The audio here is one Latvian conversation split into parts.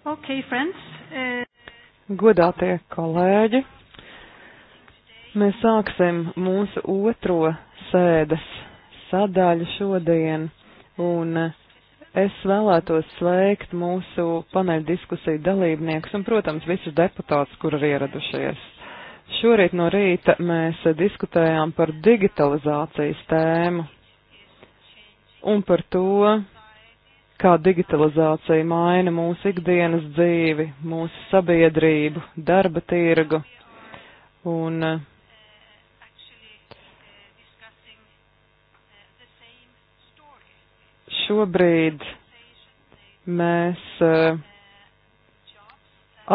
Okay, friends. Uh, Godātie kolēģi, mēs sāksim mūsu otro sēdes sadaļu šodien, un es vēlētos sveikt mūsu paneļu diskusiju dalībniekus un, protams, visus deputātus, kur ir ieradušies. Šorīt no rīta mēs diskutējām par digitalizācijas tēmu un par to, kā digitalizācija maina mūsu ikdienas dzīvi, mūsu sabiedrību, darba tirgu. Un eh, šobrīd mēs eh,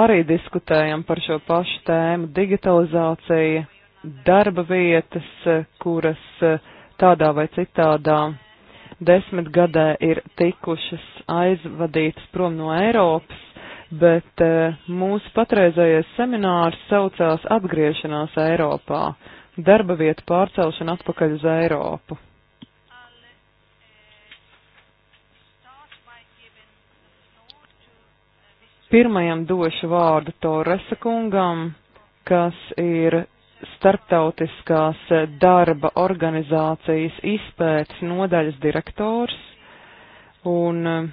arī diskutējam par šo pašu tēmu - digitalizācija, darba vietas, eh, kuras tādā vai citādā desmitgadē ir tikušas aizvadītas prom no Eiropas, bet eh, mūsu patreizējais seminārs saucās Atgriešanās Eiropā - darba vietu pārcelšana atpakaļ uz Eiropu. Pirmajam došu vārdu Torresa kungam, kas ir starptautiskās darba organizācijas izpētes nodaļas direktors, un eh,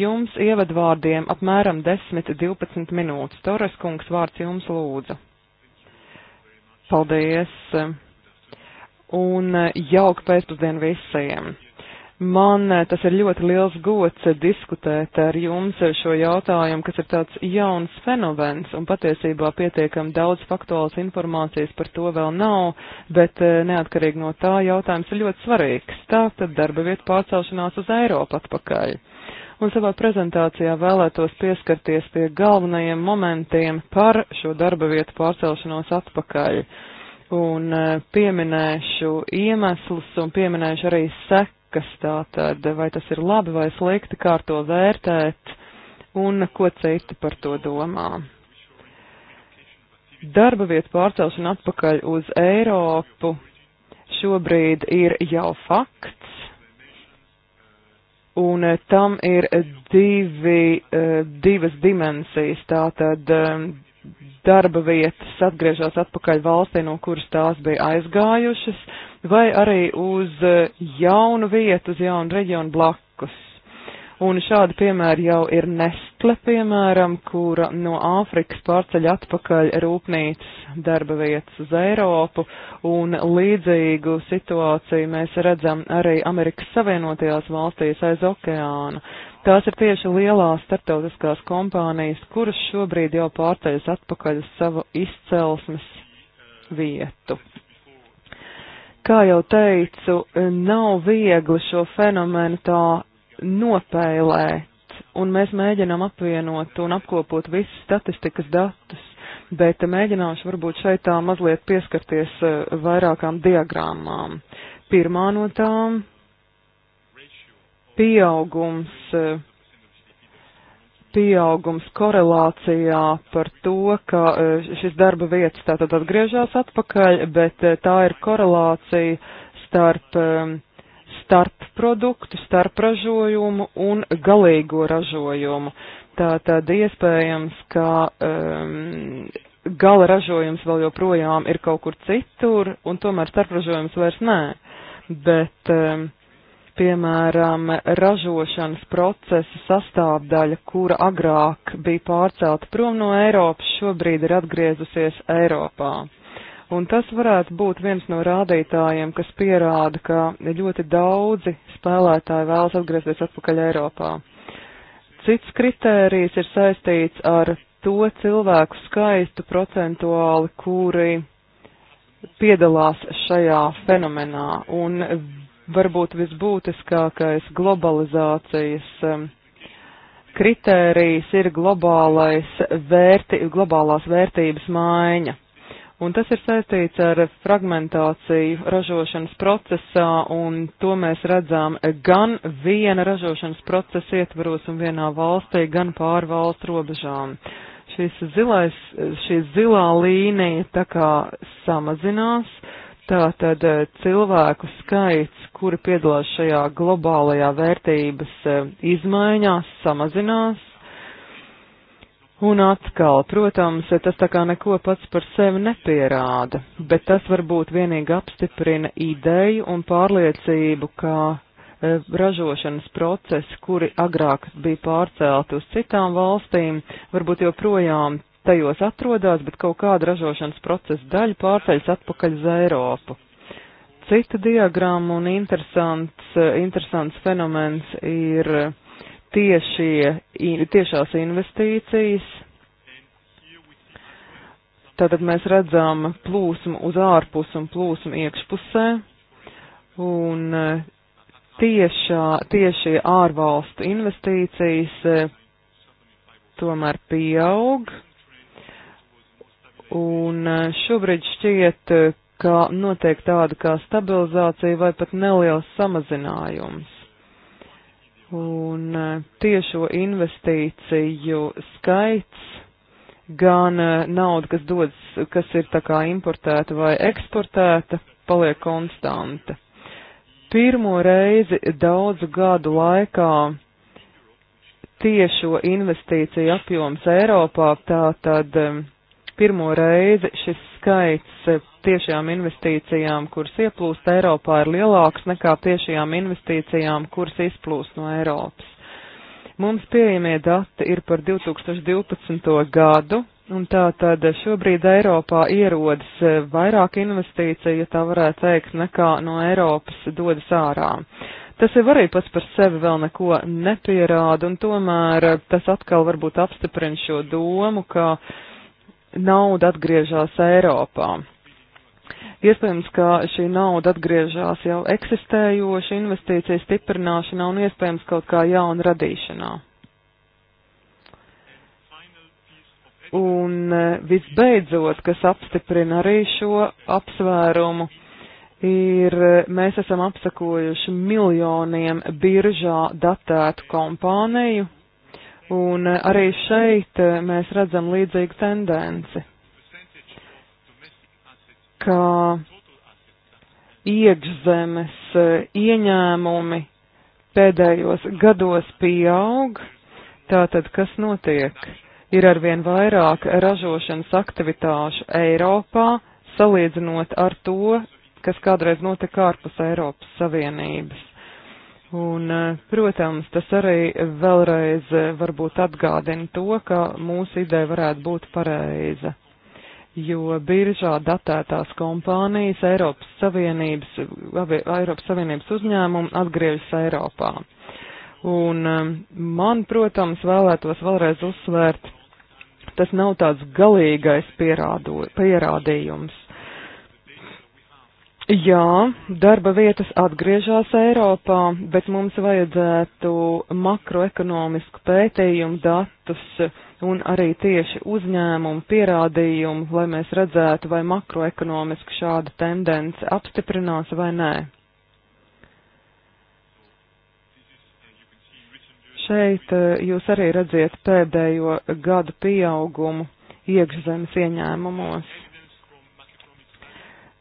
jums ievadvārdiem apmēram 10-12 minūtes. Torres kungs, vārds jums lūdzu. Paldies, eh, un eh, jauka pēcpusdienu visiem! Man eh, tas ir ļoti liels gods eh, diskutēt ar jums eh, šo jautājumu, kas ir tāds jauns fenomens, un patiesībā pietiekam daudz faktuālas informācijas par to vēl nav, bet neatkarīgi no tā jautājums ir ļoti svarīgs. Tā tad darba vietu pārcelšanās uz Eiropu atpakaļ. Un savā prezentācijā vēlētos pieskarties pie galvenajiem momentiem par šo darba vietu pārcelšanos atpakaļ un pieminēšu iemeslus un pieminēšu arī sekas sekas, tātad vai tas ir labi vai slikti, kā to vērtēt un ko citi par to domā. Darba vietu pārcelšana atpakaļ uz Eiropu šobrīd ir jau fakts, un eh, tam ir divi, eh, divas dimensijas, tātad eh, darba vietas atgriežas atpakaļ valstī, no kuras tās bija aizgājušas, vai arī uz eh, jaunu vietu, uz jaunu reģionu blakus. Un šādi piemēri jau ir Nestle, piemēram, kura no Āfrikas pārceļ atpakaļ rūpnīcas darba vietas uz Eiropu, un līdzīgu situāciju mēs redzam arī Amerikas Savienotajās valstīs aiz okeāna. Tās ir tieši lielās starptautiskās kompānijas, kuras šobrīd jau pārceļas atpakaļ uz savu izcelsmes vietu. Kā jau teicu, nav viegli šo fenomenu tā nopēlēt, un mēs mēģinām apvienot un apkopot visus statistikas datus, bet mēģināšu varbūt šeit tā mazliet pieskarties e, vairākām diagrammām. Pirmā no tām - pieaugums e, pieaugums korelācijā par to, ka eh, šis darba vietas tātad atgriežas atpakaļ, bet eh, tā ir korelācija starp, eh, starp produktu, starp ražojumu un galīgo ražojumu. Tātad iespējams, ka um, gala ražojums vēl joprojām ir kaut kur citur, un tomēr starp ražojums vairs nē. Bet um, piemēram, ražošanas procesa sastāvdaļa, kura agrāk bija pārcelta prom no Eiropas, šobrīd ir atgriezusies Eiropā. Un tas varētu būt viens no rādītājiem, kas pierāda, ka ļoti daudzi spēlētāji vēlas atgriezties atpakaļ Eiropā. Cits kritērijs ir saistīts ar to cilvēku skaistu procentuāli, kuri piedalās šajā fenomenā, un varbūt visbūtiskākais globalizācijas kritērijs ir vērti, globālās vērtības maiņa. Un tas ir saistīts ar fragmentāciju ražošanas procesā, un to mēs redzam gan viena ražošanas procesa ietvaros un vienā valstī, gan pāri valstu robežām. Šis zilais, šī zilā līnija tā kā samazinās, uh, Tātad eh, cilvēku skaits, kuri piedalās šajā globālajā vērtības eh, izmaiņās, samazinās. Un atkal, protams, eh, tas tā kā neko pats par sevi nepierāda, bet tas varbūt vienīgi apstiprina ideju un pārliecību, ka ražošanas procesi, kuri agrāk bija pārcelti uz citām valstīm, varbūt joprojām tajos atrodas, bet kaut kāda ražošanas procesa daļa pārceļas atpakaļ uz Eiropu. Cita diagramma un interesants, interesants fenomens ir tiešie, tiešās investīcijas. Tātad mēs redzam plūsmu uz ārpus un plūsmu iekšpusē. Un eh, tiešā, tiešie ārvalstu investīcijas eh, tomēr pieaug. Un e, šobrīd šķiet, e, ka notiek tāda kā stabilizācija vai pat neliels samazinājums. Un e, tiešo investīciju skaits gan nauda, kas dodas, kas ir tā kā importēta vai eksportēta, paliek konstanta. Pirmo reizi daudzu gadu laikā tiešo investīciju apjoms Eiropā tātad pirmo reizi šis skaits tiešām investīcijām, kuras ieplūst Eiropā, ir lielāks nekā tiešām investīcijām, kuras izplūst no Eiropas. Mums pieejamie dati ir par 2012. gadu, Un tā tad šobrīd Eiropā ierodas vairāk investīciju, ja tā varētu teikt, nekā no Eiropas dodas ārā. Tas jau arī pats par sevi vēl neko nepierāda, un tomēr tas atkal varbūt apstiprina šo domu, ka uh, nauda atgriežas Eiropā. Iespējams, ka šī nauda atgriežas jau eksistējoša investīcija stiprināšanā un iespējams kaut kā jauna radīšanā. Un e, visbeidzot, kas apstiprina arī šo apsvērumu, ir e, mēs esam apsakojuši miljoniem biržā datētu kompāniju, Un eh, arī šeit eh, mēs redzam līdzīgu tendenci, ka iekšzemes eh, ieņēmumi pēdējos gados pieaug, tātad kas notiek? Ir arvien vairāk ražošanas aktivitāšu Eiropā, salīdzinot ar to, kas kādreiz notika ārpus Eiropas Savienības. Un, eh, protams, tas arī vēlreiz eh, varbūt atgādina to, ka mūsu ideja varētu būt pareiza, jo biržā datētās kompānijas Eiropas Savienības, Eiropas Savienības uzņēmumi atgriežas Eiropā. Un eh, man, protams, vēlētos vēlreiz uzsvērt, tas nav tāds galīgais pierādo, pierādījums Jā, darba vietas atgriežas Eiropā, bet mums vajadzētu makroekonomisku pētījumu datus un arī tieši uzņēmumu pierādījumu, lai mēs redzētu, vai makroekonomiski šāda tendence apstiprinās vai nē. Šeit eh, jūs arī redziet pēdējo gadu pieaugumu iekšzemes ieņēmumos.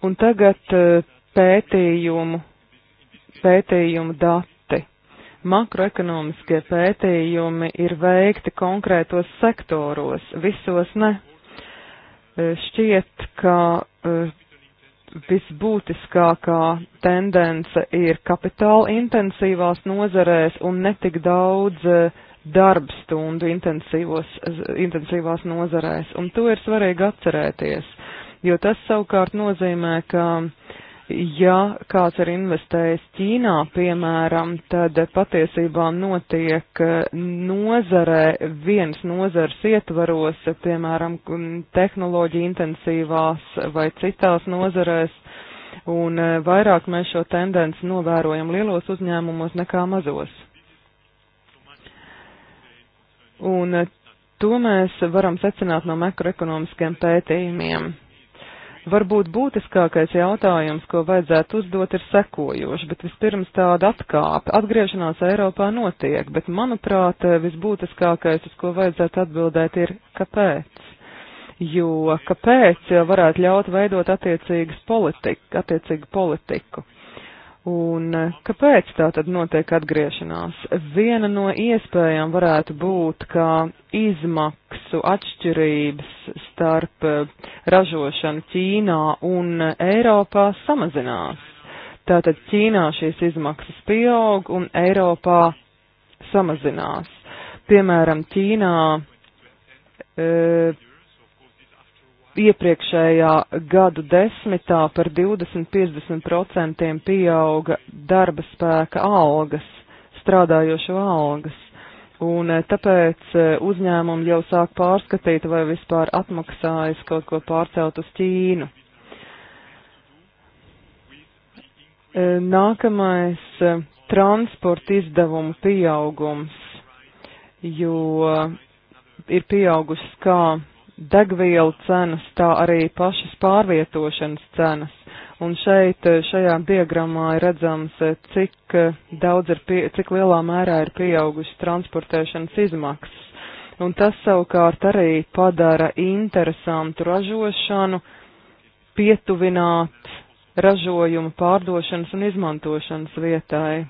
Un tagad eh, pētījumu, pētījumu dati. Makroekonomiskie pētījumi ir veikti konkrētos sektoros, visos ne. Eh, šķiet, ka eh, visbūtiskākā tendence ir kapitāla intensīvās nozarēs un netik daudz darbstundu intensīvās nozarēs, un to ir svarīgi atcerēties jo tas savukārt nozīmē, ka ja kāds ir investējis Ķīnā, piemēram, tad patiesībā notiek eh, nozarē, viens nozars ietvaros, piemēram, tehnoloģija intensīvās vai citās nozarēs, un eh, vairāk mēs šo tendenci novērojam lielos uzņēmumos nekā mazos. Un eh, to mēs varam secināt no makroekonomiskiem pētījumiem. Varbūt būtiskākais jautājums, ko vajadzētu uzdot, ir sekojoši, bet vispirms tāda atkāpe. Atgriešanās Eiropā notiek, bet manuprāt, visbūtiskākais, uz ko vajadzētu atbildēt, ir kāpēc jo kāpēc varētu ļaut veidot attiecīgas politika, attiecīgu politiku. Un kāpēc tā tad notiek atgriešanās? Viena no iespējām varētu būt, ka izmaksu atšķirības starp eh, ražošanu Ķīnā un eh, Eiropā samazinās. Tātad Ķīnā šīs izmaksas pieaug un Eiropā samazinās. Piemēram, Ķīnā e, iepriekšējā gadu desmitā par 20-50% pieauga darba spēka algas, strādājošo algas. Un eh, tāpēc eh, uzņēmumi jau sāk pārskatīt, vai vispār atmaksājas kaut ko pārcelt uz Ķīnu. Eh, nākamais - transporta izdevumu pieaugums, jo ir pieaugusi kā degvielu cenas, tā arī pašas pārvietošanas cenas. Un šeit eh, šajā diagramā ir redzams, eh, cik eh, daudz ir, pie, cik lielā mērā ir pieaugušas transportēšanas izmaksas. Un tas savukārt arī padara interesantu ražošanu, pietuvināt ražojumu pārdošanas un izmantošanas vietai.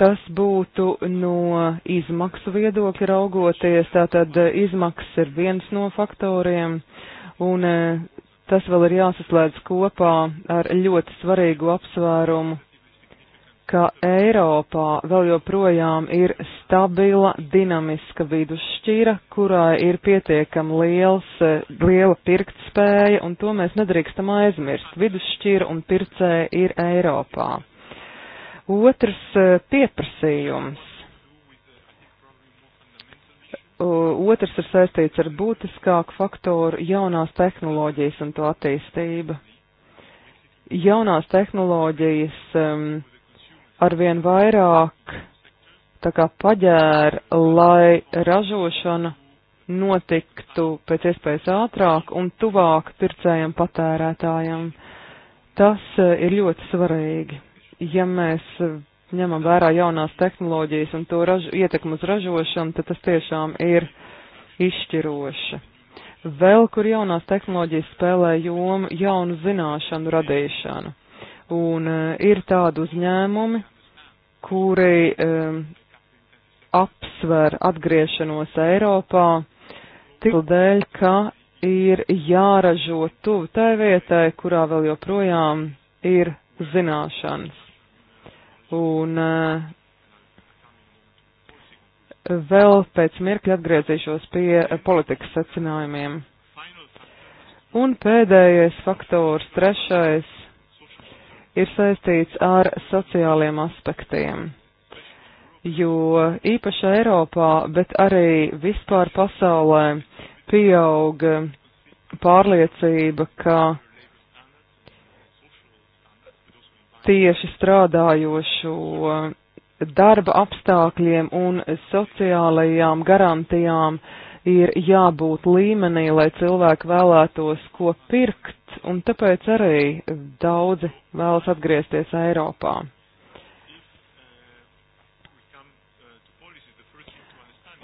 Tas būtu no izmaksu viedokļa raugoties, tātad izmaksas ir viens no faktoriem. Uh, un e, tas vēl ir jāsaslēdz kopā ar ļoti svarīgu apsvērumu, ka Eiropā vēl joprojām ir stabila, dinamiska vidusšķira, kurai ir pietiekami liels, e, liela pirktspēja, un to mēs nedrīkstam aizmirst. Vidusšķira un pircēja ir Eiropā. Otrs e, pieprasījums. Eh, otrs ir saistīts ar būtiskāku faktoru jaunās tehnoloģijas un to attīstība. Jaunās tehnoloģijas um, arvien vairāk tā kā paģēra, lai ražošana notiktu pēc iespējas ātrāk un tuvāk pircējiem patērētājiem. Tas eh, ir ļoti svarīgi. Ja mēs ņemam vērā jaunās tehnoloģijas un to raž, ietekmu uz ražošanu, tad tas tiešām ir izšķiroši. Vēl kur jaunās tehnoloģijas spēlē jomu jaunu zināšanu radīšanu. Un uh, ir tādi uzņēmumi, kuri um, apsver atgriešanos Eiropā tikai dēļ, ka ir jāražo tuvu tai vietai, kurā vēl joprojām ir zināšanas. Un eh, vēl pēc mirkļa atgriezīšos pie politikas secinājumiem. Un pēdējais faktors, trešais, ir saistīts ar sociāliem aspektiem. Jo īpaši Eiropā, bet arī vispār pasaulē pieaug pārliecība, ka tieši strādājošo darba apstākļiem un sociālajām garantijām ir jābūt līmenī, lai cilvēki vēlētos ko pirkt, un tāpēc arī daudzi vēlas atgriezties Eiropā.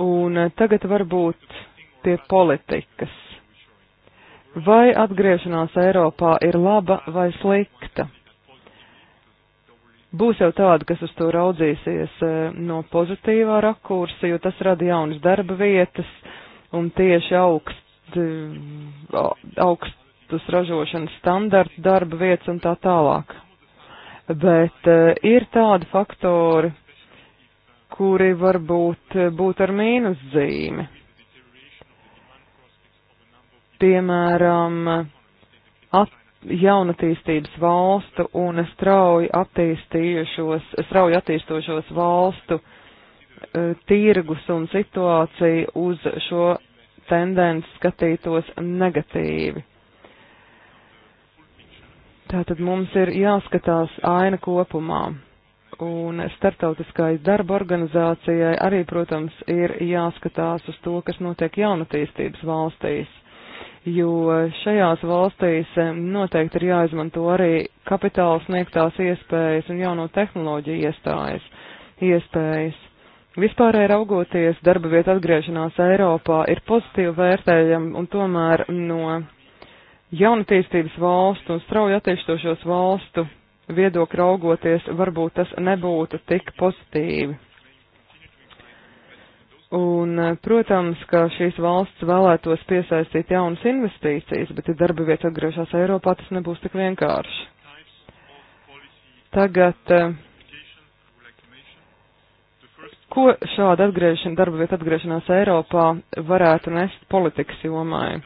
Un tagad varbūt pie politikas. Vai atgriešanās Eiropā ir laba vai slikta? Būs jau tādi, kas uz to raudzīsies e, no pozitīvā rakursa, jo tas rada jaunas darba vietas un tieši augst, e, augstus ražošanas standartu darba vietas un tā tālāk. Bet e, ir tādi faktori, kuri varbūt būtu ar mīnuszīmi. Piemēram, at jaunatīstības valstu un strauji, strauji attīstošos valstu e, tirgus un situācija uz šo tendenci skatītos negatīvi. Tātad mums ir jāskatās aina kopumā. Un starptautiskais darba organizācijai arī, protams, ir jāskatās uz to, kas notiek jaunatīstības valstīs jo šajās valstīs noteikti ir jāizmanto arī kapitāla sniegtās iespējas un jauno tehnoloģiju iestājas, iespējas. Vispārēji raugoties, darba vieta atgriešanās Eiropā ir pozitīvi vērtējama un tomēr no jaunatīstības valstu un strauji attīstošos valstu viedokļa raugoties, varbūt tas nebūtu tik pozitīvi. Un, eh, protams, ka šīs valsts vēlētos piesaistīt jaunas investīcijas, bet, ja darba vieta atgriežas Eiropā, tas nebūs tik vienkārši. Tagad, eh, ko šāda atgriežana, darba vieta atgriešanās Eiropā varētu nest politikas jomai?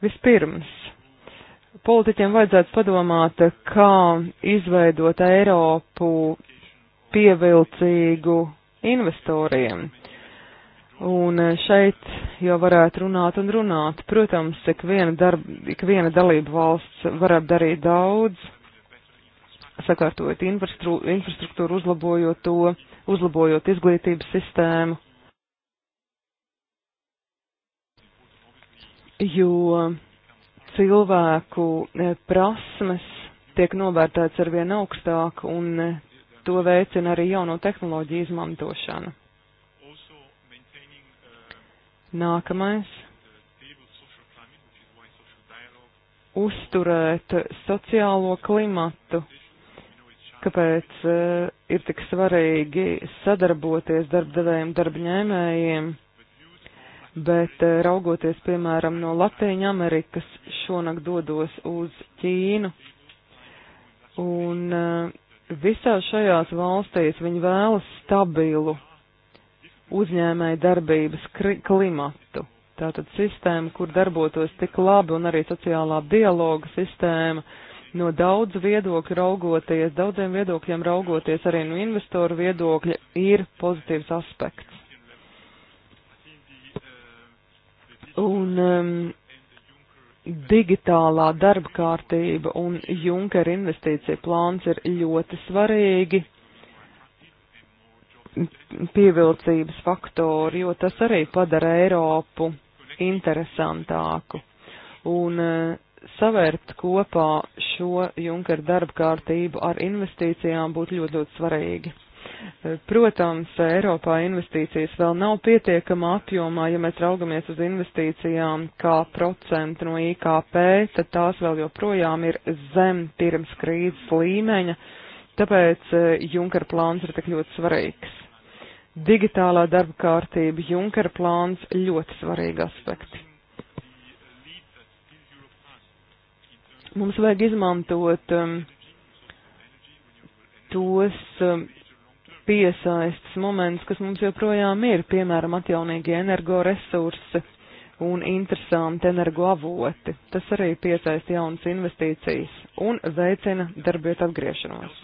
Vispirms, politiķiem vajadzētu padomāt, kā izveidot Eiropu pievilcīgu investoriem Un eh, šeit jau varētu runāt un runāt. Protams, ik viena, darb, ik viena dalība valsts varētu darīt daudz, sakārtojot infrastru, infrastruktūru, uzlabojot to, uzlabojot izglītības sistēmu. Jo cilvēku eh, prasmes tiek novērtēts arvien augstāk un eh, to veicina arī jauno tehnoloģiju izmantošana. Nākamais. Uzturēt sociālo klimatu. Kāpēc uh, ir tik svarīgi sadarboties darbdevējiem, darbņēmējiem? Bet uh, raugoties, piemēram, no Latvijas Amerikas, šonakt dodos uz Ķīnu. Un uh, eh, visā šajās valstīs viņi vēlas stabilu uzņēmēja darbības klimatu. Tātad sistēma, kur darbotos tik labi un arī sociālā dialoga sistēma, no daudz viedokļu raugoties, daudziem viedokļiem raugoties, arī no investoru viedokļa, ir pozitīvs aspekts. Un um, digitālā darba kārtība un Junker investīcija plāns ir ļoti svarīgi pievilcības faktoru, jo tas arī padara Eiropu interesantāku. Un eh, savērt kopā šo Junker darba kārtību ar investīcijām būtu ļoti, ļoti svarīgi. Eh, protams, Eiropā investīcijas vēl nav pietiekama apjomā, ja mēs raugamies uz investīcijām kā procentu no IKP, tad tās vēl joprojām ir zem pirms krīzes līmeņa, tāpēc eh, Junker plāns ir tik ļoti svarīgs digitālā darba kārtība, Junkera plāns ļoti svarīgi aspekti. Mums vajag izmantot um, tos um, piesaistas moments, kas mums joprojām ir, piemēram, atjaunīgie energoresursi un interesanti energoavoti. Tas arī piesaista jaunas investīcijas un veicina darbiet atgriešanos.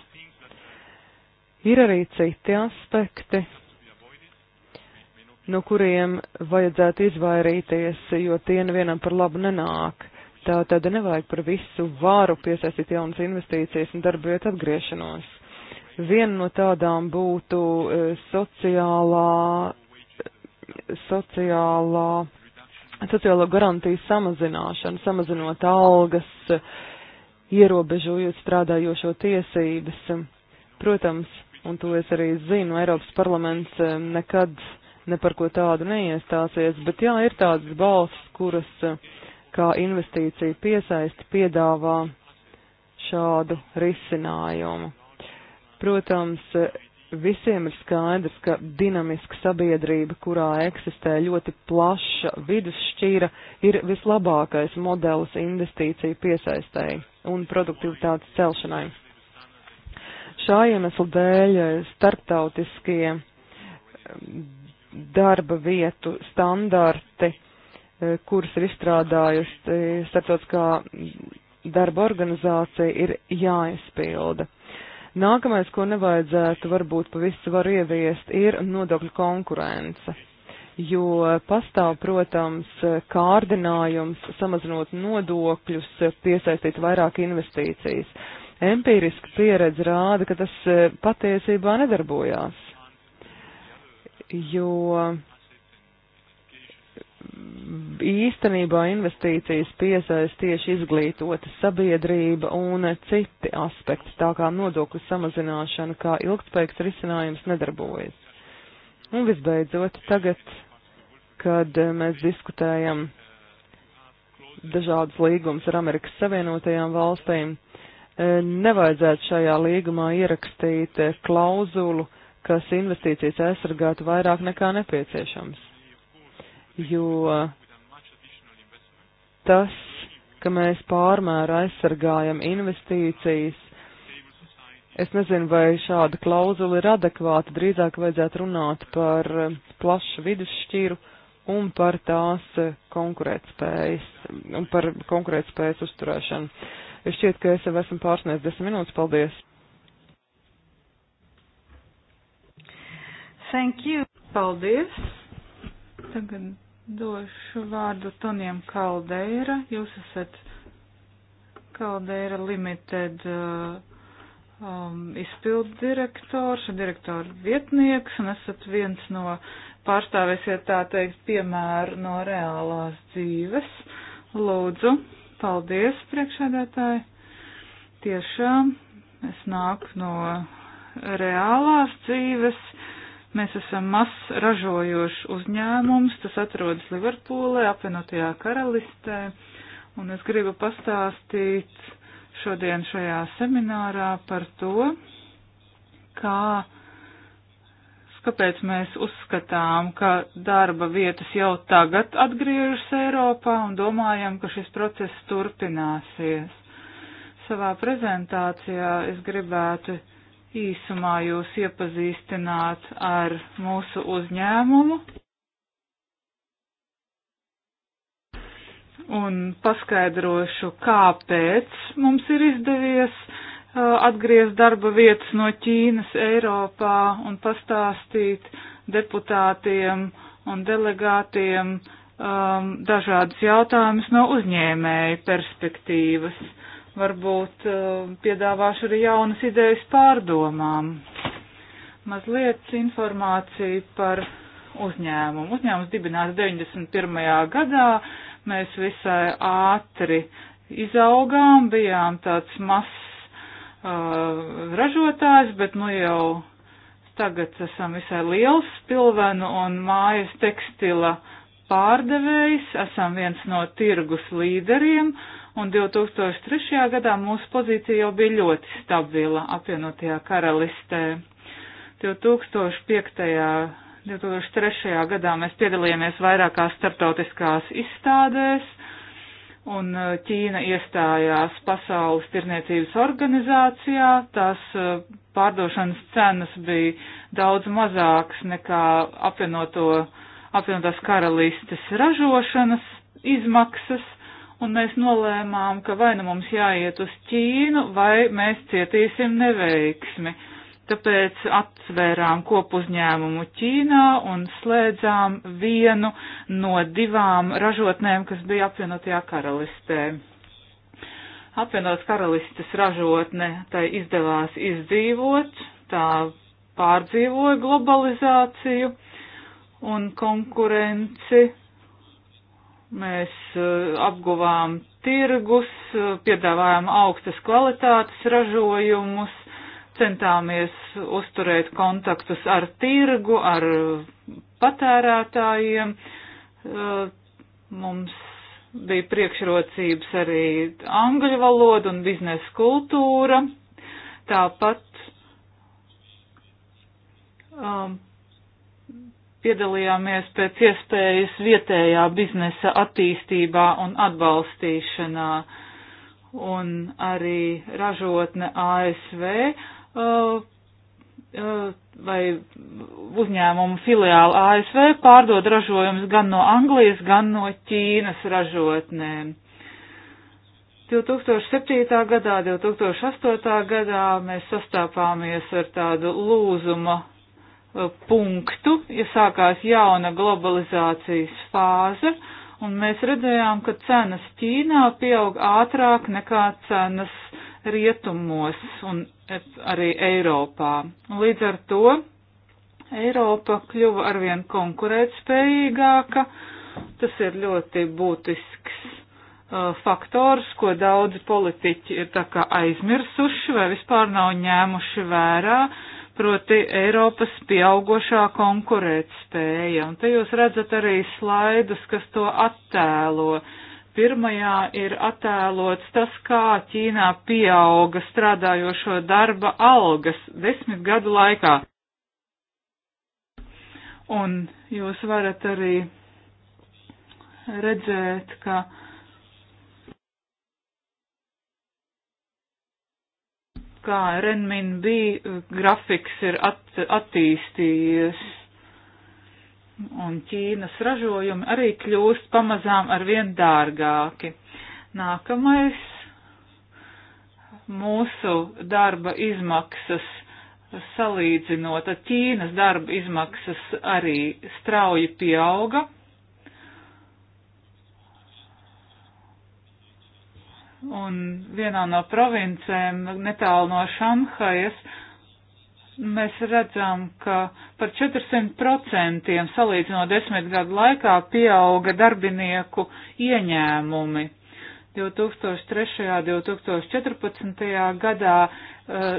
Ir arī citi aspekti, no kuriem vajadzētu izvairīties, jo tie nevienam par labu nenāk. Tā tad nevajag par visu vāru piesaistīt jaunas investīcijas un darba vietu atgriešanos. Viena no tādām būtu e, sociālā, sociālā, sociālo garantiju samazināšana, samazinot algas, ierobežojot strādājošo tiesības. Protams, un to es arī zinu, Eiropas parlaments e, nekad ne par ko tādu neiestāsies, bet jā, ir tādas balsts, kuras eh, kā investīcija piesaisti piedāvā šādu risinājumu. Protams, eh, visiem ir skaidrs, ka dinamiska sabiedrība, kurā eksistē ļoti plaša vidusšķīra, ir vislabākais modelis investīciju piesaistēji un produktivitātes celšanai. Šā iemesla dēļ eh, starptautiskie darba vietu standarti, e, kurus ir izstrādājusi e, starptautiskā darba organizācija, ir jāizpilda. Nākamais, ko nevajadzētu varbūt pa visu var ieviest, ir nodokļu konkurence, jo pastāv, protams, kārdinājums samazinot nodokļus, piesaistīt vairāk investīcijas. Empīriska pieredze rāda, ka tas e, patiesībā nedarbojās jo īstenībā investīcijas piesaist tieši izglītota sabiedrība un citi aspekti, tā kā nodokļu samazināšana, kā ilgspējīgs risinājums nedarbojas. Un visbeidzot, tagad, kad mēs diskutējam dažādas līgumas ar Amerikas Savienotajām valstīm, eh, nevajadzētu šajā līgumā ierakstīt eh, klauzulu, uh, kas investīcijas aizsargātu vairāk nekā nepieciešams. Jo tas, ka mēs pārmēr aizsargājam investīcijas, Es nezinu, vai šāda klauzula ir adekvāta, drīzāk vajadzētu runāt par plašu vidusšķiru un par tās konkurētspējas, un par konkurētspējas uzturēšanu. Es šķiet, ka es jau esmu pārsniedz desmit minūtes. Paldies! Thank you. Paldies. Tagad došu vārdu Toniem Kaldeira. Jūs esat Kaldeira Limited uh, um, izpilddirektors, direktora vietnieks un esat viens no pārstāvēsiet tā teikt piemēru no reālās dzīves. Lūdzu, paldies priekšādātāji. Tiešām es nāku no reālās dzīves Mēs esam mazs ražojošs uzņēmums, tas atrodas Liverpūlē, apvienotajā karalistē, un es gribu pastāstīt šodien šajā seminārā par to, kā, kāpēc mēs uzskatām, ka darba vietas jau tagad atgriežas Eiropā un domājam, ka šis process turpināsies. Savā prezentācijā es gribētu īsumā jūs iepazīstināt ar mūsu uzņēmumu un paskaidrošu, kāpēc mums ir izdevies uh, atgriezt darba vietas no Ķīnas Eiropā un pastāstīt deputātiem un delegātiem um, dažādus jautājumus no uzņēmēju perspektīvas varbūt eh, piedāvāšu arī jaunas idejas pārdomām. Mazliet informācija par uzņēmumu. Uzņēmums dibināts 91. gadā, mēs visai ātri izaugām, bijām tāds mazs uh, ražotājs, bet nu jau tagad esam visai liels pilvenu un mājas tekstila pārdevējs, esam viens no tirgus līderiem un 2003. gadā mūsu pozīcija jau bija ļoti stabila apvienotajā karalistē. 2005. 2003. gadā mēs piedalījāmies vairākās starptautiskās izstādēs, un uh, Ķīna iestājās Pasaules tirniecības organizācijā. Tās uh, pārdošanas cenas bija daudz mazākas nekā apvienoto, apvienotās karalistes ražošanas izmaksas un mēs nolēmām, ka vai nu mums jāiet uz Ķīnu, vai mēs cietīsim neveiksmi. Tāpēc atsvērām kopuzņēmumu Ķīnā un slēdzām vienu no divām ražotnēm, kas bija apvienotajā karalistē. Apvienotās karalistes ražotne tai izdevās izdzīvot, tā pārdzīvoja globalizāciju un konkurenci Mēs eh, apguvām tirgus, eh, piedāvājām augstas kvalitātes ražojumus, centāmies uzturēt kontaktus ar tirgu, ar patērētājiem. Eh, mums bija priekšrocības arī angļu valoda un biznesa kultūra. Tāpat um, piedalījāmies pēc iespējas vietējā biznesa attīstībā un atbalstīšanā. Un arī ražotne ASV uh, uh, vai uzņēmumu filiāli ASV pārdod ražojumus gan no Anglijas, gan no Ķīnas ražotnēm. 2007. gadā, 2008. gadā mēs sastāpāmies ar tādu lūzuma punktu, ja sākās jauna globalizācijas fāze, un mēs redzējām, ka cenas Ķīnā pieaug ātrāk nekā cenas rietumos un arī Eiropā. Līdz ar to Eiropa kļuva arvien konkurētspējīgāka. Tas ir ļoti būtisks uh, faktors, ko daudzi politiķi ir tā kā aizmirsuši vai vispār nav ņēmuši vērā. Uh, proti Eiropas pieaugošā konkurētspēja. Un te jūs redzat arī slaidus, kas to attēlo. Pirmajā ir attēlots tas, kā Ķīnā pieauga strādājošo darba algas desmit gadu laikā. Un jūs varat arī redzēt, ka kā renminbi grafiks ir at, attīstījies. Un Ķīnas ražojumi arī kļūst pamazām arvien dārgāki. Nākamais mūsu darba izmaksas salīdzinot ar Ķīnas darba izmaksas arī strauji pieauga un vienā no provincēm netālu no Šanhajas mēs redzam, ka par 400% salīdzinot desmit gadu laikā pieauga darbinieku ieņēmumi. 2003. 2014. gadā,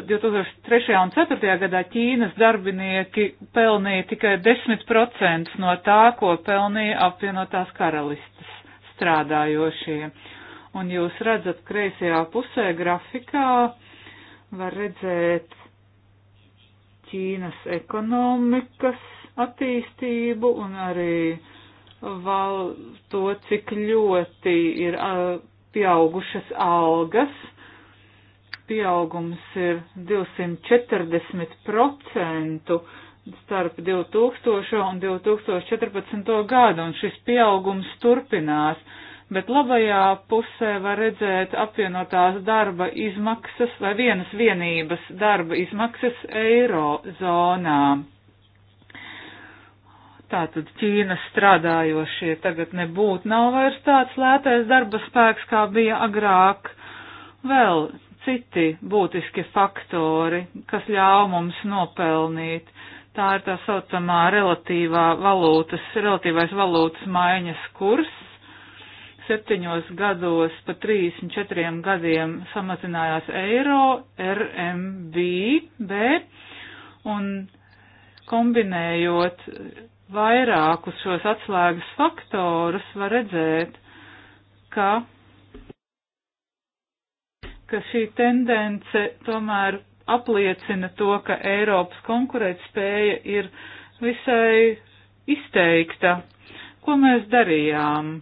2003. Eh, un 2004. gadā Ķīnas darbinieki pelnīja tikai 10% no tā, ko pelnīja apvienotās karalistas strādājošie. Uh, Un jūs redzat kreisajā pusē grafikā, var redzēt Ķīnas ekonomikas attīstību un arī val to, cik ļoti ir pieaugušas algas. Pieaugums ir 240% starp 2000 un 2014 gadu, un šis pieaugums turpinās bet labajā pusē var redzēt apvienotās darba izmaksas vai vienas vienības darba izmaksas eiro zonā. Tātad Ķīnas strādājošie tagad nebūtu, nav vairs tāds lētais darba spēks, kā bija agrāk. Vēl citi būtiski faktori, kas ļāva mums nopelnīt. Tā ir tā saucamā relatīvā valūtas, relatīvais valūtas maiņas kurs, septiņos gados pa 34 gadiem samazinājās eiro, RMB, un kombinējot vairākus šos atslēgas faktorus, var redzēt, ka, ka šī tendence tomēr apliecina to, ka Eiropas konkurētspēja ir visai izteikta. Ko mēs darījām?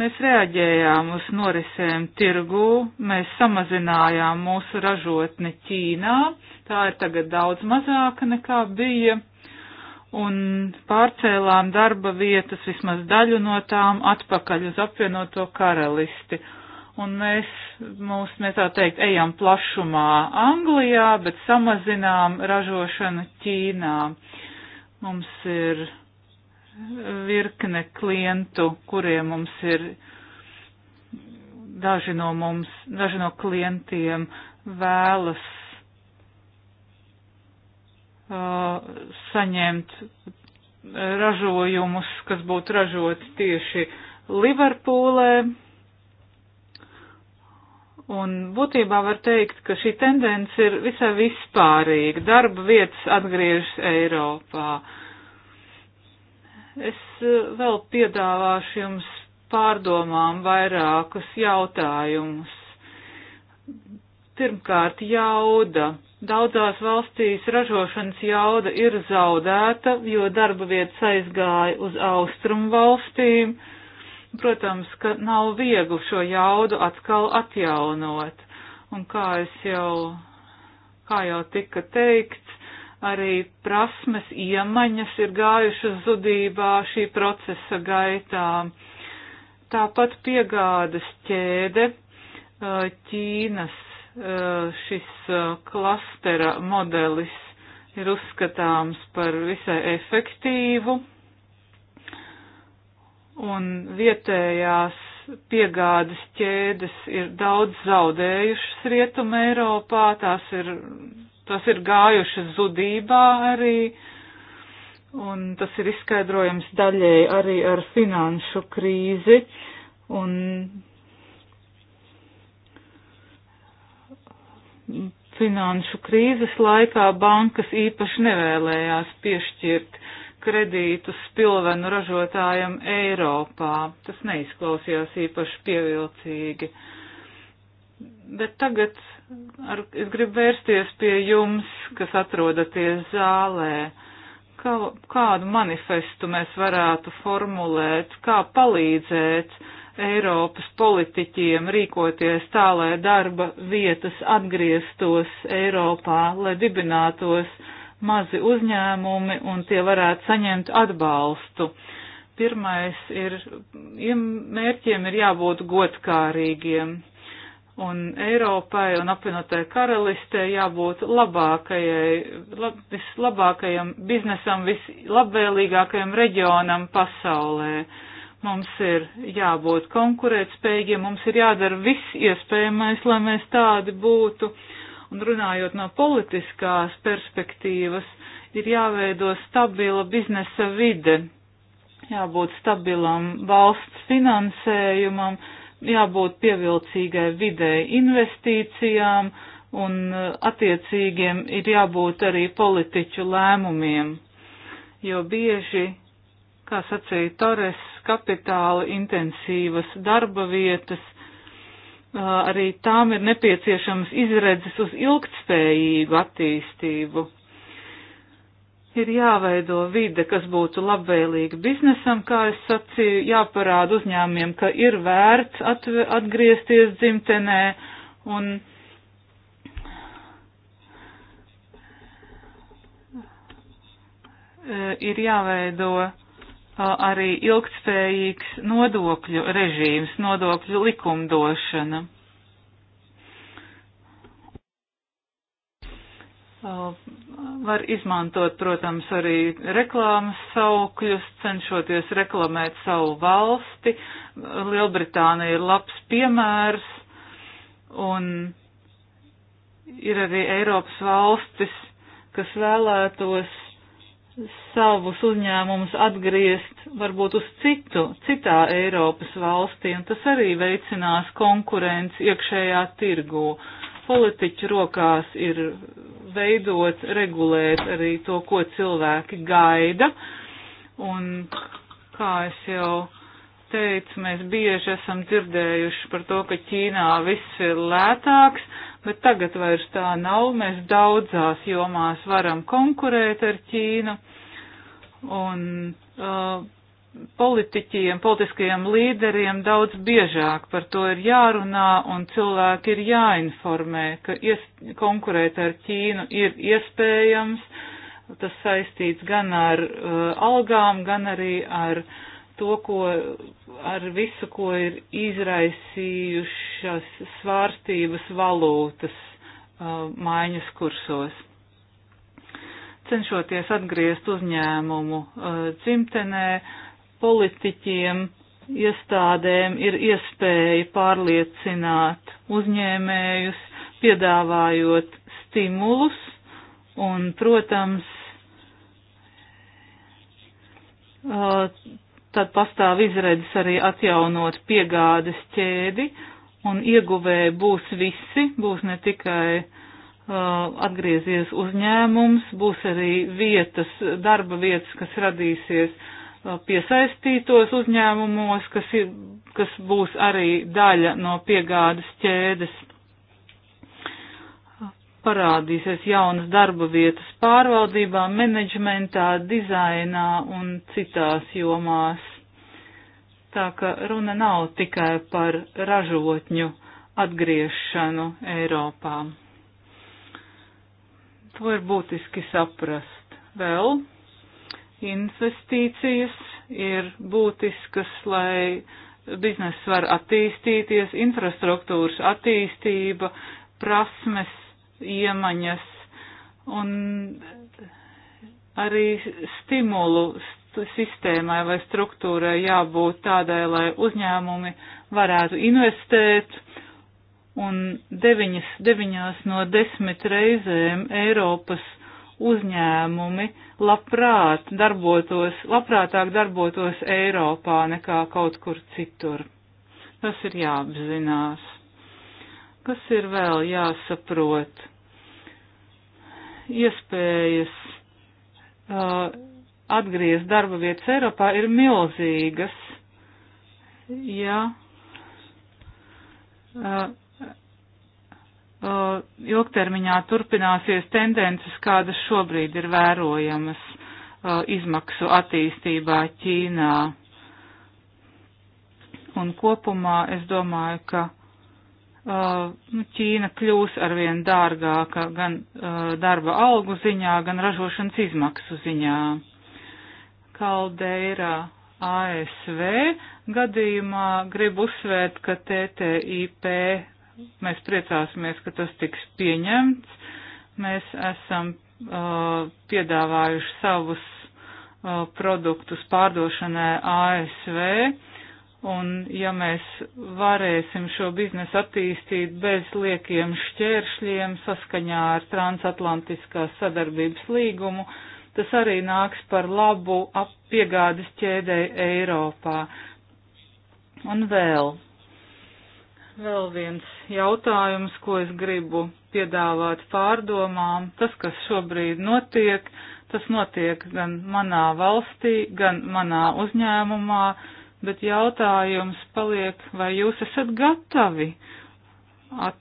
Mēs reaģējām uz norisēm tirgū, mēs samazinājām mūsu ražotni Ķīnā, tā ir tagad daudz mazāka nekā bija, un pārcēlām darba vietas vismaz daļu no tām atpakaļ uz apvienoto karalisti. Un mēs, mūs, mēs tā teikt, ejam plašumā Anglijā, bet samazinām ražošanu Ķīnā. Mums ir virkne klientu, kuriem mums ir daži no mums, daži no klientiem vēlas uh, saņemt ražojumus, kas būtu ražoti tieši Liverpūlē. Un būtībā var teikt, ka šī tendence ir visai vispārīga. Darba vietas atgriežas Eiropā. Uh, Es eh, vēl piedāvāšu jums pārdomām vairākus jautājumus. Pirmkārt, jauda. Daudzās valstīs ražošanas jauda ir zaudēta, jo darba vietas aizgāja uz austrumu valstīm. Protams, ka nav viegli šo jaudu atkal atjaunot. Un kā es jau, kā jau tika teikt, arī prasmes iemaņas ir gājušas zudībā šī procesa gaitā. Tāpat piegādas ķēde Ķīnas šis klastera modelis ir uzskatāms par visai efektīvu un vietējās piegādes ķēdes ir daudz zaudējušas rietuma Eiropā, tās ir tās ir gājušas zudībā arī, un tas ir izskaidrojams daļēji arī ar finanšu krīzi, un finanšu krīzes laikā bankas īpaši nevēlējās piešķirt kredītus spilvenu ražotājiem Eiropā. Tas neizklausījās īpaši pievilcīgi. Bet tagad ar, es gribu vērsties pie jums, kas atrodaties zālē. Kā, kādu manifestu mēs varētu formulēt, kā palīdzēt Eiropas politiķiem rīkoties tā, lai darba vietas atgrieztos Eiropā, lai dibinātos mazi uzņēmumi un tie varētu saņemt atbalstu. Pirmais ir, ja mērķiem ir jābūt godkārīgiem un Eiropai un apvienotai karalistē jābūt labākajai, lab, vislabākajam biznesam, vislabvēlīgākajam reģionam pasaulē. Mums ir jābūt konkurētspējīgiem, mums ir jādara viss iespējamais, lai mēs tādi būtu. Un runājot no politiskās perspektīvas, ir jāveido stabila biznesa vide, jābūt stabilam valsts finansējumam, jābūt pievilcīgai videi investīcijām un eh, attiecīgiem ir jābūt arī politiķu lēmumiem, jo bieži, kā sacīja Torres, kapitāla intensīvas darba vietas, eh, arī tām ir nepieciešams izredzes uz ilgtspējīgu attīstību ir jāveido vide, kas būtu labvēlīga biznesam, kā es sacīju, jāparāda uzņēmiem, ka ir vērts atgriezties dzimtenē un e, ir jāveido e, arī ilgtspējīgs nodokļu režīms, nodokļu likumdošana. Uh, Var izmantot, protams, arī reklāmas saukļus, cenšoties reklamēt savu valsti. Lielbritānija ir labs piemērs un ir arī Eiropas valstis, kas vēlētos savus uzņēmumus atgriezt varbūt uz citu, citā Eiropas valstī, un tas arī veicinās konkurenci iekšējā tirgū. Uh, politiķu rokās ir veidot, regulēt arī to, ko cilvēki gaida. Un, kā es jau teicu, mēs bieži esam dzirdējuši par to, ka Ķīnā viss ir lētāks, bet tagad vairs tā nav. Mēs daudzās jomās varam konkurēt ar Ķīnu. Un, uh, politiķiem, politiskajiem līderiem daudz biežāk par to ir jārunā un cilvēki ir jāinformē, ka ies, konkurēt ar Ķīnu ir iespējams. Tas saistīts gan ar uh, algām, gan arī ar to, ko ar visu, ko ir izraisījušas svārstības valūtas uh, maiņas kursos cenšoties atgriezt uzņēmumu uh, dzimtenē, politiķiem, iestādēm ir iespēja pārliecināt uzņēmējus, piedāvājot stimulus un, protams, tad pastāv izredzes arī atjaunot piegādes ķēdi un ieguvēji būs visi, būs ne tikai uh, atgriezies uzņēmums, būs arī vietas, darba vietas, kas radīsies uh, piesaistītos uzņēmumos, kas, ir, kas būs arī daļa no piegādes ķēdes. Parādīsies jaunas darba vietas pārvaldībā, menedžmentā, dizainā un citās jomās. Tā ka runa nav tikai par ražotņu atgriešanu Eiropā. To ir būtiski saprast. Vēl investīcijas ir būtiskas, lai bizness var attīstīties, infrastruktūras attīstība, prasmes, iemaņas un arī stimulu sistēmai vai struktūrai jābūt tādai, lai uzņēmumi varētu investēt un deviņas, deviņās no desmit reizēm Eiropas uzņēmumi labprāt darbotos, labprātāk darbotos Eiropā nekā kaut kur citur. Tas ir jāapzinās. Kas ir vēl jāsaprot? Iespējas uh, atgriezt darba vietas Eiropā ir milzīgas. Ja, uh, uh, ilgtermiņā turpināsies tendences, kādas šobrīd ir vērojamas uh, izmaksu attīstībā Ķīnā. Un kopumā es domāju, ka uh, nu, Ķīna kļūs arvien dārgāka gan uh, darba algu ziņā, gan ražošanas izmaksu ziņā. Kaldeirā ASV gadījumā gribu uzsvērt, ka TTIP Mēs priecāsimies, ka tas tiks pieņemts. Mēs esam uh, piedāvājuši savus uh, produktus pārdošanai ASV. Un ja mēs varēsim šo biznesu attīstīt bez liekiem šķēršļiem saskaņā ar transatlantiskās sadarbības līgumu, tas arī nāks par labu piegādes ķēdēji Eiropā. Un vēl vēl viens jautājums, ko es gribu piedāvāt pārdomām. Tas, kas šobrīd notiek, tas notiek gan manā valstī, gan manā uzņēmumā, bet jautājums paliek, vai jūs esat gatavi at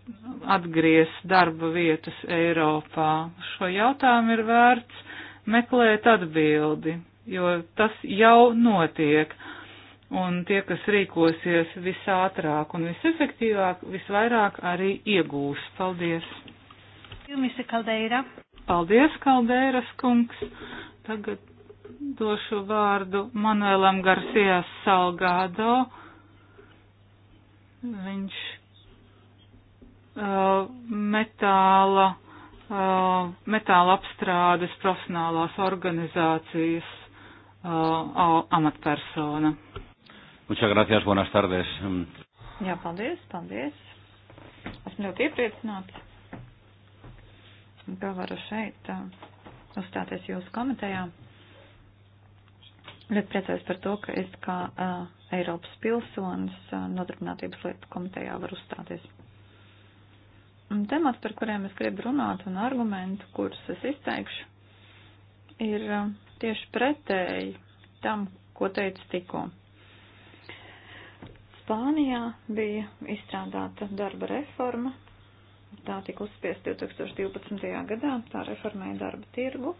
atgriezt darba vietas Eiropā. Šo jautājumu ir vērts meklēt atbildi, jo tas jau notiek un tie, kas rīkosies visātrāk un visefektīvāk, visvairāk arī iegūs. Paldies! Jumisa Kaldeira. Paldies, Kaldeiras kungs! Tagad došu vārdu Manuēlam Garcijas Salgādo. Viņš uh, metāla, uh, metāla apstrādes profesionālās organizācijas uh, amatpersona. Muchas gracias, buenas tardes. Jā, paldies, paldies. Esmu ļoti iepriecināts, ka varu šeit uzstāties jūsu komitejā. Ļoti priecājos par to, ka es kā uh, Eiropas pilsonis uh, nodarbinātības lietu komitejā varu uzstāties. Un temats, par kuriem es gribu runāt un argumentu, kurus es izteikšu, ir uh, tieši pretēji tam, ko teicu tikko. Spānijā bija izstrādāta darba reforma. Tā tika uzspiest 2012. gadā, tā reformēja darba tirgu.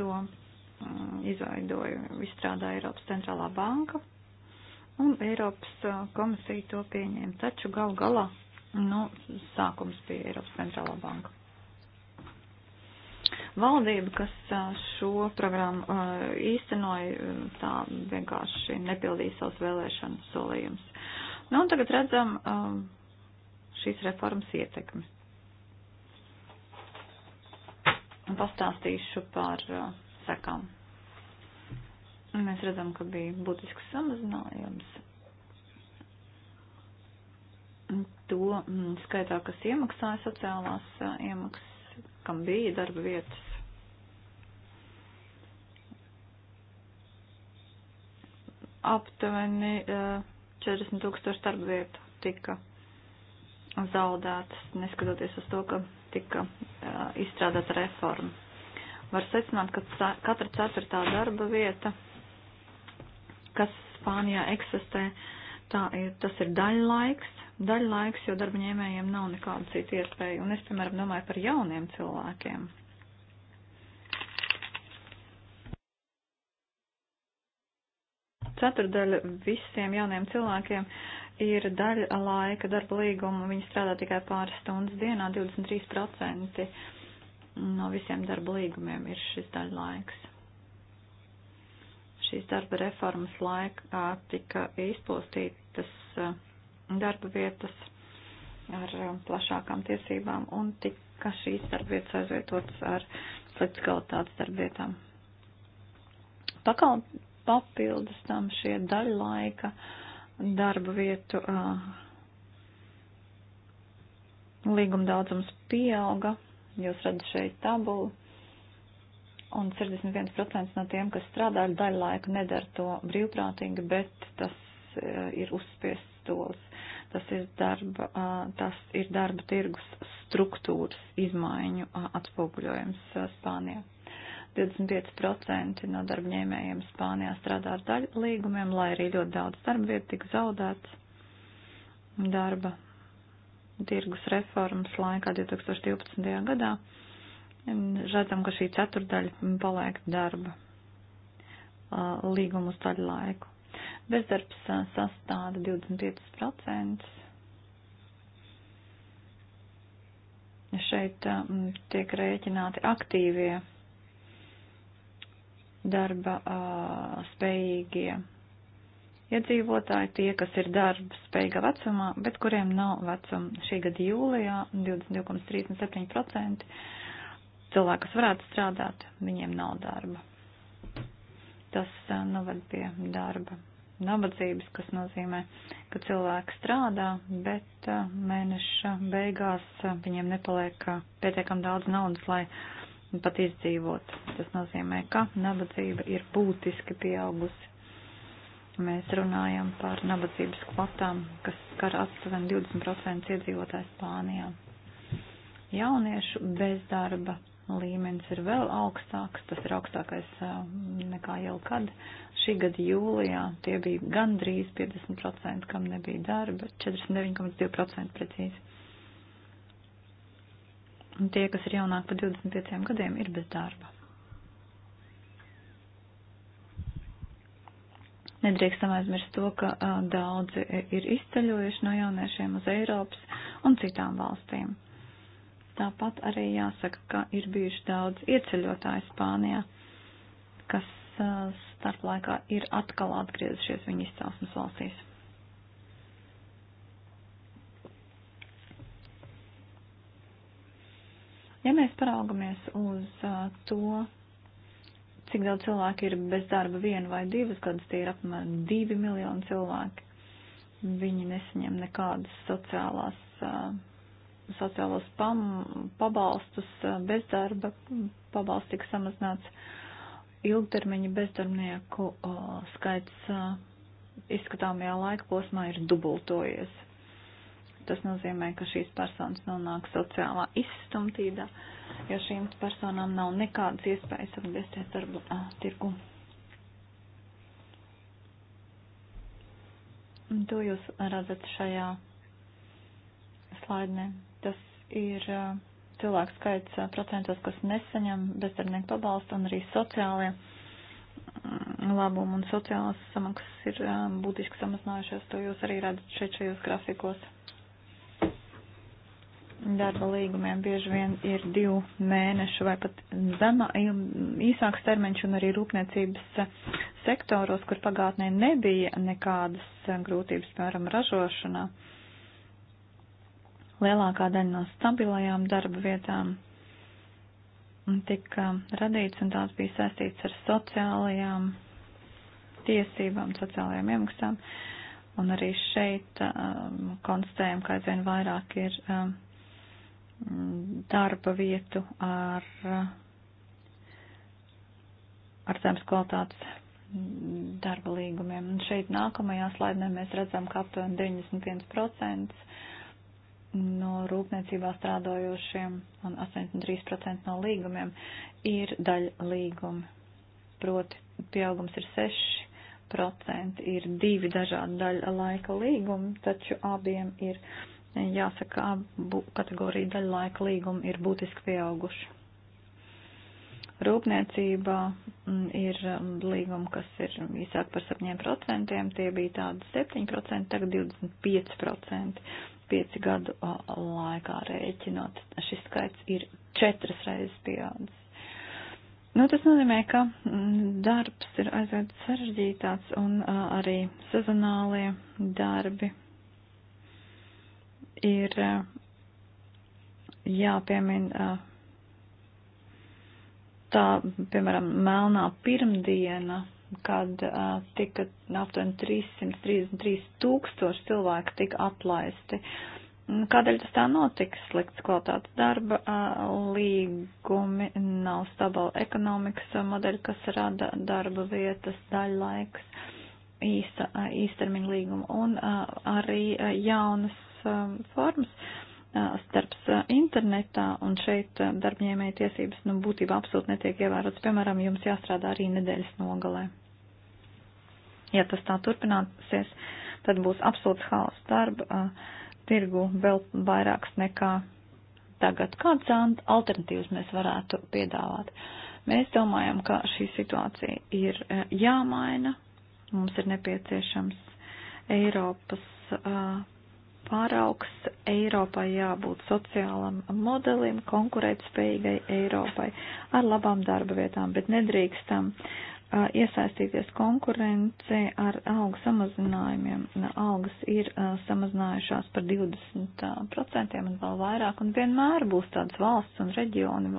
To mm, izveidoja, izstrādāja Eiropas centrālā banka, un Eiropas uh, komisija to pieņēma. Taču gal galā, nu, sākums bija Eiropas centrālā banka. Valdība, kas šo programmu īstenoja, tā vienkārši nepildīja savus vēlēšanu solījumus. Nu, un tagad redzam šīs reformas ietekmi. Pastāstīšu par sekām. Mēs redzam, ka bija būtisks samazinājums to mm, skaitā, kas iemaksāja sociālās iemaksas kam bija darba vietas. Aptuveni 40 eh, tūkstoši darba vietu tika zaudētas, neskatoties uz to, ka tika eh, izstrādāta reforma. Var secināt, ka katra ceturtā darba vieta, kas Spānijā eksistē, uh, Tā ir, tas ir daļlaiks, daļlaiks, jo darba ņēmējiem nav nekāda cita iespēja. Un es, piemēram, domāju par jauniem cilvēkiem. Ceturdaļa visiem jauniem cilvēkiem ir daļa laika darba līguma, viņi strādā tikai pāris stundas dienā, 23% no visiem darba līgumiem ir šis daļlaiks šīs darba reformas laikā tika izpostītas uh, darba vietas ar um, plašākām tiesībām un tika šīs darba vietas aizvietotas ar sliktas kvalitātes darba vietām. Pakal papildus tam šie daļlaika darba vietu uh, līguma daudzums pieauga. Jūs redzat šeit tabulu un 61% no tiem, kas strādā daļu laiku, nedara to brīvprātīgi, bet tas eh, ir uzspiests solis. Tas ir darba, tas ir darba tirgus struktūras izmaiņu atspoguļojums Spānijā. 25% no darbņēmējiem Spānijā strādā ar daļu līgumiem, lai arī ļoti daudz darba vietu tika zaudēts darba tirgus reformas laikā 2012. gadā Redzam, ka šī ceturdaļa paliek darba līgumu uz daļu laiku. Bezdarbs sastāda 25%. Šeit tiek rēķināti aktīvie darba spējīgie iedzīvotāji, tie, kas ir darba spējīga vecumā, bet kuriem nav vecuma šī gada jūlijā 22,37% cilvēki, kas varētu strādāt, viņiem nav darba. Tas uh, noved pie darba nabadzības, kas nozīmē, ka cilvēki strādā, bet uh, mēneša beigās uh, viņiem nepaliek pietiekam daudz naudas, lai pat izdzīvot. Tas nozīmē, ka nabadzība ir būtiski pieaugusi. Mēs runājam par nabadzības kvotām, kas skar aptuveni 20% iedzīvotāju Spānijā. Jauniešu bezdarba līmenis ir vēl augstāks, tas ir augstākais um, nekā jebkad. Šī gada jūlijā tie bija gandrīz 50%, kam nebija darba, 49,2% precīzi. Un tie, kas ir jaunāki par 25 gadiem, ir bez darba. Nedrīkstam aizmirst to, ka a, uh, daudzi e, ir izceļojuši no jauniešiem uz Eiropas un citām valstīm. Tāpat arī jāsaka, ka ir bijuši daudz ieceļotāju Spānijā, kas eh, starp laikā ir atkal atgriezušies viņa izcelsmes valstīs. Ja mēs paraugamies uz eh, to, cik daudz cilvēku ir bez darba vienu vai divas gadus, tie ir apmēram divi miljoni cilvēki. Viņi nesaņem nekādas sociālās uh, sociālos pam, pabalstus, bezdarba pabalsts tika samazināts, ilgtermiņa bezdarbnieku o, skaits o, izskatāmajā laika posmā ir dubultojies. Tas nozīmē, ka šīs personas nonāk sociālā izstumtībā, jo šīm personām nav nekādas iespējas atgriezties darba tirgu. To jūs redzat šajā slaidnē tas ir cilvēku skaits procentos, kas nesaņem bezdarbnieku pabalstu un arī sociālie labumi un sociālās samaksas ir būtiski samazinājušās. To jūs arī redzat šeit šajos grafikos. Darba līgumiem bieži vien ir divu mēnešu vai pat zemā, īsāks termiņš un arī rūpniecības sektoros, kur pagātnē nebija nekādas grūtības, piemēram, ražošanā. Uh, lielākā daļa no stabilajām darba vietām tika radīts, un tās bija saistīts ar sociālajām tiesībām, sociālajām iemaksām. Un arī šeit um, konstatējam, ka aizvien vairāk ir um, darba vietu ar, ar zemes kvalitātes darba līgumiem. Un šeit nākamajā slaidnē mēs redzam, ka aptuveni 95% no rūpniecībā strādojošiem un 83% no līgumiem ir daļa līgumi. Proti pieaugums ir 6%, ir divi dažādi daļa laika līgumi, taču abiem ir jāsaka, abu kategoriju daļa laika līgumi ir būtiski pieauguši. Rūpniecībā mm, ir mm, līgumi, kas ir īsāk par 7%, tie bija tādi 7%, tagad 25%. 5 gadu laikā rēķinot. Šis skaits ir četras reizes pieaudzis. Nu, tas nozīmē, ka mm, darbs ir aizvien sarežģītāks un arī sezonālie darbi ir jāpiemina tā, piemēram, melnā pirmdiena kad uh, tika aptuveni 333 tūkstoši cilvēku tika atlaisti. Kādēļ tas tā notika? Slikts kvalitātes darba uh, līgumi, nav stabila ekonomikas modeļa, kas rada darba vietas, daļlaiks, īsta, uh, īstermiņa līguma un uh, arī uh, jaunas uh, formas. Uh, starps internetā, un šeit darbņēmēja tiesības, nu, būtībā absolūti netiek ievērotas. Piemēram, jums jāstrādā arī nedēļas nogalē. Ja tas tā turpināsies, tad būs absolūts haoss darba tirgu vēl vairāks nekā tagad. Kādas alternatīvas mēs varētu piedāvāt? Mēs domājam, ka šī situācija ir e, jāmaina. Mums ir nepieciešams Eiropas pāraugs. Eiropai jābūt sociālam modelim, konkurētspējīgai Eiropai ar labām darba vietām, bet nedrīkstam iesaistīties konkurencē ar algu samazinājumiem. Algas ir samazinājušās par 20% un vēl vairāk, un vienmēr būs tādas valsts un reģioni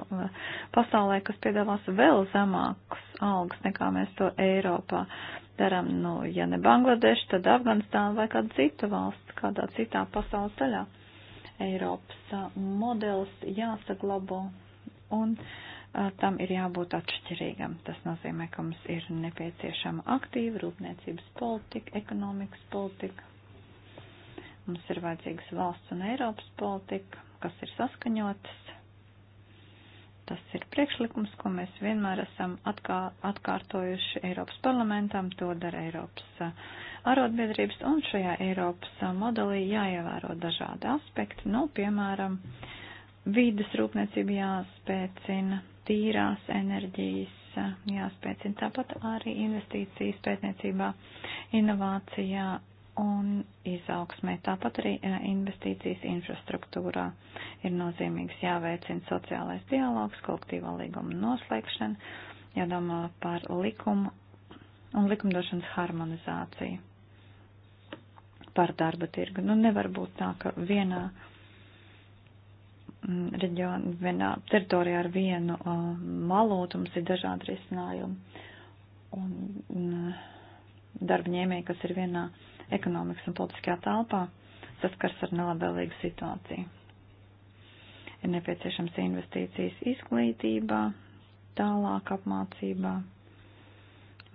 pasaulē, kas piedāvās vēl zemākas algas nekā mēs to Eiropā darām, nu, ja ne Bangladeša, tad Afganistāna vai kāda cita valsts, kādā citā pasaules daļā. Eiropas modelis jāsaglabo un uh, tam ir jābūt atšķirīgam. Tas nozīmē, ka mums ir nepieciešama aktīva rūpniecības politika, ekonomikas politika. Mums ir vajadzīgas valsts un Eiropas politika, kas ir saskaņotas. Tas ir priekšlikums, ko mēs vienmēr esam atkā, atkārtojuši Eiropas parlamentam, to dara Eiropas arotbiedrības, un šajā Eiropas modelī jāievēro dažādi aspekti, nu, piemēram, vīdas rūpniecība jāspēcina, tīrās enerģijas eh, jāspēcina. Tāpat arī investīcijas pētniecībā, inovācijā un izaugsmē. Tāpat arī eh, investīcijas infrastruktūrā ir nozīmīgs jāveicina sociālais dialogs, kolektīvā līguma noslēgšana, jādomā par likumu un likumdošanas harmonizāciju par darba tirgu. Nu, nevar būt tā, ka vienā Mm, reģionu, vienā teritorijā ar vienu uh, malotu mums ir dažādi risinājumi. Un uh, darba ņēmēji, kas ir vienā ekonomikas un politiskajā telpā, saskars ar nelabvēlīgu situāciju. Ir nepieciešams investīcijas izglītībā, tālāk apmācībā.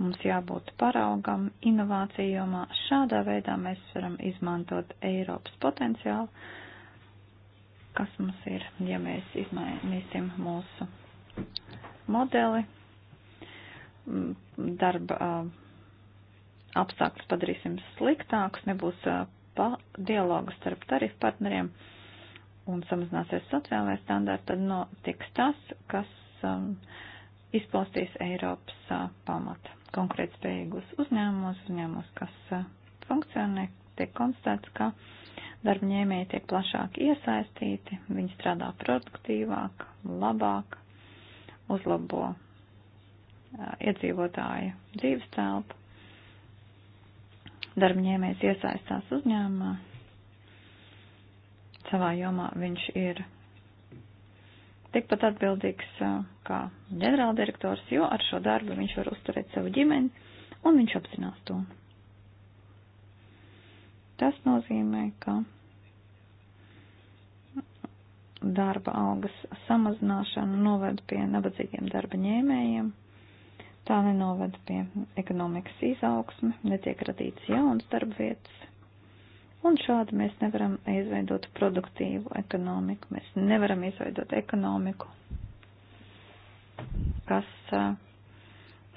Mums jābūt paraugam, inovācijumā. Šādā veidā mēs varam izmantot Eiropas potenciālu kas mums ir, ja mēs izmainīsim mūsu modeli, mm, darba apstākļus padarīsim sliktākus, nebūs dialogu starp tarifu partneriem un samazināsies sociālais standārts, tad notiks tas, kas um, izpostīs Eiropas uh, pamata konkrētspējīgus uzņēmumus, uzņēmumus, kas uh, funkcionē, tiek konstatēts, ka uh, darba ņēmēji tiek plašāk iesaistīti, viņi strādā produktīvāk, labāk, uzlabo iedzīvotāju dzīves telpu. Darba ņēmējs iesaistās uzņēmumā, savā jomā viņš ir tikpat atbildīgs kā ģenerāldirektors, jo ar šo darbu viņš var uzturēt savu ģimeni un viņš apzinās to. Tas nozīmē, ka darba algas samazināšana noved pie nabadzīgiem darba ņēmējiem, tā nenoved pie ekonomikas izaugsme, netiek radīts jauns darba vietas, Un šādi mēs nevaram izveidot produktīvu ekonomiku. Mēs nevaram izveidot ekonomiku, kas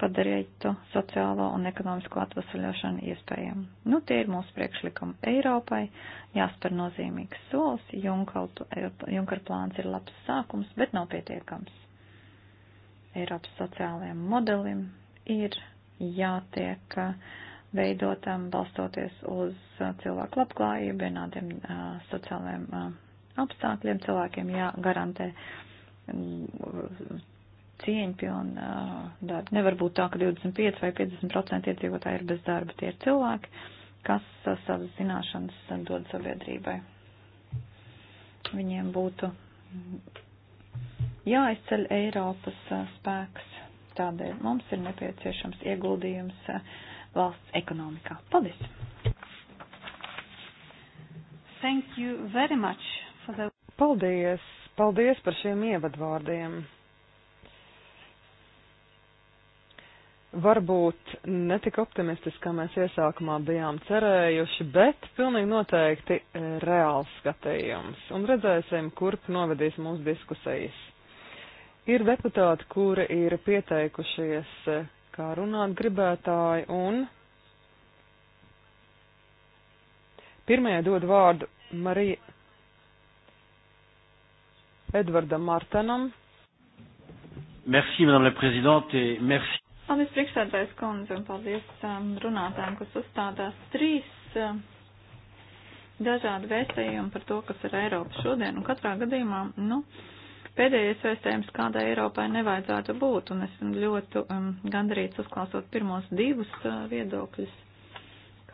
padarītu sociālo un ekonomisko atvesaļošanu iespējamu. Nu, tie ir mūsu priekšlikumi Eiropai, jāspēr nozīmīgs solis, Junker plāns ir labs sākums, bet nav pietiekams. Eiropas sociālajiem modelim ir jātiek uh, veidotam balstoties uz uh, cilvēku labklājību, vienādiem uh, sociālajiem apstākļiem cilvēkiem jāgarantē mm, cieņpilna darba. Nevar būt tā, ka 25 vai 50% iedzīvotāji ir bez darba. Tie ir cilvēki, kas savas zināšanas dod sabiedrībai. Viņiem būtu jāizceļ Eiropas spēks. Tādēļ mums ir nepieciešams ieguldījums valsts ekonomikā. Paldies! Thank you very much for the... Paldies! Paldies par šiem ievadvārdiem! varbūt netik optimistiski, kā mēs iesākumā bijām cerējuši, bet pilnīgi noteikti e, reāls skatījums. Un redzēsim, kurp novedīs mūsu diskusijas. Ir deputāti, kuri ir pieteikušies e, kā runāt gribētāji, un pirmajai dod vārdu Marija Edvardam Martenam. Merci, Madame la Présidente, et merci. Paldies priekšsēdājas kundze un paldies um, runātājiem, kas uzstādās trīs um, dažādi vēstījumi par to, kas ir Eiropa šodien. Un katrā gadījumā, nu, pēdējais vēstījums, kādai Eiropai nevajadzētu būt. Un es ļoti um, gandarīts uzklausot pirmos divus uh, viedokļus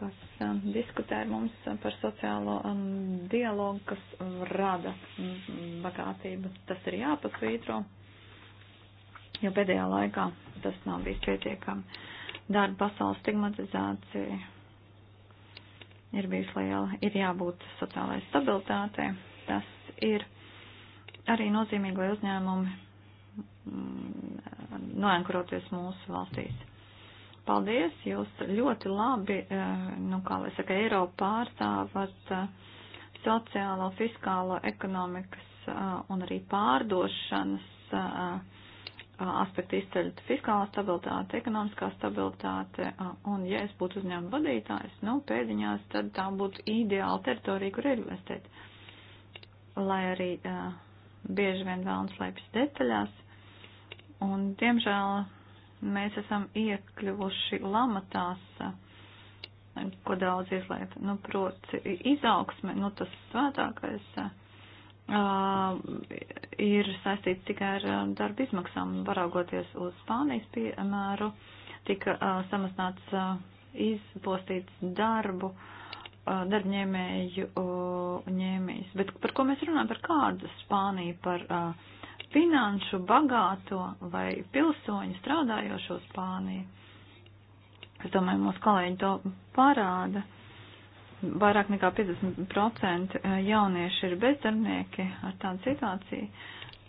kas um, diskutē ar mums par sociālo um, dialogu, kas rada um, bagātību. Tas ir jāpasvītro jo pēdējā laikā tas nav bijis pietiekami. Darba pasaules stigmatizācija ir bijusi liela, ir jābūt sociālai stabilitātei. Tas ir arī nozīmīgi, lai uzņēmumi mm, noenkuroties mūsu valstīs. Paldies, jūs ļoti labi, eh, nu kā lai saka, Eiropu pārstāvat eh, sociālo, fiskālo, ekonomikas eh, un arī pārdošanas aspekti izceļat fiskālā stabilitāte, ekonomiskā stabilitāte, un ja es būtu uzņēmuma vadītājs, nu, pēdiņās, tad tā būtu ideāla teritorija, kur investēt. Lai arī uh, bieži vien vēlams leipjas detaļās, un, diemžēl, mēs esam iekļuvuši lamatās, uh, ko daudz izliet, nu, proti, izaugsme, nu, tas svētākais. Uh, uh, ir saistīts tikai ar um, darba izmaksām. Paraugoties uz Spānijas piemēru, tika uh, samazināts uh, izpostīts darbu uh, darbņēmēju uh, ņēmējs. Bet par ko mēs runājam? Par kādu Spāniju? Par uh, finanšu bagāto vai pilsoņu strādājošo Spāniju? Es domāju, mūsu kolēģi to parāda. Uh, vairāk nekā 50% eh, jaunieši ir bezdarbnieki ar tādu situāciju.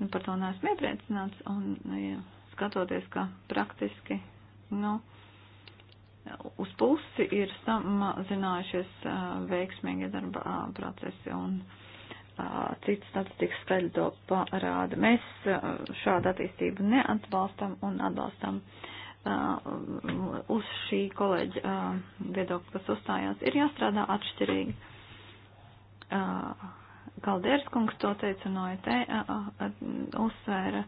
Nu, par to neesmu iepriecināts un nu, jā, skatoties, ka praktiski nu, uz pusi ir samazinājušies eh, veiksmīgi darba eh, procesi un citas statistikas skaļi to parāda. Mēs šādu attīstību neatbalstam un atbalstam uh, Mm, uz šī kolēģa viedokļa, kas uzstājās, ir jāstrādā atšķirīgi. Kaldērs kungs to teica no IT, e uzsvēra.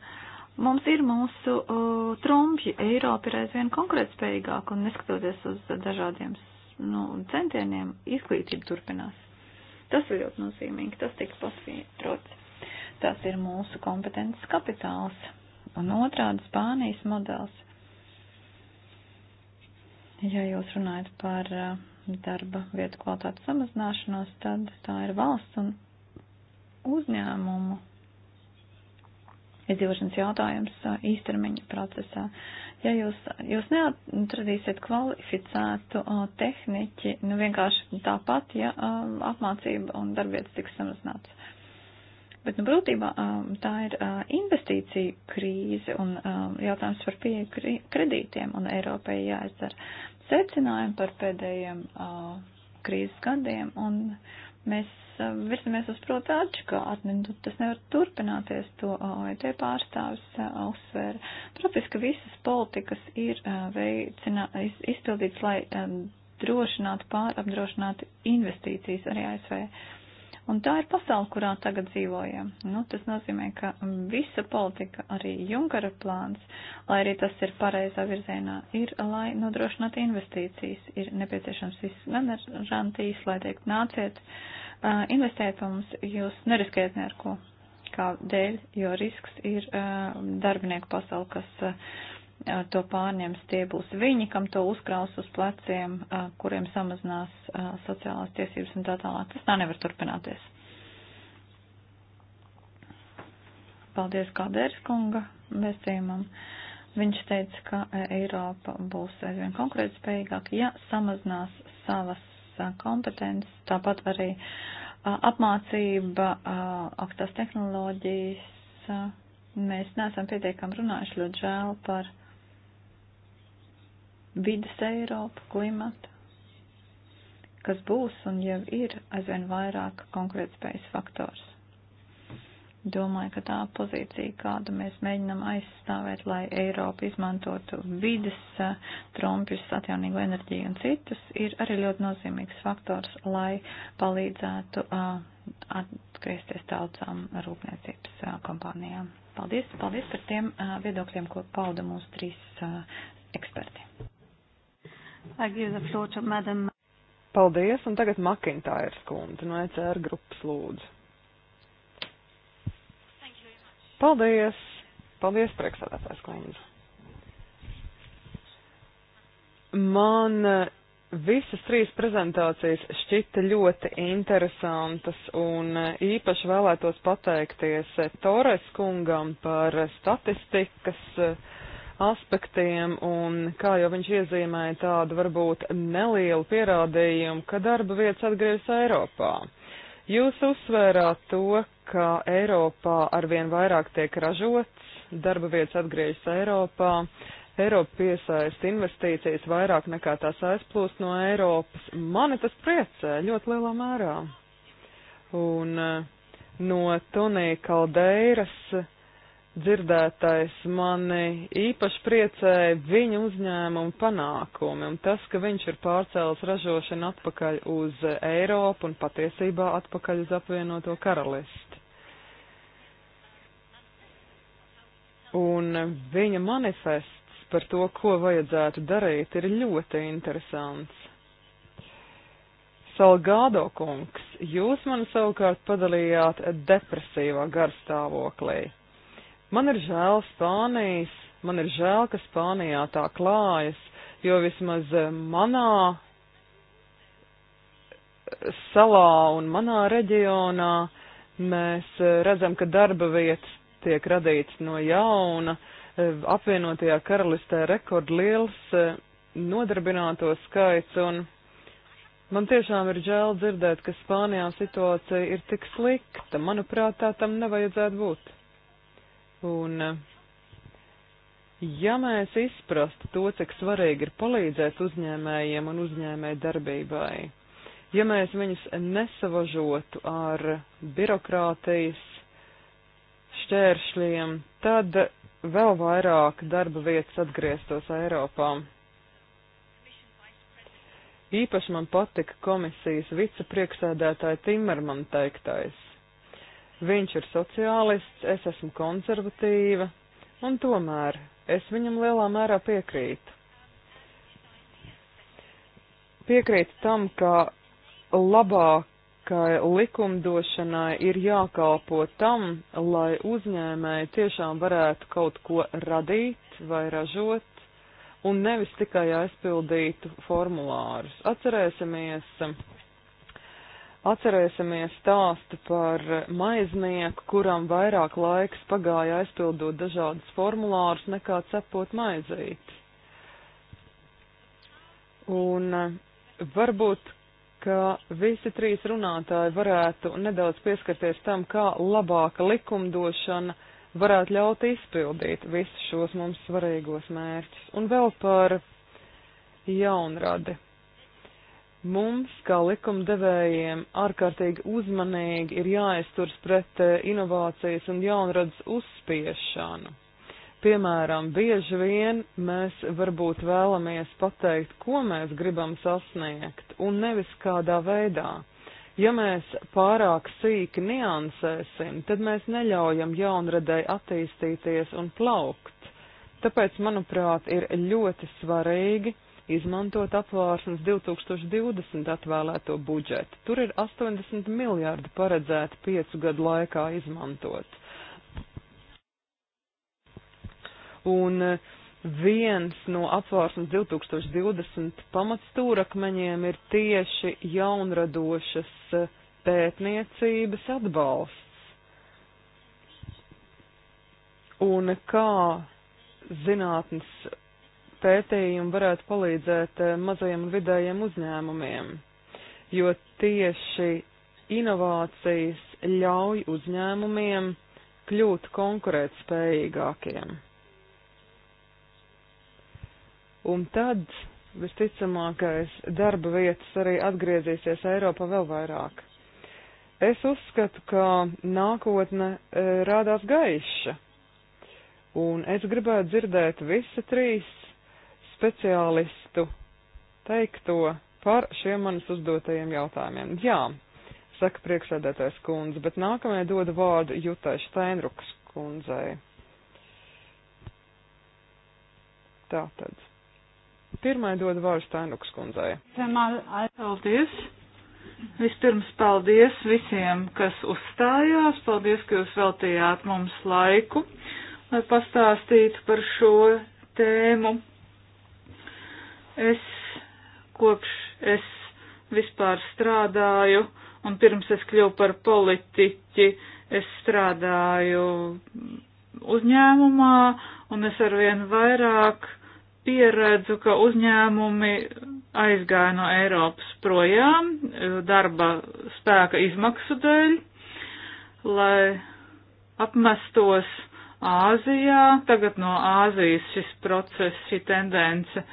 Mums ir mūsu trumpi, Eiropa ir aizvien konkurētspējīgāka un neskatoties uz dažādiem nu, centieniem, izglītība turpinās. Tas ir ļoti nozīmīgi, tas tika pasvītrots. Tas ir mūsu kompetences kapitāls. Un otrādi Spānijas modelis Ja jūs runājat par eh, darba vietu kvalitātes samazināšanos, tad tā ir valsts un uzņēmumu izdzīvošanas jautājums eh, īstermiņa procesā. Ja jūs, jūs neatradīsiet kvalificētu eh, tehniķi, nu vienkārši tāpat, ja apmācība un darbietas tiks samazināts. Bet, nu, brūtībā tā ir investīcija krīze un jautājums par pieeju kredītiem un Eiropai jāizdara secinājumi par pēdējiem uh, krīzes gadiem, un mēs uh, virsamies uz protu atšu, ka atminu, tas nevar turpināties, to OET pārstāvis uh, uzsvēra. Protams, ka visas politikas ir uh, veicinā, iz, izpildīts, lai uh, drošinātu, pārapdrošinātu investīcijas arī ASV. Uh, Un tā ir pasaule, kurā tagad dzīvojam. Nu, tas nozīmē, ka visa politika, arī Junkara plāns, lai arī tas ir pareizā virzienā, ir, lai nodrošinātu investīcijas, ir nepieciešams viss garantijas, lai teikt, nāciet, investēt mums, jūs neriskējat neko kā dēļ, jo risks ir darbinieku pasauli, kas to pārņems, tie būs viņi, kam to uzkraus uz pleciem, kuriem samazinās sociālās tiesības un tā tālāk. Tas tā nevar turpināties. Paldies Kādērs kunga vēstījumam. Viņš teica, ka Eiropa būs aizvien konkurētspējīgāka, ja samazinās savas kompetences, tāpat arī apmācība, augstās tehnoloģijas. Mēs neesam pietiekami runājuši ļoti žēl par vidas Eiropu, klimatu, kas būs un jau ir aizvien vairāk konkurētspējas faktors. Domāju, ka tā pozīcija, kādu mēs mēģinam aizstāvēt, lai Eiropa izmantotu vidas eh, trumpjus, atjaunīgu enerģiju un citus, ir arī ļoti nozīmīgs faktors, lai palīdzētu eh, atgriezties daudzām rūpniecības eh, kompānijām. Paldies, paldies par tiem viedokļiem, ko pauda mūsu trīs eksperti. Paldies, un tagad Makintājas kundze no ECR grupas lūdzu. Paldies! Paldies, priekšsādātājs kundze. Man eh, visas trīs prezentācijas šķita ļoti interesantas un eh, īpaši vēlētos pateikties eh, Tores kungam par statistikas uh, aspektiem, un kā jau viņš iezīmēja tādu varbūt nelielu pierādījumu, ka darba vietas atgriežas Eiropā. Jūs uzsvērāt to, ka Eiropā arvien vairāk tiek ražots, darba vietas atgriežas Eiropā, Eiropa piesaista investīcijas vairāk nekā tās aizplūst no Eiropas. Mani tas priecē ļoti lielā mērā. Un eh, no Tonija Kaldeiras dzirdētais mani īpaši priecēja viņa uzņēmuma panākumi un tas, ka viņš ir pārcēlis ražošanu atpakaļ uz Eiropu un patiesībā atpakaļ uz apvienoto karalisti. Un viņa manifests par to, ko vajadzētu darīt, ir ļoti interesants. Salgādo kungs, jūs mani savukārt padalījāt depresīvā garstāvoklī. Man ir žēl Spānijas, man ir žēl, ka Spānijā tā klājas, jo vismaz eh, manā eh, salā un manā reģionā mēs eh, redzam, ka darba vietas tiek radīts no jauna. Apvienotajā karalistē rekordliels nodarbināto skaits un man tiešām ir žēl dzirdēt, ka Spānijā situācija ir tik slikta. Manuprāt, tā tam nevajadzētu būt. Un, ja mēs izprastu to, cik svarīgi ir palīdzēt uzņēmējiem un uzņēmēju darbībai, ja mēs viņus nesavažotu ar birokrātijas šķēršļiem, tad vēl vairāk darba vietas atgrieztos Eiropā. Īpaši man patika komisijas vicepriekšsēdētāja Timerman teiktais. Viņš ir sociālists, es esmu konservatīva, un tomēr es viņam lielā mērā piekrītu. Piekrītu tam, ka labākai likumdošanai ir jākalpo tam, lai uzņēmēji tiešām varētu kaut ko radīt vai ražot, un nevis tikai aizpildītu formulārus. Atcerēsimies, Atcerēsimies stāstu par maiznieku, kuram vairāk laiks pagāja aizpildot dažādus formulārus nekā cepot maizīti. Un eh, varbūt, ka visi trīs runātāji varētu nedaudz pieskarties tam, kā labāka likumdošana varētu ļaut izpildīt visus šos mums svarīgos mērķus. Un vēl par jaunradi Mums, kā likumdevējiem, ārkārtīgi uzmanīgi ir jāizturas pret eh, inovācijas un jaunradas uzspiešanu. Piemēram, bieži vien mēs varbūt vēlamies pateikt, ko mēs gribam sasniegt, un nevis kādā veidā. Ja mēs pārāk sīki niansēsim, tad mēs neļaujam jaunradai attīstīties un plaukt. Tāpēc, manuprāt, ir ļoti svarīgi izmantot apvārsnes 2020 atvēlēto budžetu. Tur ir 80 miljārdi paredzēti piecu gadu laikā izmantot. Un eh, viens no apvārsnes 2020 pamatstūrakmeņiem ir tieši jaunradošas eh, pētniecības atbalsts. Un kā zinātnes pētījumi varētu palīdzēt eh, mazajiem un vidējiem uzņēmumiem, jo tieši inovācijas ļauj uzņēmumiem kļūt konkurētspējīgākiem. Un tad visticamākais darba vietas arī atgriezīsies Eiropā vēl vairāk. Es uzskatu, ka nākotne e, rādās gaiša, un es gribētu dzirdēt visi trīs speciālistu teikto par šiem manis uzdotajiem jautājumiem. Jā, saka priekšsēdētājs kundze, bet nākamajai dodu vārdu Jutai Steinrukas kundzei. Tātad. Pirmai dodu vārdu Steinrukas kundzei. Paldies! Vispirms paldies visiem, kas uzstājās, paldies, ka jūs veltījāt mums laiku, lai pastāstītu par šo tēmu. Es kopš es vispār strādāju un pirms es kļuvu par politiķi, es strādāju uzņēmumā un es arvien vairāk pieredzu, ka uzņēmumi aizgāja no Eiropas projām darba spēka izmaksu dēļ, lai apmestos Āzijā. Tagad no Āzijas šis process, šī tendence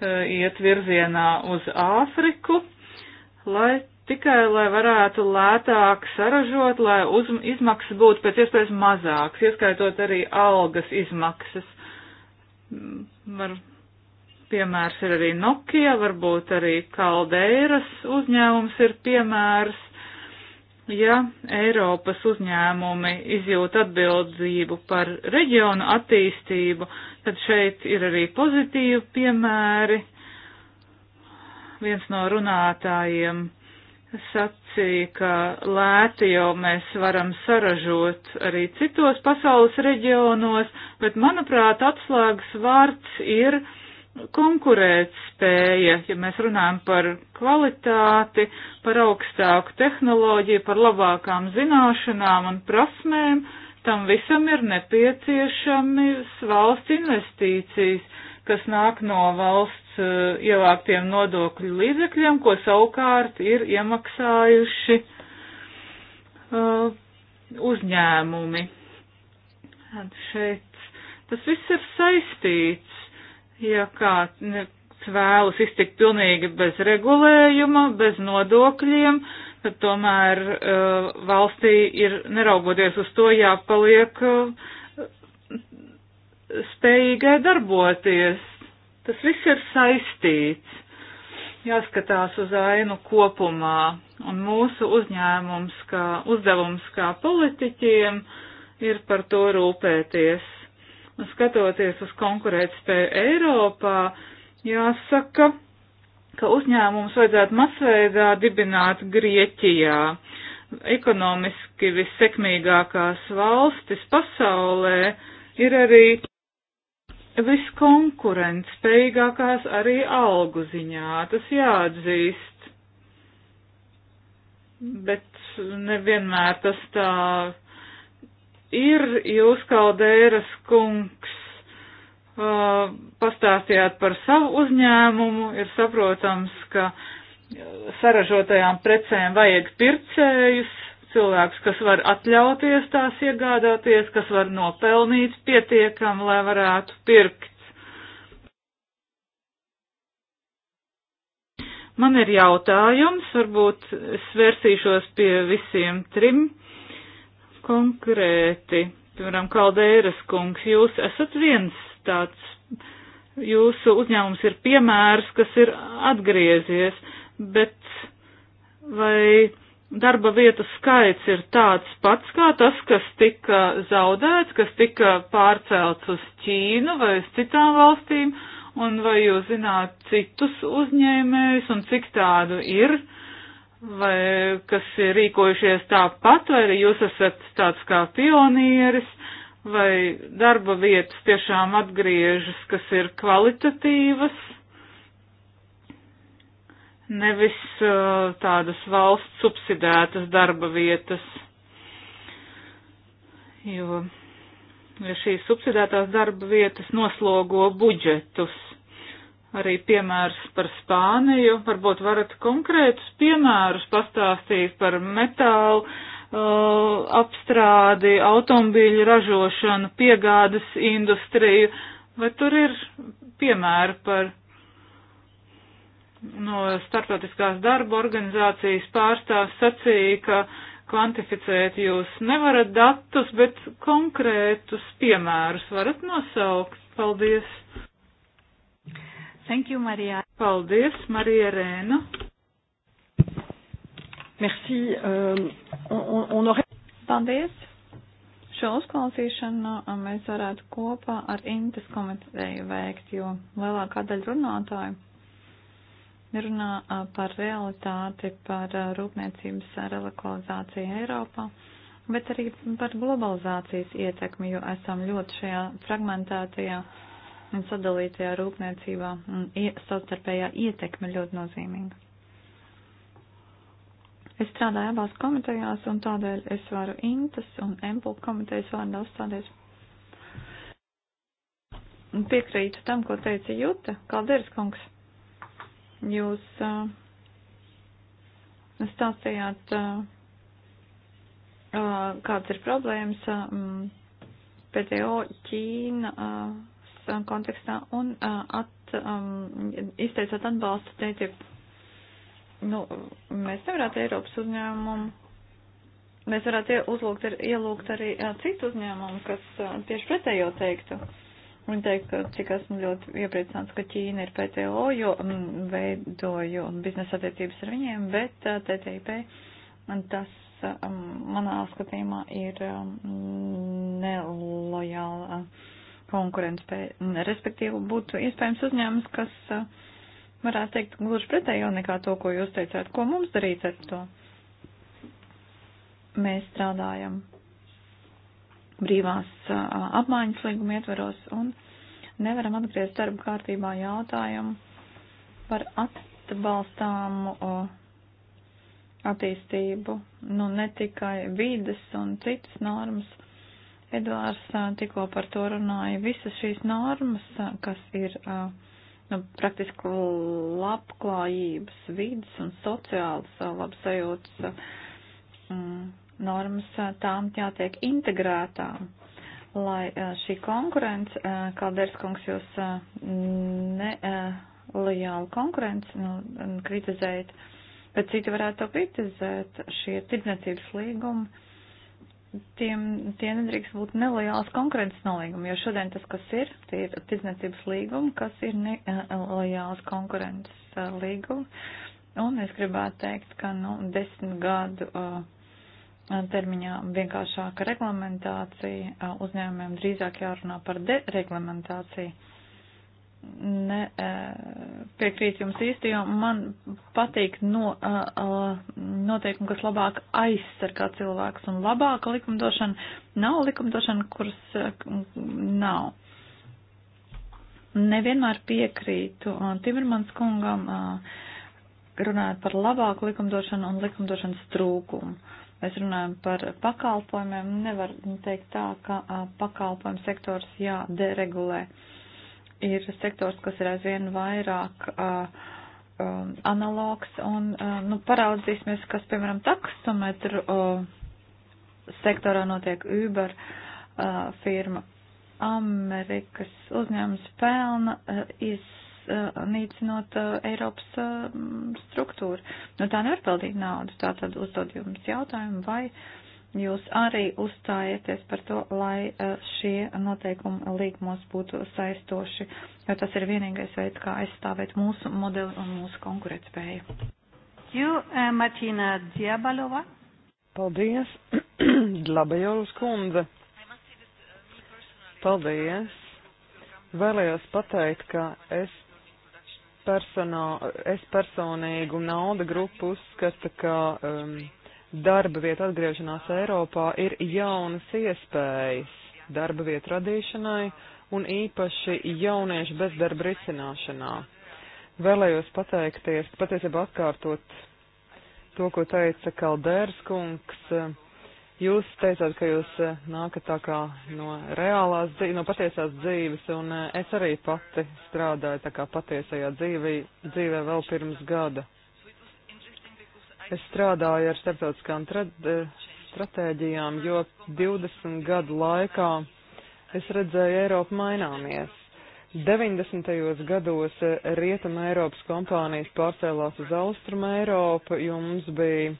Eh, iet virzienā uz Āfriku, lai tikai, lai varētu lētāk saražot, lai uz, izmaksas būtu pēc iespējas mazākas, ieskaitot arī algas izmaksas. Mm, var, piemērs ir arī Nokia, varbūt arī Kaldeiras uzņēmums ir piemērs ja Eiropas uzņēmumi izjūt atbildzību par reģionu attīstību, tad šeit ir arī pozitīvi piemēri. Viens no runātājiem sacīja, ka lēti jau mēs varam saražot arī citos pasaules reģionos, bet manuprāt atslēgas vārds ir konkurētspēja, ja mēs runājam par kvalitāti, par augstāku tehnoloģiju, par labākām zināšanām un prasmēm, tam visam ir nepieciešamas valsts investīcijas, kas nāk no valsts uh, ievāktiem nodokļu līdzekļiem, ko savukārt ir iemaksājuši uh, uzņēmumi. Šeit tas viss ir saistīts ja kāds vēlas iztikt pilnīgi bez regulējuma, bez nodokļiem, tad tomēr uh, valstī ir, neraugoties uz to, jāpaliek uh, spējīgai darboties. Tas viss ir saistīts. Jāskatās uz ainu kopumā, un mūsu uzņēmums, kā uzdevums kā politiķiem, ir par to rūpēties skatoties uz konkurētspēju Eiropā, jāsaka, ka uzņēmums vajadzētu masveidā dibināt Grieķijā. Ekonomiski vissekmīgākās valstis pasaulē ir arī viskonkurentspējīgākās arī algu ziņā, tas jāatzīst. Bet nevienmēr tas tā ir jūs, Kaldēras kungs, uh, pastāstījāt par savu uzņēmumu, ir saprotams, ka saražotajām precēm vajag pircējus, cilvēks, kas var atļauties tās iegādāties, kas var nopelnīt pietiekam, lai varētu pirkt. Man ir jautājums, varbūt svērsīšos pie visiem trim. Uh, konkrēti. Piemēram, Kaldēras kungs, jūs esat viens tāds, jūsu uzņēmums ir piemērs, kas ir atgriezies, bet vai darba vietu skaits ir tāds pats kā tas, kas tika zaudēts, kas tika pārcelts uz Ķīnu vai uz citām valstīm, un vai jūs zināt citus uzņēmējus un cik tādu ir? Uh, vai kas ir rīkojušies tāpat, vai arī jūs esat tāds kā pionieris, vai darba vietas tiešām atgriežas, kas ir kvalitatīvas, nevis uh, tādas valsts subsidētas darba vietas. Jo ja šīs subsidētās darba vietas noslogo budžetus arī piemērs par Spāniju. Varbūt varat konkrētus piemērus pastāstīt par metālu uh, apstrādi, automobīļu ražošanu, piegādes industriju. Vai tur ir piemēri par no starptautiskās darba organizācijas pārstāvs sacīja, ka kvantificēt jūs nevarat datus, bet konkrētus piemērus varat nosaukt. Paldies! Thank you, Marija. Paldies, Marija Rēna. Merci. Um, un, un, un... Paldies. Šo uzklausīšanu uh, mēs varētu kopā ar Intas komiteju veikt, jo lielākā daļa runātāju runā uh, par realitāti, par uh, rūpniecības relokalizāciju Eiropā, bet arī par globalizācijas ietekmi, jo esam ļoti šajā fragmentētajā. Ja un sadalītajā rūpniecībā un savstarpējā ietekme ļoti nozīmīga. Es strādāju abās komitejās un tādēļ es varu Intas un Empul komitejas vārdā uzstāties. Piekrītu tam, ko teica Juta Kalderis kungs. Jūs uh, stāstījāt, uh, uh, kāds ir problēmas. Uh, mm, PTO Ķīna. Uh, kontekstā un at, um, izteicāt atbalstu TTIP. Nu, mēs nevarētu Eiropas uzņēmumu. Mēs varētu uzlūgt, ar, ielūgt arī citu uzņēmumu, kas tieši pretējo teiktu. Viņa teikt, ka cik esmu ļoti iepriecināts, ka Ķīna ir PTO, jo m, veidoju biznesa attiecības ar viņiem, bet TTIP tas manā skatījumā ir nelojāla konkurence, respektīvi būtu iespējams uzņēmums, kas eh, varētu teikt gluži pretējo nekā to, ko jūs teicāt, ko mums darīt ar to. Mēs strādājam brīvās eh, apmaiņas līguma ietveros un nevaram atgriezt darba kārtībā jautājumu par atbalstāmu eh, attīstību, nu ne tikai vides un citas normas Eduārs tikko par to runāja. Visas šīs normas, kas ir nu, praktiski labklājības, vidas un sociālas labsajūtas mm, normas, tām jātiek integrētām. Lai šī konkurence, kā Derskungs jūs nelojāli konkurence nu, kritizējat, bet citi varētu to kritizēt, šie tirdzniecības līgumi tiem, tie nedrīkst būt nelojāls konkurences nolīgumi, jo šodien tas, kas ir, tie ir tirdzniecības līgumi, kas ir nelojāls eh, konkurences eh, līgumi. Un es gribētu teikt, ka nu, desmit gadu uh, termiņā vienkāršāka reglamentācija, uh, uzņēmumiem drīzāk jārunā par dereglamentāciju ne, piekrīt jums īsti, jo man patīk no, noteikumi, kas labāk aizsargā cilvēks un labāka likumdošana nav likumdošana, kuras nav. Nevienmēr piekrītu Timermans kungam runājot par labāku likumdošanu un likumdošanas trūkumu. Mēs runājam par pakalpojumiem. Nevar teikt tā, ka pakalpojumu sektors jāderegulē. Uh, ir sektors, kas ir aizvien vairāk uh, um, analogs, un uh, nu, paraudzīsimies, kas, piemēram, taksometru uh, sektorā notiek Uber uh, firma. Amerikas uzņēmums pelna uh, iznīcinot uh, uh, Eiropas uh, struktūru. Nu, tā nevar peldīt naudu. Tā tad uzdod jums jautājumu, vai uh, jūs arī uzstājieties par to, lai e, šie noteikumi līgumos būtu saistoši, jo tas ir vienīgais veids, kā aizstāvēt mūsu modeli un mūsu konkurētspēju. You, uh, Martina Diabalova. Paldies, Dlabajovas kundze. Paldies. Vēlējos pateikt, ka es, personā, es personīgu nauda grupu uzskatu, ka um, darba vietu atgriešanās Eiropā ir jaunas iespējas darba vietu radīšanai un īpaši jauniešu bezdarba risināšanā. Vēlējos pateikties, patiesībā atkārtot to, ko teica Kaldērs kungs. Jūs teicāt, ka jūs eh, nākat tā kā no reālās, no patiesās dzīves, un eh, es arī pati strādāju tā kā patiesajā dzīvē, dzīvē vēl pirms gada. Es strādāju ar starptautiskām eh, stratēģijām, jo 20 gadu laikā es redzēju Eiropu maināmies. 90. gados eh, Rietuma Eiropas kompānijas pārcēlās uz Austrum Eiropu, jo mums bija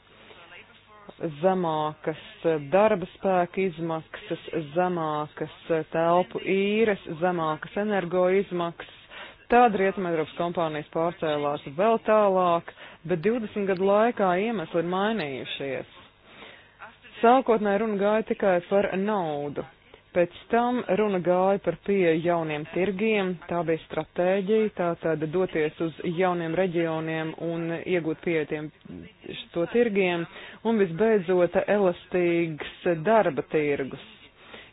zemākas eh, darba spēka izmaksas, zemākas telpu īres, zemākas energo izmaksas, Tad Rietumēropas kompānijas pārcēlās vēl tālāk, bet 20 gadu laikā iemesli ir mainījušies. Sākotnēji runa gāja tikai par naudu. Pēc tam runa gāja par pieeju jauniem tirgiem, tā bija stratēģija, tā tad doties uz jauniem reģioniem un iegūt pieejotiem to tirgiem, un visbeidzot elastīgs darba tirgus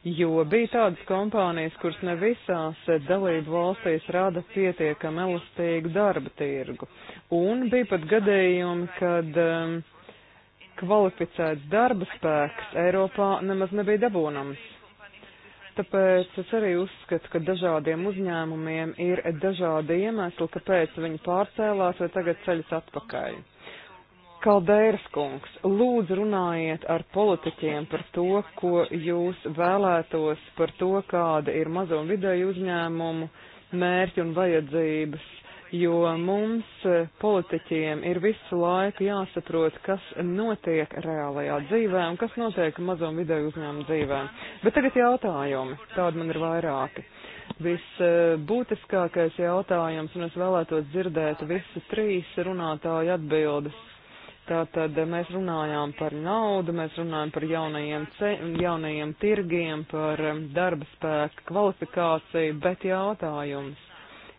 jo bija tādas kompānijas, kuras ne visās dalību valstīs rada pietiekam elastīgu darba tirgu. Un bija pat gadījumi, kad um, kvalificēts darba spēks Eiropā nemaz nebija dabūnams. Tāpēc es arī uzskatu, ka dažādiem uzņēmumiem ir dažādi iemesli, kāpēc viņi pārcēlās vai tagad ceļas atpakaļ. Uh, Kaldēras kungs, lūdzu runājiet ar politiķiem par to, ko jūs vēlētos, par to, kāda ir mazo un vidēju uzņēmumu mērķi un vajadzības, jo mums eh, politiķiem ir visu laiku jāsaprot, kas notiek reālajā dzīvē un kas notiek mazo un vidēju uzņēmumu dzīvē. Bet tagad jautājumi, tādi man ir vairāki. Visbūtiskākais eh, jautājums, un es vēlētos dzirdēt visu trīs runātāju atbildes Tātad eh, mēs runājām par naudu, mēs runājām par jaunajiem, ce, jaunajiem tirgiem, par eh, darba spēku kvalifikāciju, bet jautājums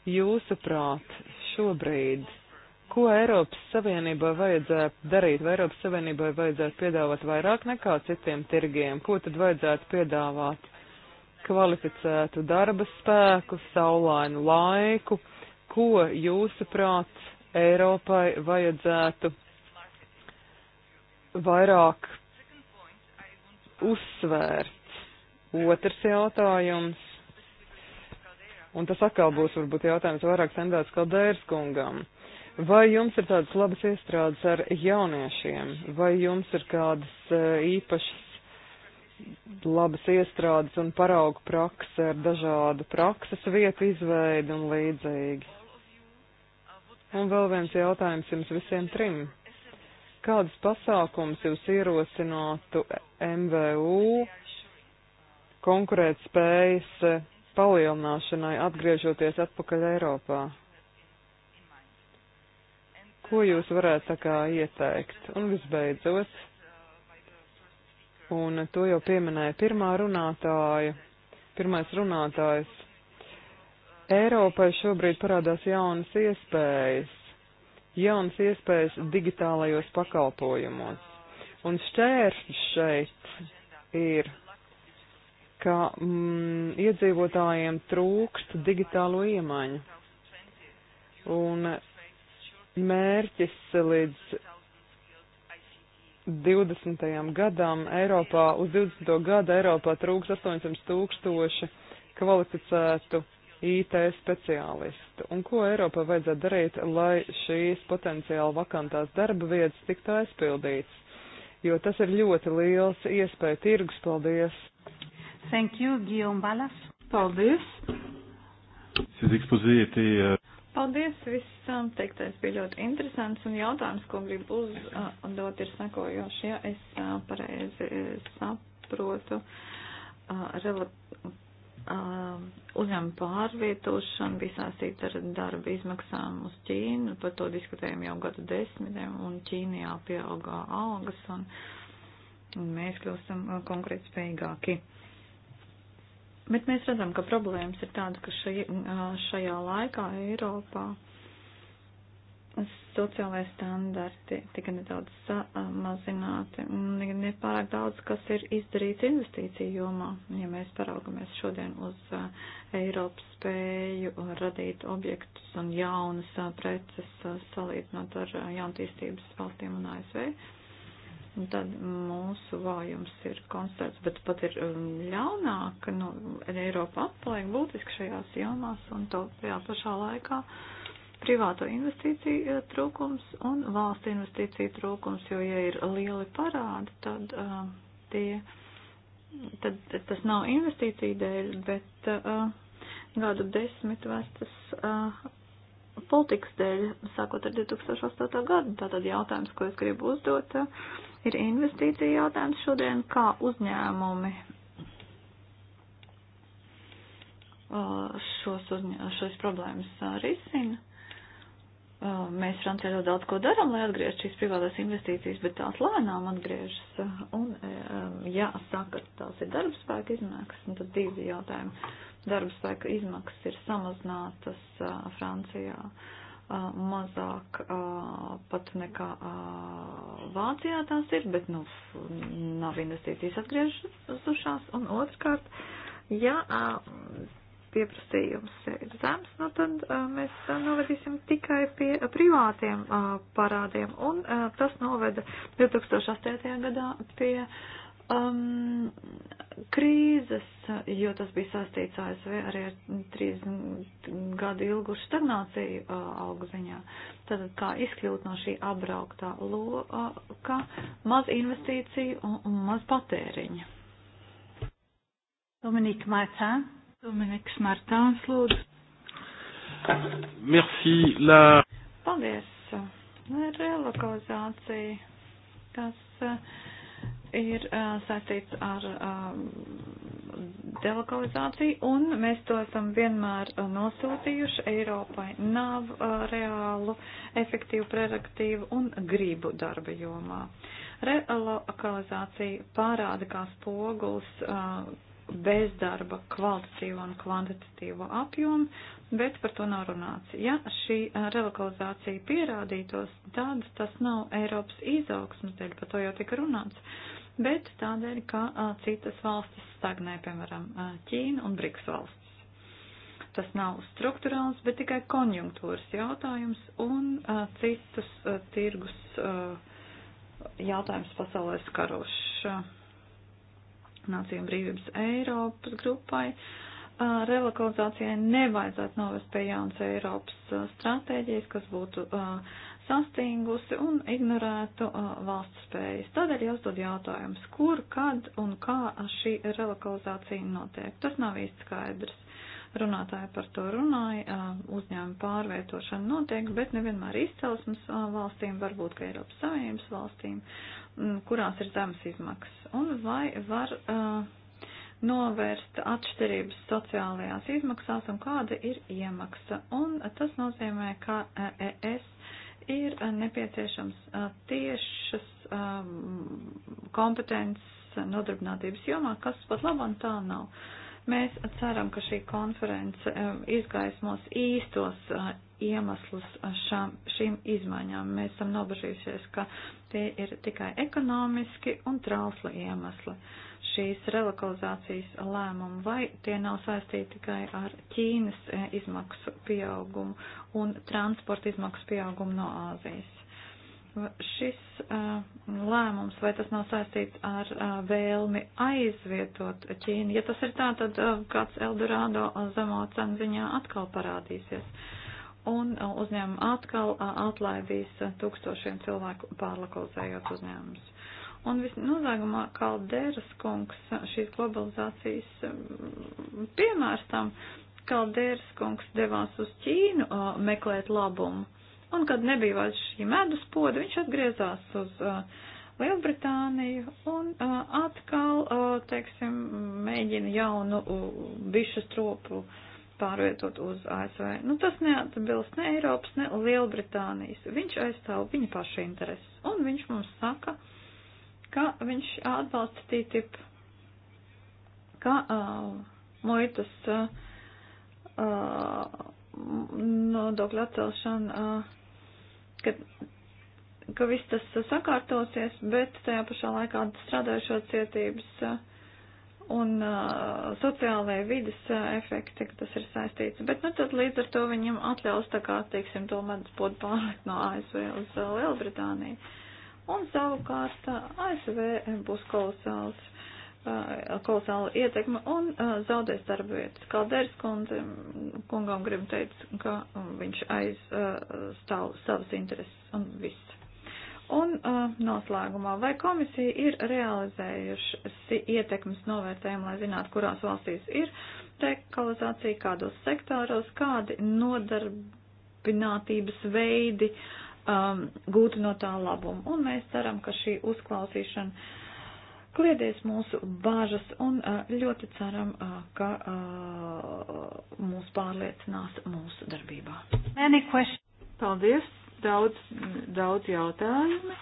jūsuprāt šobrīd, ko Eiropas Savienībai vajadzētu darīt, vai Eiropas Savienībai vajadzētu piedāvāt vairāk nekā citiem tirgiem, ko tad vajadzētu piedāvāt kvalificētu darba spēku, saulainu laiku, ko jūsuprāt Eiropai vajadzētu vairāk uzsvērts. Otrs jautājums, un tas atkal būs varbūt jautājums vairāk sendēts Kaldērs kungam. Vai jums ir tādas labas iestrādes ar jauniešiem, vai jums ir kādas eh, īpašas labas iestrādes un paraugu prakse ar dažādu prakses vietu izveidu un līdzīgi? Un vēl viens jautājums jums visiem trim. Kādus pasākums jūs ierosinātu MVU konkurēt spējas palielināšanai, atgriežoties atpakaļ Eiropā? Ko jūs varētu tā kā ieteikt? Un visbeidzot, un to jau pieminēja pirmā runātāja, pirmais runātājs. Eiropai šobrīd parādās jaunas iespējas, jaunas iespējas digitālajos pakalpojumos. Un šķēršļi šeit ir, ka mm, iedzīvotājiem trūkst digitālo iemaņu. Un mērķis līdz 20. gadam Eiropā, uz 20. gadu Eiropā trūks 800 tūkstoši kvalificētu IT speciālistu. Un ko Eiropā vajadzētu darīt, lai šīs potenciāli vakantās darba vietas tiktu aizpildītas? Jo tas ir ļoti liels iespēja tirgus. Paldies! Thank you, Guillaume Balas. Paldies! Uh, Paldies, visam teiktais bija ļoti interesants un jautājums, ko gribu uzdot, ir sekojoši, ja es uh, pareizi uh, saprotu. Uh, Um, uzņēmuma pārvietošana bija sāstīta ar darba izmaksām uz Ķīnu. Par to diskutējam jau gadu desmitiem, un Ķīnijā pieaugā algas, un, un mēs kļūstam uh, konkrēti spējīgāki. Bet mēs redzam, ka problēmas ir tādas, ka šajā, uh, šajā laikā Eiropā sociālai standarti tika nedaudz samazināti. Nepārāk daudz, kas ir izdarīts investīciju jomā, ja mēs paraugamies šodien uz Eiropas spēju radīt objektus un jaunas preces salīdzinot ar jauntīstības valstīm un ASV. Un tad mūsu vājums ir konstatēts, bet pat ir ļaunāk, nu, Eiropa atpaliek būtiski šajās jomās un to tajā pašā laikā. Uh, privāto investīciju eh, trūkums un valsts investīciju trūkums, jo, ja ir lieli parādi, tad, uh, tie, tad tas nav investīciju dēļ, bet uh, gadu desmit vestas uh, politikas dēļ, sākot ar 2008. gadu. Tātad jautājums, ko es gribu uzdot, uh, ir investīcija jautājums šodien, kā uzņēmumi uh, šos uzņē, šos problēmas uh, risina mēs Francijā ļoti daudz ko darām, lai atgriež šīs privātās investīcijas, bet tās lēnām atgriežas. Un, ja saka, tās ir darba spēka izmaksas, nu, tad divi jautājumi. Darba spēka izmaksas ir samazinātas Francijā mazāk pat nekā Vācijā tās ir, bet, nu, nav investīcijas atgriežušās. Un otrkārt, ja pieprasījums ir zems, nu tad mēs novedīsim tikai pie privātiem parādiem. Un tas noveda 2008. gadā pie um, krīzes, jo tas bija sastīts ASV arī ar 30 gadu ilgu stagnāciju uh, augziņā. Tad kā izkļūt no šī apbrauktā loka, maz investīciju un, un maz patēriņa. Dominika Mērcēna. Dominiks Martāns, lūdzu. Merci, la. Paldies. Relokalizācija, kas uh, ir uh, saistīts ar um, delokalizāciju, un mēs to esam vienmēr uh, nosūtījuši. Eiropai nav reālu, efektīvu preraktīvu un gribu darba jomā. Relokalizācija pārāda kā spoguls bezdarba kvalitatīvo un kvantitatīvo apjomu, bet par to nav runāts. Ja šī relokalizācija pierādītos, tad tas nav Eiropas izaugsmas dēļ, par to jau tika runāts, bet tādēļ, ka citas valstis stagnē, piemēram, Ķīna un Briks valsts. Tas nav struktūrāls, bet tikai konjunktūras jautājums un a, citus a, tirgus a, jautājums pasaulē skarošs. Nāciju un brīvības Eiropas grupai. Relokalizācijai nevajadzētu novest pie jaunas Eiropas stratēģijas, kas būtu sastingusi un ignorētu valsts spējas. Tādēļ jāuzdod jautājums, kur, kad un kā šī relokalizācija notiek. Tas nav īsti skaidrs runātāji par to runāja, uzņēmuma pārvietošana notiek, bet nevienmēr izcelsmes valstīm, varbūt ka Eiropas Savienības valstīm. Mm, kurās ir zemes izmaksas, un vai var uh, novērst atšķirības sociālajās izmaksās un kāda ir iemaksa. Un tas nozīmē, ka uh, ES ir uh, nepieciešams uh, tiešas um, kompetences nodarbinātības jomā, kas pat labam tā nav. Mēs ceram, ka šī konference eh, izgaismos īstos eh, iemeslus eh, šām, šīm izmaiņām. Mēs esam nobežījušies, ka tie ir tikai ekonomiski un trausli iemesli. Šīs relokalizācijas lēmumi vai tie nav saistīti tikai ar Ķīnas izmaksu pieaugumu un transporta izmaksu pieaugumu no Āzijas šis uh, lēmums, vai tas nav saistīts ar uh, vēlmi aizvietot Ķīnu? Ja tas ir tā, tad uh, kāds Eldorado zemo cenu ziņā atkal parādīsies. Un uzņēmumi atkal atlaidīs tūkstošiem cilvēku pārlokalizējot uzņēmumus. Un visnozīmīgākā Kalderas kungs šīs globalizācijas piemērs tam, Kalderas kungs devās uz Ķīnu meklēt labumu Un, kad nebija vairs šī medus poda, viņš atgriezās uz uh, Lielbritāniju un uh, atkal, uh, teiksim, mēģina jaunu uh, bišu stropu pārvietot uz ASV. Nu, tas neatbilst ne Eiropas, ne Lielbritānijas. Viņš aizstāv viņa paša intereses. Un viņš mums saka, ka viņš atbalsta TTIP, ka uh, muitas. Uh, uh, nodokļu atcelšana uh, ka, ka viss tas sakārtosies, bet tajā pašā laikā strādājušo cietības un uh, sociālajai vidas efekti, ka tas ir saistīts. Bet, nu, tad līdz ar to viņam atļaus, tā kā, teiksim, to medus būtu pārlikt no ASV uz Lielbritāniju. Un savukārt ASV būs kolosāls Uh, kolosāla ietekme un uh, zaudēs darba vietas. Kaldērs kungam grib teikt, ka um, viņš aizstāv uh, savas intereses un viss. Un noslēgumā, vai komisija ir realizējuši ietekmes novērtējumu, lai zinātu, kurās valstīs ir dekolizācija, kādos sektoros, kādi nodarbinātības veidi um, gūtu no tā labumu. Un mēs ceram, ka šī uzklausīšana kliedēs mūsu bāžas un ļoti ceram, ka mūs pārliecinās mūsu darbībā. Paldies! Daudz, daudz jautājumu,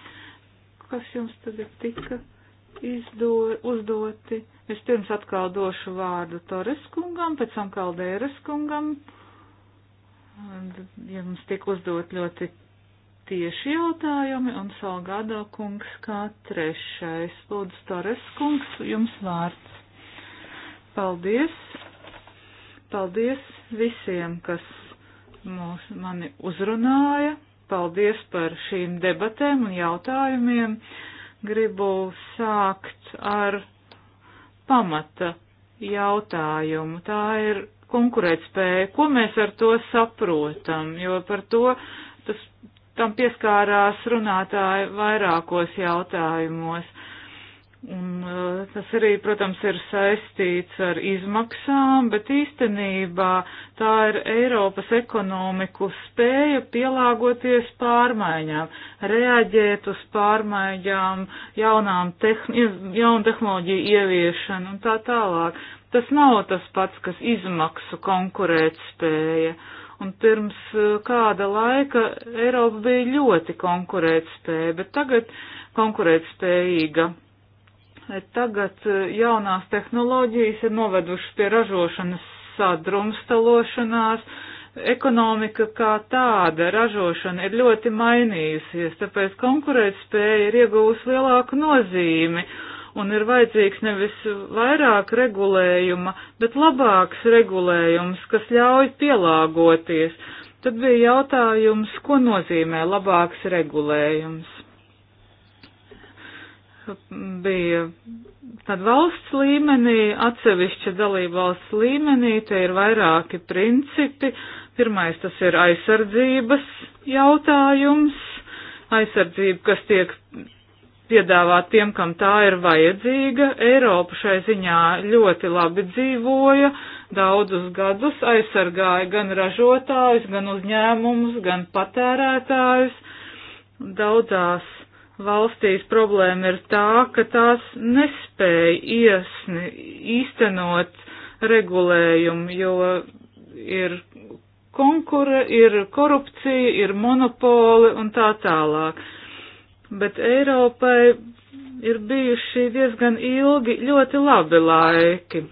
kas jums tagad tika izdo, uzdoti. Es pirms atkal došu vārdu Torres kungam, pēc tam Kaldēras kungam. Ja mums tiek uzdot ļoti tieši jautājumi un Salgado kungs kā trešais. Lūdzu, Tores kungs, jums vārds. Paldies! Paldies visiem, kas mūs, mani uzrunāja. Paldies par šīm debatēm un jautājumiem. Gribu sākt ar pamata jautājumu. Tā ir konkurētspēja. Ko mēs ar to saprotam? Jo par to tas tam pieskārās runātāji vairākos jautājumos. Un, eh, tas arī, protams, ir saistīts ar izmaksām, bet īstenībā tā ir Eiropas ekonomiku spēja pielāgoties pārmaiņām, reaģēt uz pārmaiņām, jaunām tehn jaunu tehnoloģiju ieviešanu un tā tālāk. Tas nav tas pats, kas izmaksu konkurētspēja. spēja. Un pirms e, kāda laika Eiropa bija ļoti konkurētspēja, bet tagad konkurētspējīga. Bet tagad e, jaunās tehnoloģijas ir novedušas pie ražošanas sadrumstalošanās. Ekonomika kā tāda ražošana ir ļoti mainījusies, tāpēc konkurētspēja ir iegūst lielāku nozīmi un ir vajadzīgs nevis vairāk regulējuma, bet labāks regulējums, kas ļauj pielāgoties. Tad bija jautājums, ko nozīmē labāks regulējums. Bija tad valsts līmenī, atsevišķa dalība valsts līmenī, te ir vairāki principi. Pirmais tas ir aizsardzības jautājums, aizsardzība, kas tiek piedāvāt tiem, kam tā ir vajadzīga. Eiropa šai ziņā ļoti labi dzīvoja, daudzus gadus aizsargāja gan ražotājus, gan uzņēmumus, gan patērētājus. Daudzās valstīs problēma ir tā, ka tās nespēja iesni, īstenot regulējumu, jo ir konkure, ir korupcija, ir monopoli un tā tālāk bet Eiropai ir bijuši diezgan ilgi ļoti labi laiki.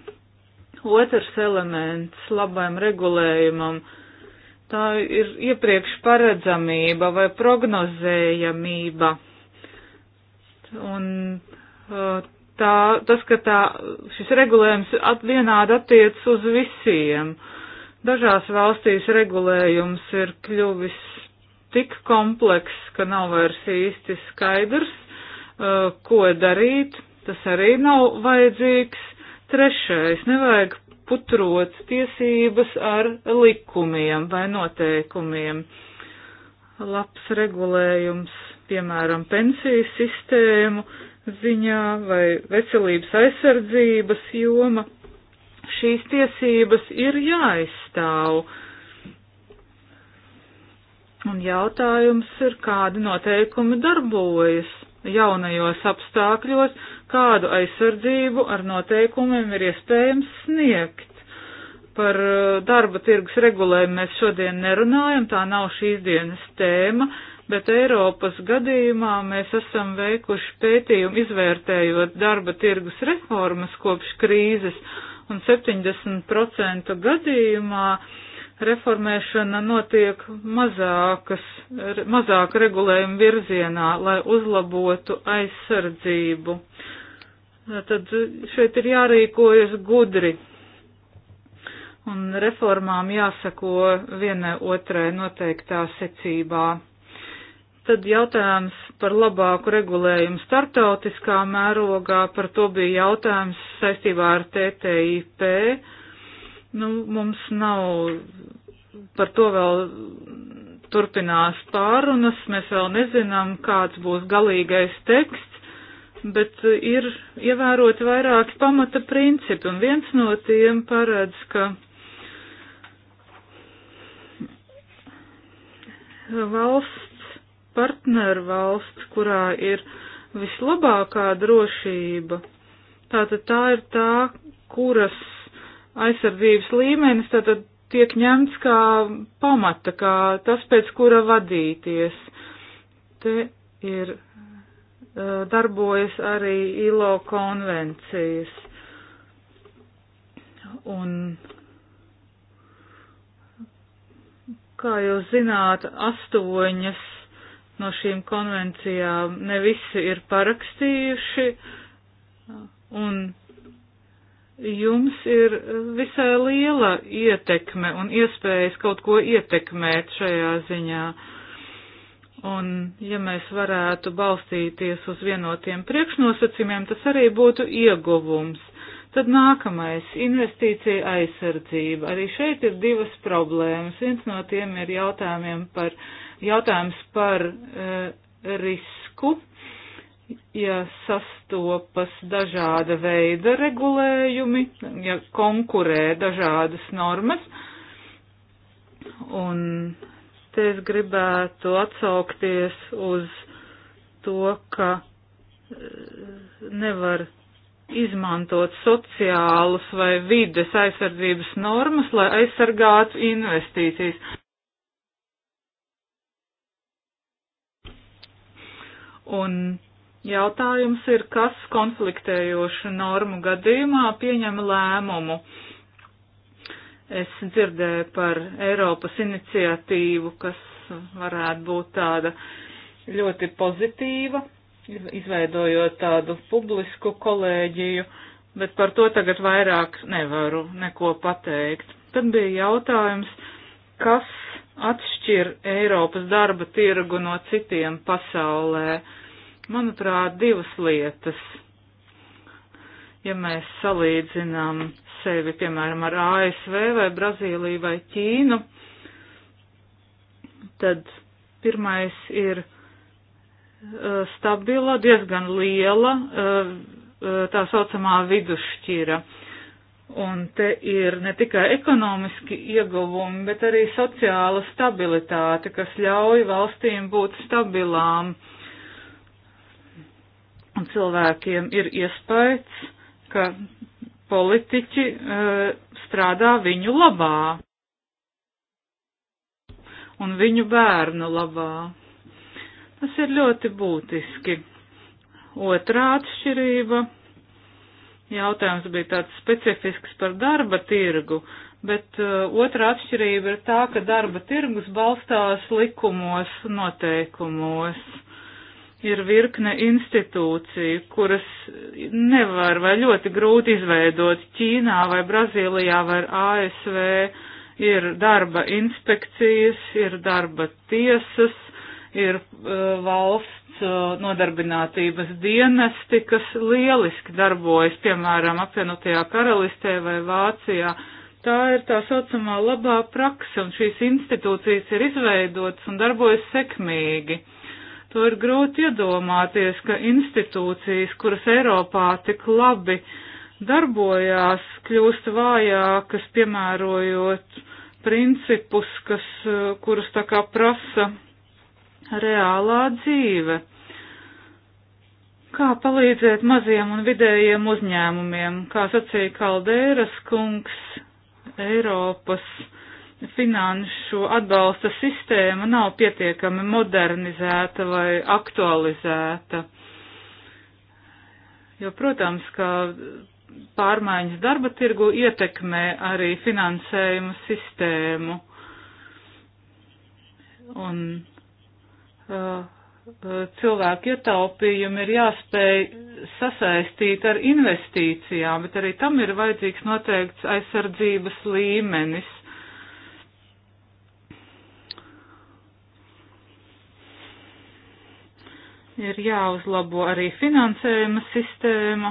Otrs elements labajam regulējumam tā ir iepriekš paredzamība vai prognozējamība. Un uh, tā, tas, ka tā, šis regulējums at, vienādi attiec uz visiem. Dažās valstīs regulējums ir kļuvis tik komplekss, ka nav vairs īsti skaidrs, uh, ko darīt. Tas arī nav vajadzīgs. Trešais, nevajag putrot tiesības ar likumiem vai noteikumiem. Labs regulējums, piemēram, pensiju sistēmu ziņā vai veselības aizsardzības joma. Šīs tiesības ir jāizstāv Un jautājums ir, kādi noteikumi darbojas jaunajos apstākļos, kādu aizsardzību ar noteikumiem ir iespējams sniegt. Par uh, darba tirgus regulējumu mēs šodien nerunājam, tā nav šīs dienas tēma, bet Eiropas gadījumā mēs esam veikuši pētījumu izvērtējot darba tirgus reformas kopš krīzes, un 70% gadījumā uh, reformēšana notiek mazākas, mazāk regulējuma virzienā, lai uzlabotu aizsardzību. Tad šeit ir jārīkojas gudri. Un reformām jāsako vienai otrai noteiktā secībā. Tad jautājums par labāku regulējumu starptautiskā mērogā, par to bija jautājums saistībā ar TTIP Nu, mums nav par to vēl turpinās pārunas, mēs vēl nezinām, kāds būs galīgais teksts, bet ir ievēroti vairāki pamata principi, un viens no tiem paredz, ka valsts, partneru valsts, kurā ir vislabākā drošība, tātad tā ir tā, kuras aizsardzības līmenis tātad tiek ņemts kā pamata, kā tas, pēc kura vadīties. Te ir darbojas arī ILO konvencijas. Un, kā jūs zināt, astoņas no šīm konvencijām ne visi ir parakstījuši, un jums ir eh, visai liela ietekme un iespējas kaut ko ietekmēt šajā ziņā. Un, ja mēs varētu balstīties uz vienotiem priekšnosacījumiem, tas arī būtu ieguvums. Tad nākamais - investīcija aizsardzība. Arī šeit ir divas problēmas. Viens no tiem ir jautājumiem par, jautājums par e, risku ja sastopas dažāda veida regulējumi, ja konkurē dažādas normas. Un te es gribētu atsaukties uz to, ka eh, nevar izmantot sociālus vai vides aizsardzības normas, lai aizsargātu investīcijas. Un Jautājums ir, kas konfliktējošu normu gadījumā pieņem lēmumu. Es dzirdēju par Eiropas iniciatīvu, kas varētu būt tāda ļoti pozitīva, izveidojot tādu publisku kolēģiju, bet par to tagad vairāk nevaru neko pateikt. Tad bija jautājums, kas atšķir Eiropas darba tirgu no citiem pasaulē. Uh, Manuprāt, divas lietas. Ja mēs salīdzinām sevi, piemēram, ar ASV vai Brazīliju vai Ķīnu, tad pirmais ir uh, stabila, diezgan liela, uh, uh, tā saucamā vidusšķira. Un te ir ne tikai ekonomiski ieguvumi, bet arī sociāla stabilitāte, kas ļauj valstīm būt stabilām. Uh, Un cilvēkiem ir iespējas, ka politiķi e, strādā viņu labā un viņu bērnu labā. Tas ir ļoti būtiski. Otrā atšķirība. Jautājums bija tāds specifisks par darba tirgu, bet uh, otrā atšķirība ir tā, ka darba tirgus balstās likumos, noteikumos. Uh, ir virkne institūciju, kuras nevar vai ļoti grūti izveidot Ķīnā vai Brazīlijā vai ASV. Ir darba inspekcijas, ir darba tiesas, ir uh, valsts uh, nodarbinātības dienesti, kas lieliski darbojas, piemēram, apvienotajā karalistē vai Vācijā. Tā ir tā saucamā labā praksa, un šīs institūcijas ir izveidotas un darbojas sekmīgi. Uh, To ir grūti iedomāties, ka institūcijas, kuras Eiropā tik labi darbojās, kļūst vājākas, piemērojot principus, kas, kurus tā kā prasa reālā dzīve. Kā palīdzēt maziem un vidējiem uzņēmumiem, kā sacīja Kaldēras kungs, Eiropas finanšu atbalsta sistēma nav pietiekami modernizēta vai aktualizēta. Jo, protams, ka pārmaiņas darba tirgu ietekmē arī finansējumu sistēmu. Un uh, uh cilvēku ietaupījumi ir jāspēj sasaistīt ar investīcijām, bet arī tam ir vajadzīgs noteikts aizsardzības līmenis. ir jāuzlabo arī finansējuma sistēma.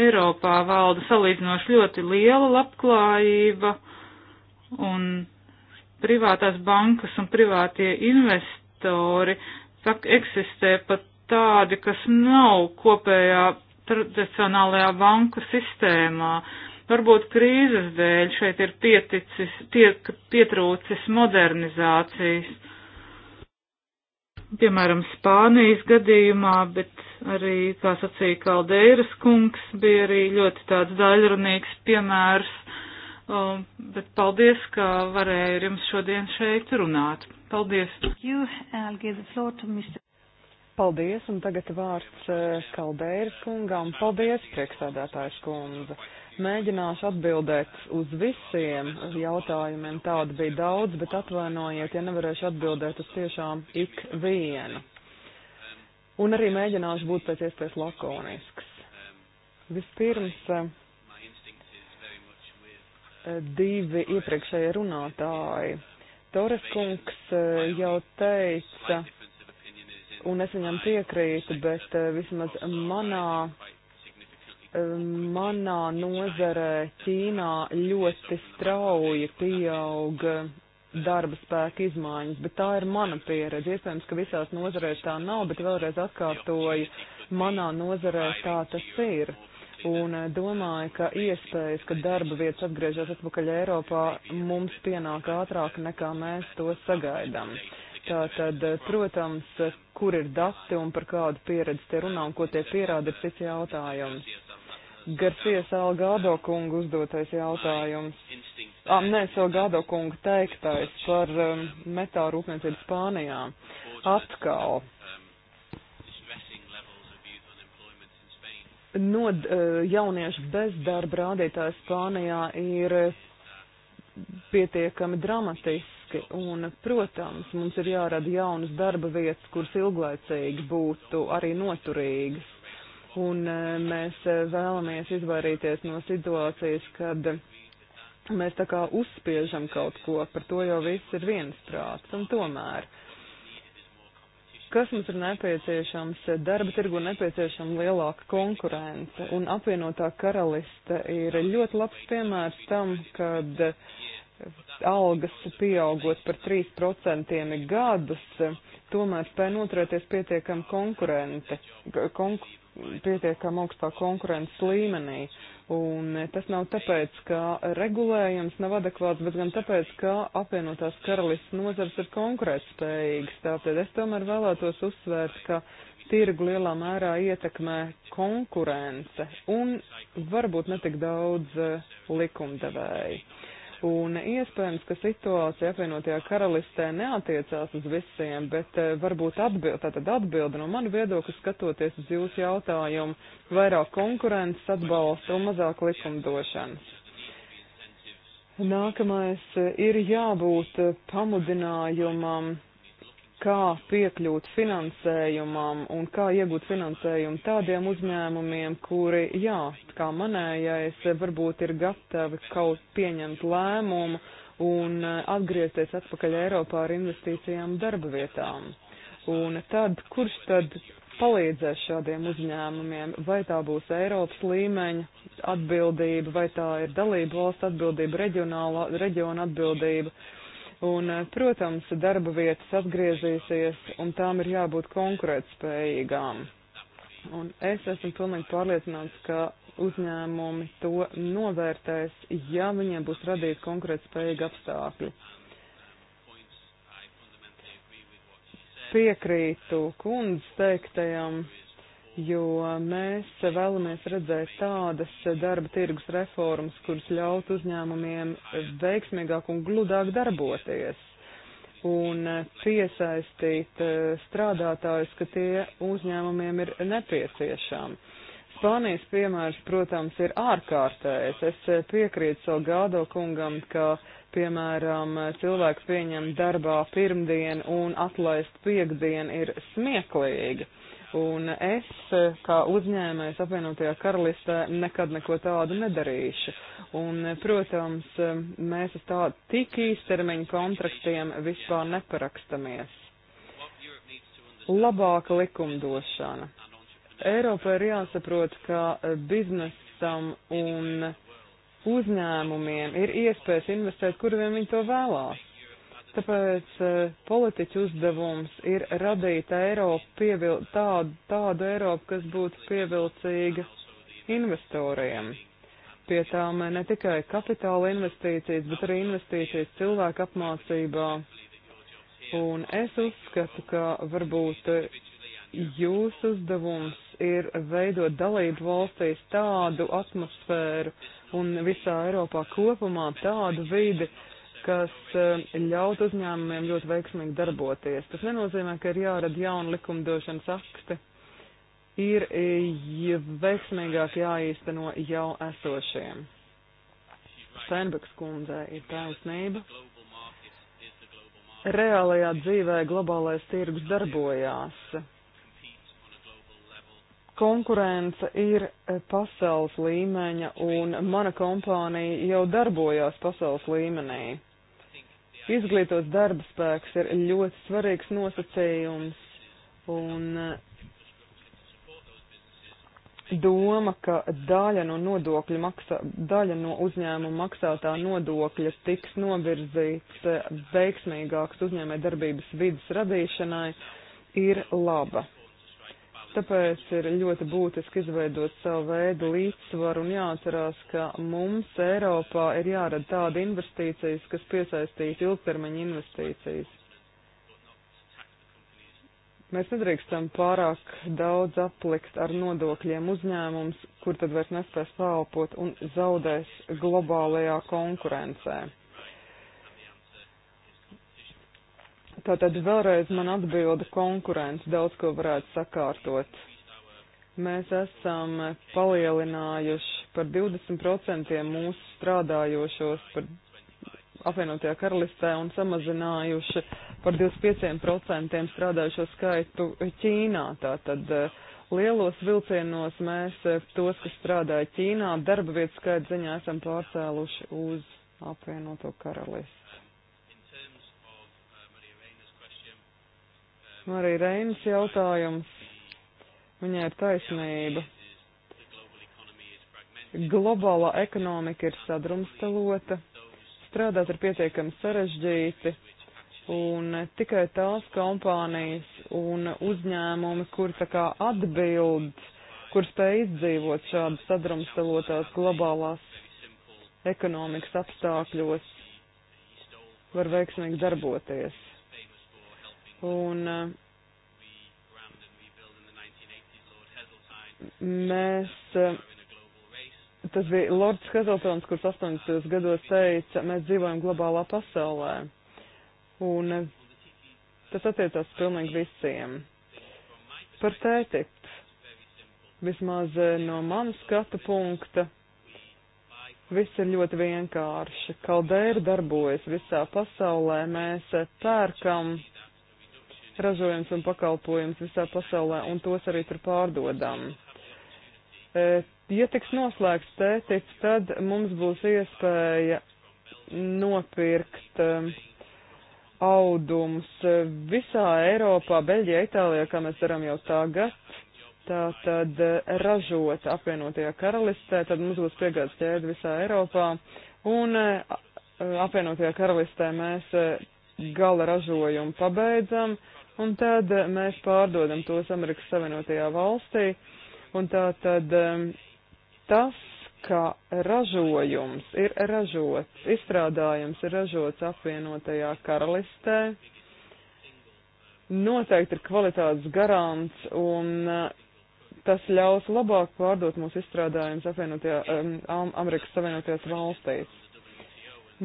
Eiropā valda salīdzinoši ļoti liela labklājība un privātās bankas un privātie investori saka, eksistē pat tādi, kas nav kopējā tradicionālajā banku sistēmā. Varbūt krīzes dēļ šeit ir pieticis, tiek pietrūcis modernizācijas piemēram, Spānijas gadījumā, bet arī, kā sacīja Kaldeiras kungs, bija arī ļoti tāds daļrunīgs piemērs. Um, bet paldies, ka varēju ar jums šodien šeit runāt. Paldies. Paldies, un tagad vārds eh, Kaldeiras kungām. Paldies, priekšsēdētājs kundze. Mēģināšu atbildēt uz visiem jautājumiem. Tāda bija daudz, bet atvainojiet, ja nevarēšu atbildēt uz tiešām ik vienu. Un arī mēģināšu būt pēc iespējas lakonisks. Vispirms eh, divi iepriekšējie runātāji. Tores kungs eh, jau teica, un es viņam piekrītu, bet eh, vismaz manā manā nozarē Ķīnā ļoti strauji pieaug darba spēka izmaiņas, bet tā ir mana pieredze. Iespējams, ka visās nozarēs tā nav, bet vēlreiz atkārtoju, manā nozarē tā tas ir. Un eh, domāju, ka iespējas, ka darba vietas atgriežas atpakaļ Eiropā, mums pienāk ātrāk nekā mēs to sagaidām. Tātad, eh, protams, kur ir dati un par kādu pieredzi te runā un ko tie pierāda, ir cits jautājums Garcijas Algado kungu uzdotais jautājums. Ah, nē, Salgado kungu teiktais par um, metālu rūpniecību Spānijā. Atkal. Um, Nod, uh, jauniešu bezdarba rādītājs Spānijā ir pietiekami dramatiski, un, protams, mums ir jārada jaunas darba vietas, kuras ilglaicīgi būtu arī noturīgas un e, mēs vēlamies izvairīties no situācijas, kad mēs tā kā uzspiežam kaut ko, par to jau viss ir viensprāts, un tomēr. Kas mums ir nepieciešams? Darba tirgu nepieciešama lielāka konkurence, un apvienotā karaliste ir ļoti labs piemērs tam, kad algas pieaugot par 3% gadus, tomēr spēja noturēties pietiekami konkurente, konkurence pietiekam augstā konkurences līmenī. Un tas nav tāpēc, ka regulējums nav adekvāts, bet gan tāpēc, ka apvienotās karalistas nozars ir konkurētspējīgs. Tātad es tomēr vēlētos uzsvērt, ka tirgu lielā mērā ietekmē konkurence un varbūt netik daudz eh, likumdevēji un iespējams, ka situācija apvienotajā karalistē neatiecās uz visiem, bet eh, varbūt atbild, tātad atbilda no manu viedokļu skatoties uz jūsu jautājumu - vairāk konkurences atbalsta un mazāk likumdošanas. Nākamais eh, ir jābūt eh, pamudinājumam kā piekļūt finansējumam un kā iegūt finansējumu tādiem uzņēmumiem, kuri, jā, kā manējais, varbūt ir gatavi kaut pieņemt lēmumu un eh, atgriezties atpakaļ Eiropā ar investīcijām darba vietām. Un tad, kurš tad palīdzēs šādiem uzņēmumiem, vai tā būs Eiropas līmeņa atbildība, vai tā ir dalību valsts atbildība, reģionāla, reģiona atbildība, Un, eh, protams, darba vietas atgriezīsies, un tām ir jābūt konkurētspējīgām. Un es esmu pilnīgi pārliecināts, ka uzņēmumi to novērtēs, ja viņiem būs radīti konkurētspējīgi apstākļi. Piekrītu kundzes teiktajam, jo mēs vēlamies redzēt tādas darba tirgus reformas, kuras ļaut uzņēmumiem veiksmīgāk un gludāk darboties un piesaistīt eh, strādātājus, ka tie uzņēmumiem ir nepieciešami. Spānijas piemērs, protams, ir ārkārtējs. Es eh, piekrītu Salgādo kungam, ka, piemēram, cilvēks pieņem darbā pirmdien un atlaist piekdien ir smieklīgi Un es, kā uzņēmējs apvienotajā karalistē, nekad neko tādu nedarīšu. Un, protams, mēs uz tādu tik īstermiņu kontraktiem vispār neparakstamies. Labāka likumdošana. Eiropā ir jāsaprot, ka biznesam un uzņēmumiem ir iespējas investēt, kur vien viņi to vēlās. Tāpēc e, politiķu uzdevums ir radīt Eiropu, pievil, tādu, tādu Eiropu, kas būtu pievilcīga investoriem. Pie tām e, ne tikai kapitāla investīcijas, bet arī investīcijas cilvēku apmācībā. Un es uzskatu, ka varbūt e, jūsu uzdevums ir veidot dalību valstīs tādu atmosfēru un visā Eiropā kopumā tādu vidi, kas eh, ļaut uzņēmumiem ļoti veiksmīgi darboties. Tas nenozīmē, ka ir jārada jauna likumdošanas akti. Ir eh, veiksmīgāk jāīsteno jau esošiem. Steinbeks kundzei ir taisnība. Reālajā dzīvē globālais tirgus darbojās. Konkurence ir eh, pasaules līmeņa, un mana kompānija jau darbojās pasaules līmenī. Izglītots darba spēks ir ļoti svarīgs nosacījums, un eh, doma, ka daļa no nodokļu maksā, daļa no uzņēmuma maksātā nodokļa tiks novirzīts eh, veiksmīgāks uzņēmē darbības vidas radīšanai, ir laba. Tāpēc ir ļoti būtiski izveidot savu veidu līdzsvaru un jāatcerās, ka mums Eiropā ir jārada tāda investīcijas, kas piesaistīs ilgtermiņa investīcijas. Mēs nedrīkstam pārāk daudz aplikt ar nodokļiem uzņēmums, kur tad vairs nespēs pāropot un zaudēs globālajā konkurencē. Tātad vēlreiz man atbilda konkurence daudz ko varētu sakārtot. Mēs esam palielinājuši par 20% mūsu strādājošos par apvienotajā karalistē un samazinājuši par 25% strādājušo skaitu Ķīnā. Tātad eh, lielos vilcienos mēs eh, tos, kas strādāja Ķīnā, darba vietas skaita ziņā esam pārcēluši uz apvienoto karalisti. Nu, arī Reinas jautājums. Viņai ir taisnība. Globālā ekonomika ir sadrumstalota, strādāt ir pietiekami sarežģīti, un tikai tās kompānijas un uzņēmumi, kur tā kā atbild, kur spēj izdzīvot šādu sadrumstalotās globālās ekonomikas apstākļos, var veiksmīgi darboties. Un uh, mēs, uh, tas bija Lords Hezeltons, kurš 80. gados teica, mēs dzīvojam globālā pasaulē. Un uh, tas attiecās pilnīgi visiem. Par tētip, vismaz no manas skatu punkta, Viss ir ļoti vienkārši. Kaldeira darbojas visā pasaulē. Mēs pērkam ražojums un pakalpojums visā pasaulē, un tos arī tur pārdodam. E, ja tiks noslēgts tētips, tad mums būs iespēja nopirkt e, audumus visā Eiropā, Beļģijā, Itālijā, kā mēs varam jau tagad, tā tad e, ražot apvienotajā karalistē, tad mums būs piegādes ķēde visā Eiropā, un apvienotajā karalistē mēs gala ražojumu pabeidzam, un tad eh, mēs pārdodam tos Amerikas Savienotajā valstī, un tā tad eh, tas, ka ražojums ir ražots, izstrādājums ir ražots apvienotajā karalistē, noteikti ir kvalitātes garants un eh, tas ļaus labāk pārdot mūsu izstrādājumus apvienotajā, um, Amerikas Savienotajās valstīs.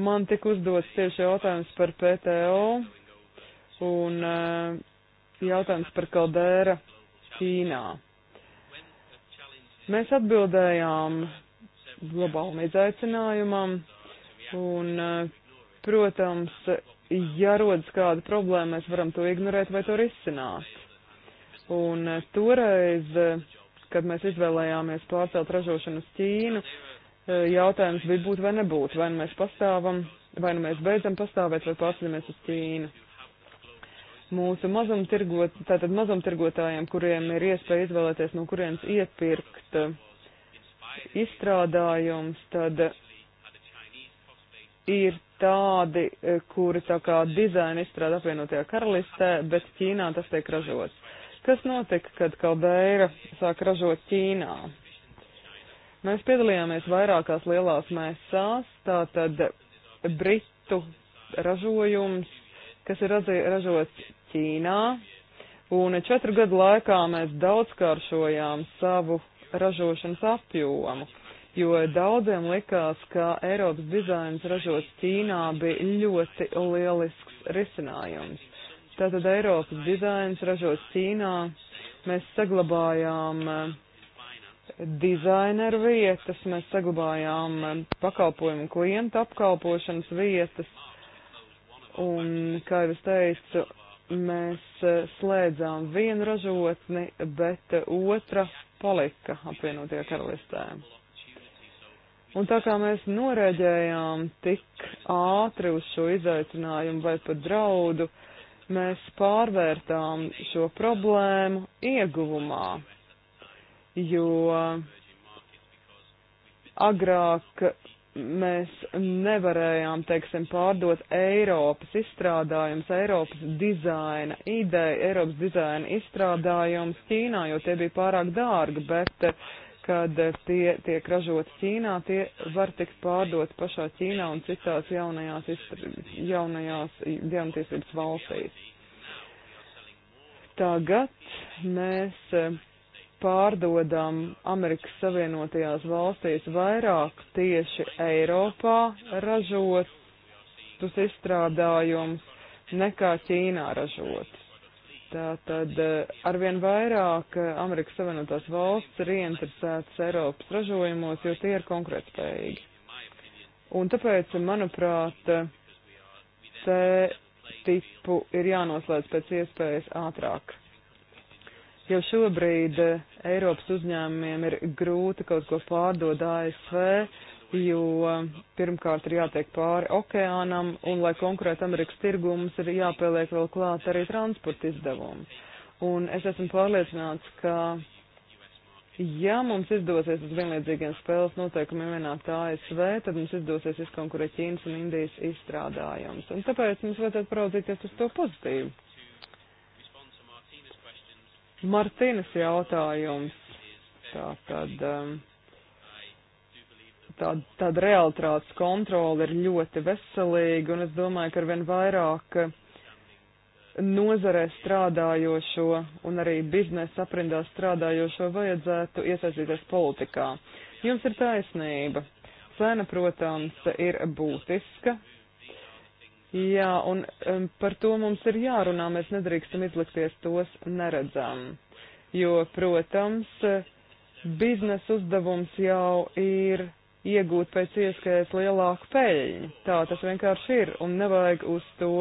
Man tik uzdots tieši jautājums par PTO, Un eh, jautājums par Kaldēra Ķīnā. Mēs atbildējām globālam izaicinājumam un, eh, protams, ja rodas kāda problēma, mēs varam to ignorēt vai to risināt. Un eh, toreiz, kad mēs izvēlējāmies pārcelt ražošanu uz Ķīnu, jautājums bija būt vai nebūt, vai nu mēs pastāvam, vai nu mēs beidzam pastāvēt vai pārceļamies uz Ķīnu mūsu mazumtirgot, tātad mazumtirgotājiem, kuriem ir iespēja izvēlēties, no kurienes iepirkt uh, izstrādājums, tad ir tādi, uh, kuri tā kā dizaina izstrāda apvienotajā karalistē, bet Ķīnā tas tiek ražots. Kas notika, kad Kaldeira sāk ražot Ķīnā? Mēs piedalījāmies vairākās lielās mēsās, tātad Britu ražojums, kas ir ražots Ķīnā, un četru gadu laikā mēs daudzkāršojām savu ražošanas apjomu, jo daudziem likās, ka Eiropas dizains ražots Ķīnā bija ļoti lielisks risinājums. Tātad Eiropas dizains ražots Ķīnā mēs saglabājām eh, dizaineru vietas, mēs saglabājām eh, pakalpojumu klientu apkalpošanas vietas, un, kā jau es teicu, mēs eh, slēdzām vienu ražotni, bet eh, otra palika apvienotie karalistē. Un tā kā mēs norēģējām tik ātri uz šo izaicinājumu vai pat draudu, mēs pārvērtām šo problēmu ieguvumā, jo agrāk mēs nevarējām, teiksim, pārdot Eiropas izstrādājums, Eiropas dizaina ideja, Eiropas dizaina izstrādājums Ķīnā, jo tie bija pārāk dārgi, bet eh, kad tie tiek ražoti Ķīnā, tie var tikt pārdot pašā Ķīnā un citās jaunajās, jaunajās jaunatiesības valstīs. Tagad mēs eh, pārdodam Amerikas Savienotajās valstīs vairāk tieši Eiropā ražotus izstrādājumus nekā Ķīnā ražotus. Tātad eh, arvien vairāk eh, Amerikas Savienotās valsts ir ieinteresētas Eiropas ražojumos, jo tie ir konkurētspējīgi. Un tāpēc, manuprāt, eh, te tipu ir jānoslēdz pēc iespējas ātrāk. Jau šobrīd eh, Eiropas uzņēmumiem ir grūti kaut ko pārdot ASV, jo eh, pirmkārt ir jātiek pāri okeānam, un lai konkurētu Amerikas tirgu, mums ir jāpieliek vēl klāt arī transporta izdevumi. Un es esmu pārliecināts, ka ja mums izdosies uz vienlīdzīgiem spēles noteikumiem vienākt ASV, tad mums izdosies izkonkurēt Ķīnas un Indijas izstrādājumus. Un tāpēc mums vajadzētu paraudzīties uz to pozitīvu. Martīnas jautājums. Tā tad, tā, um, tāda realtrāts kontrola ir ļoti veselīga, un es domāju, ka arvien vairāk nozarē strādājošo un arī biznesa aprindā strādājošo vajadzētu iesaistīties politikā. Jums ir taisnība. Cena, protams, ir būtiska, Jā, un um, par to mums ir jārunā, mēs nedrīkstam izlikties tos neredzam. Jo, protams, biznesa uzdevums jau ir iegūt pēc iespējas lielāku peļņu. Tā tas vienkārši ir, un nevajag uz to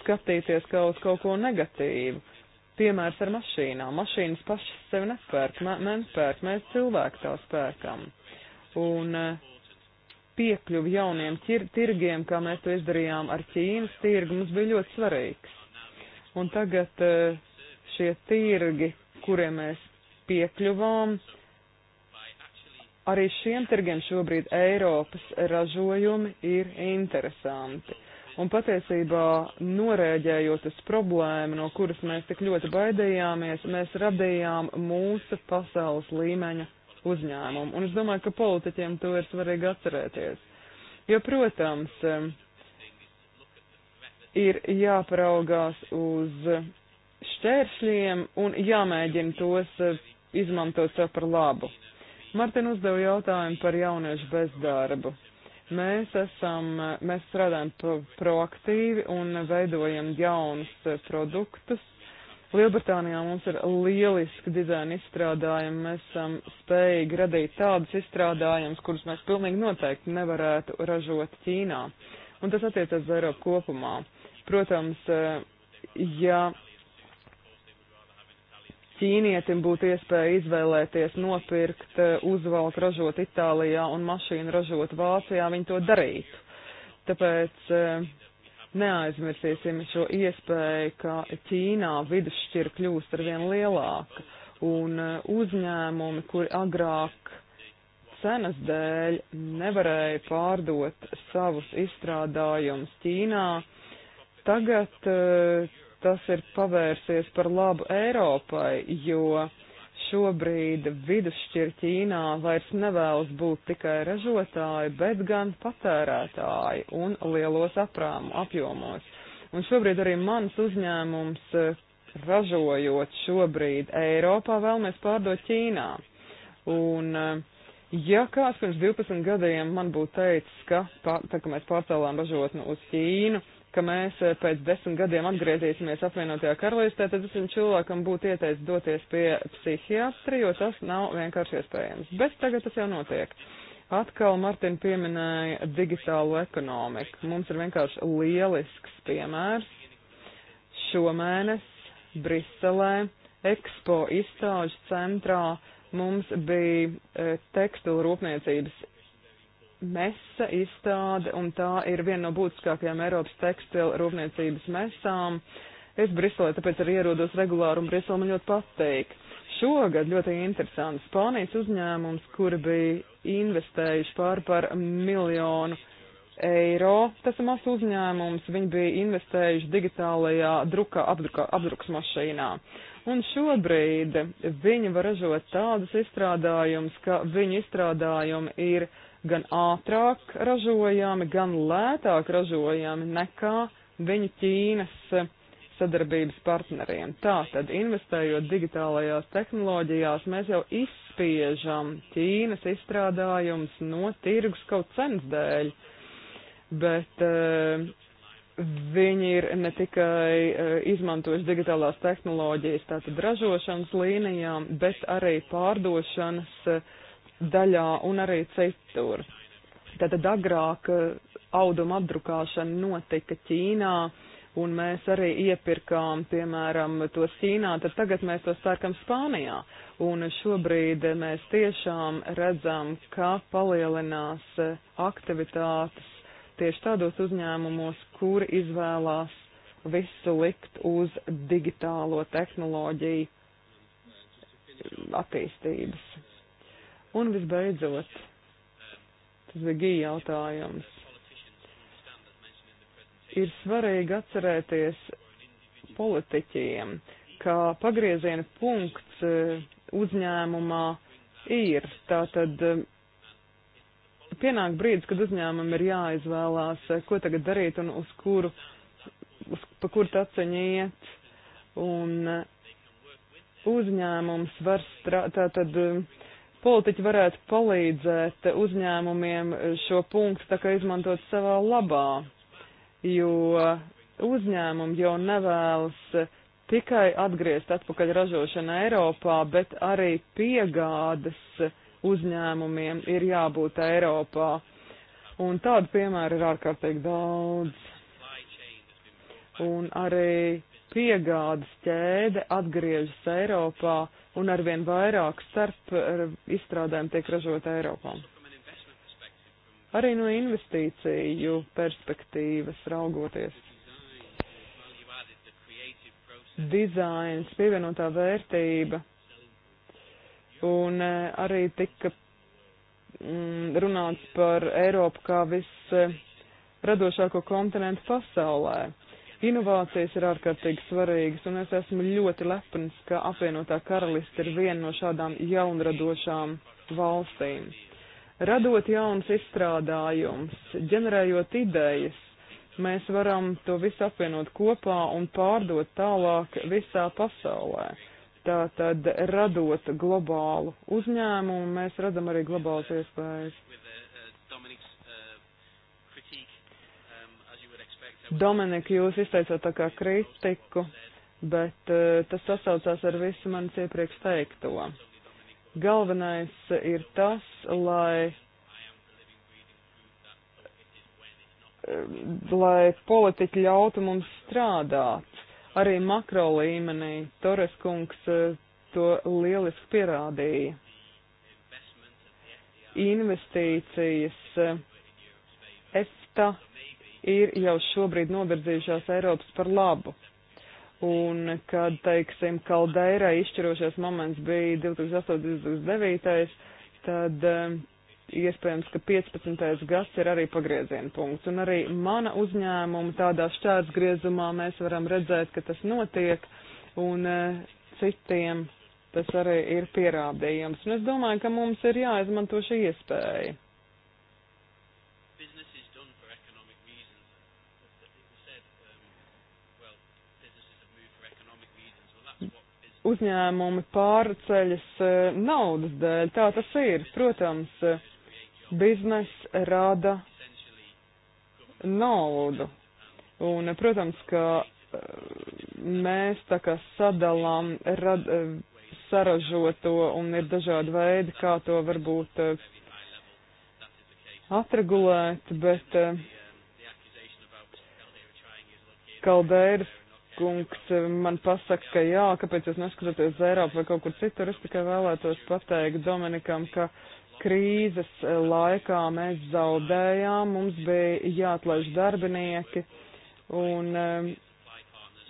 skatīties kā uz kaut ko negatīvu. Piemērs ar mašīnām. Mašīnas pašas sevi nepērk, nepērk, mēs cilvēki tās pērkam. Un uh, piekļuvi jauniem tirgiem, kā mēs to izdarījām ar Ķīnas tirgu, mums bija ļoti svarīgs. Un tagad eh, šie tirgi, kuriem mēs piekļuvām, arī šiem tirgiem šobrīd Eiropas ražojumi ir interesanti. Un patiesībā, norēģējot uz problēmu, no kuras mēs tik ļoti baidījāmies, mēs radījām mūsu pasaules līmeņa uzņēmumu. Un es domāju, ka politiķiem to ir svarīgi atcerēties. Jo, protams, ir jāparaugās uz šķēršļiem un jāmēģina tos izmantot sev par labu. Martin uzdeva jautājumu par jauniešu bezdarbu. Mēs esam, mēs strādājam proaktīvi un veidojam jaunus eh, produktus, Lielbritānijā mums ir lieliski dizaina izstrādājumi. Mēs esam spējīgi radīt tādus izstrādājumus, kurus mēs pilnīgi noteikti nevarētu ražot Ķīnā. Un tas attiecas uz Eiropu kopumā. Protams, eh, ja ķīnietim būtu iespēja izvēlēties nopirkt eh, uzvalku ražot Itālijā un mašīnu ražot Vācijā, viņi to darītu. Tāpēc eh, Neaizmirsīsim šo iespēju, ka Ķīnā vidusšķira kļūst ar vien lielāka un uh, uzņēmumi, kuri agrāk cenas dēļ nevarēja pārdot savus izstrādājumus Ķīnā, tagad uh, tas ir pavērsies par labu Eiropai, jo šobrīd vidusšķir Ķīnā vairs nevēlas būt tikai ražotāji, bet gan patērētāji un lielos aprāmu apjomos. Un šobrīd arī mans uzņēmums eh, ražojot šobrīd Eiropā vēlamies pārdot Ķīnā. Un eh, ja kāds pirms 12 gadiem man būtu teicis, ka, tā, ka mēs pārcēlām ražotni uz Ķīnu, ka mēs eh, pēc desmit gadiem atgriezīsimies apvienotajā karalistē, tad es viņam cilvēkam būtu ieteicis doties pie psihiatra, jo tas nav vienkārši iespējams. Bet tagad tas jau notiek. Atkal Martin pieminēja digitālo ekonomiku. Mums ir vienkārši lielisks piemērs. Šomēnes Briselē Expo izstāžu centrā mums bija eh, tekstilu rūpniecības mesa izstāde, un tā ir viena no būtiskākajām Eiropas tekstila rūpniecības mesām. Es Briselē tāpēc arī ierodos regulāri, un Brisele man ļoti patīk. Šogad ļoti interesanti Spānijas uzņēmums, kuri bija investējuši pār par miljonu eiro. Tas ir mazs uzņēmums, viņi bija investējuši digitālajā druka, apdruka, apdrukas mašīnā. Un šobrīd viņi var ražot tādus izstrādājumus, ka viņu izstrādājumi ir uh, gan ātrāk ražojami, gan lētāk ražojami nekā viņu Ķīnas sadarbības partneriem. Tātad, investējot digitālajās tehnoloģijās, mēs jau izspiežam Ķīnas izstrādājums no tirgus kaut cenas dēļ, bet uh, viņi ir ne tikai uh, izmantojuši digitālās tehnoloģijas tātad ražošanas līnijām, bet arī pārdošanas uh, daļā un arī citur. Tātad agrāk eh, auduma apdrukāšana notika Ķīnā, un mēs arī iepirkām, piemēram, tos Ķīnā, tad tagad mēs tos pērkam Spānijā. Un šobrīd mēs tiešām redzam, ka palielinās eh, aktivitātes tieši tādos uzņēmumos, kuri izvēlās visu likt uz digitālo tehnoloģiju attīstības Un visbeidzot, tas bija gīja jautājums. Ir svarīgi atcerēties politiķiem, ka pagrieziena punkts e, uzņēmumā ir. Tātad e, pienāk brīdis, kad uzņēmumam ir jāizvēlās, e, ko tagad darīt un uz kuru, uz, pa kur taceņi iet. Un uzņēmums var strādāt, tātad politiķi varētu palīdzēt uzņēmumiem šo punktu tā kā izmantot savā labā, jo uzņēmumi jau nevēlas tikai atgriezt atpakaļ ražošanu Eiropā, bet arī piegādes uzņēmumiem ir jābūt Eiropā. Un tādu piemēru ir ārkārtīgi daudz. Un arī piegādes ķēde atgriežas Eiropā, un arvien vairāk starp izstrādēm tiek ražota Eiropā. Arī no investīciju perspektīvas raugoties. Dizains, pievienotā vērtība un e, arī tika mm, runāts par Eiropu kā visradošāko e, kontinentu pasaulē. Inovācijas ir ārkārtīgi svarīgas, un es esmu ļoti lepns, ka apvienotā karaliste ir viena no šādām jaunradošām valstīm. Radot jaunas izstrādājumus, ģenerējot idejas, mēs varam to visu apvienot kopā un pārdot tālāk visā pasaulē. Tātad, radot globālu uzņēmumu, mēs redzam arī globālas iespējas. Dominika, jūs izteicāt tā kā kritiku, bet uh, tas sasaucās ar visu manis iepriekš teikto. Galvenais ir tas, lai, e, lai politiķi ļautu mums strādāt. Arī makro līmenī Torres kungs uh, to lieliski pierādīja. Investīcijas uh, EFTA ir jau šobrīd novirzījušās Eiropas par labu. Un, kad, teiksim, Kaldeirā izšķirošais moments bija 2008-2009, tad um, iespējams, ka 15. gads ir arī pagrieziena punkts. Un arī mana uzņēmuma tādā šķērsgriezumā mēs varam redzēt, ka tas notiek, un uh, citiem tas arī ir pierādījums. Un es domāju, ka mums ir jāizmanto šī iespēja. uzņēmumi pārceļas eh, naudas dēļ. Tā tas ir. Protams, eh, biznes rada naudu. Un, eh, protams, ka mēs tā kā sadalām rad, saražoto un ir dažādi veidi, kā to varbūt atregulēt, bet Kaldeiras kungs eh, man pasaka, ka jā, kāpēc jūs neskatāties uz Eiropu vai kaut kur citur, es tikai vēlētos pateikt Dominikam, ka krīzes eh, laikā mēs zaudējām, mums bija jāatlaiž darbinieki un eh,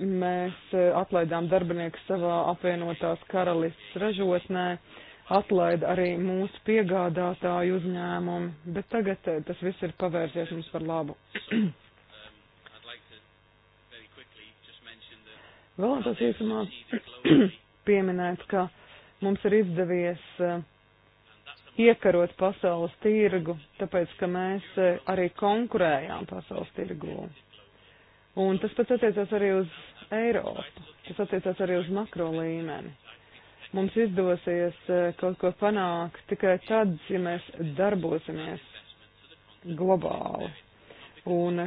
mēs atlaidām darbinieku savā apvienotās karalists ražotnē, atlaida arī mūsu piegādātāju uzņēmumu, bet tagad tas viss ir pavērsies mums par labu. Vēlētos īsumā pieminēt, ka mums ir izdevies eh, iekarot pasaules tirgu, tāpēc, ka mēs eh, arī konkurējām pasaules tirgū. Un tas pats attiecās arī uz Eiropu, tas attiecās arī uz makro līmeni. Mums izdosies eh, kaut ko panākt tikai tad, ja mēs darbosimies globāli. Un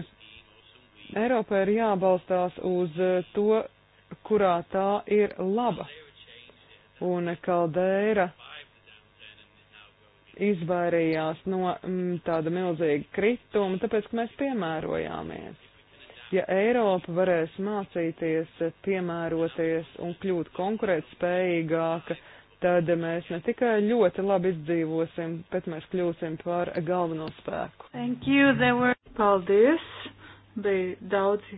Eiropai ir jābalstās uz to kurā tā ir laba. Un Kaldeira izvairījās no m, mm, tāda milzīga krituma, tāpēc, ka mēs piemērojāmies. Ja Eiropa varēs mācīties, piemēroties un kļūt konkurētspējīgāka, tad mēs ne tikai ļoti labi izdzīvosim, bet mēs kļūsim par galveno spēku. Thank you, were... Paldies! Bija daudzi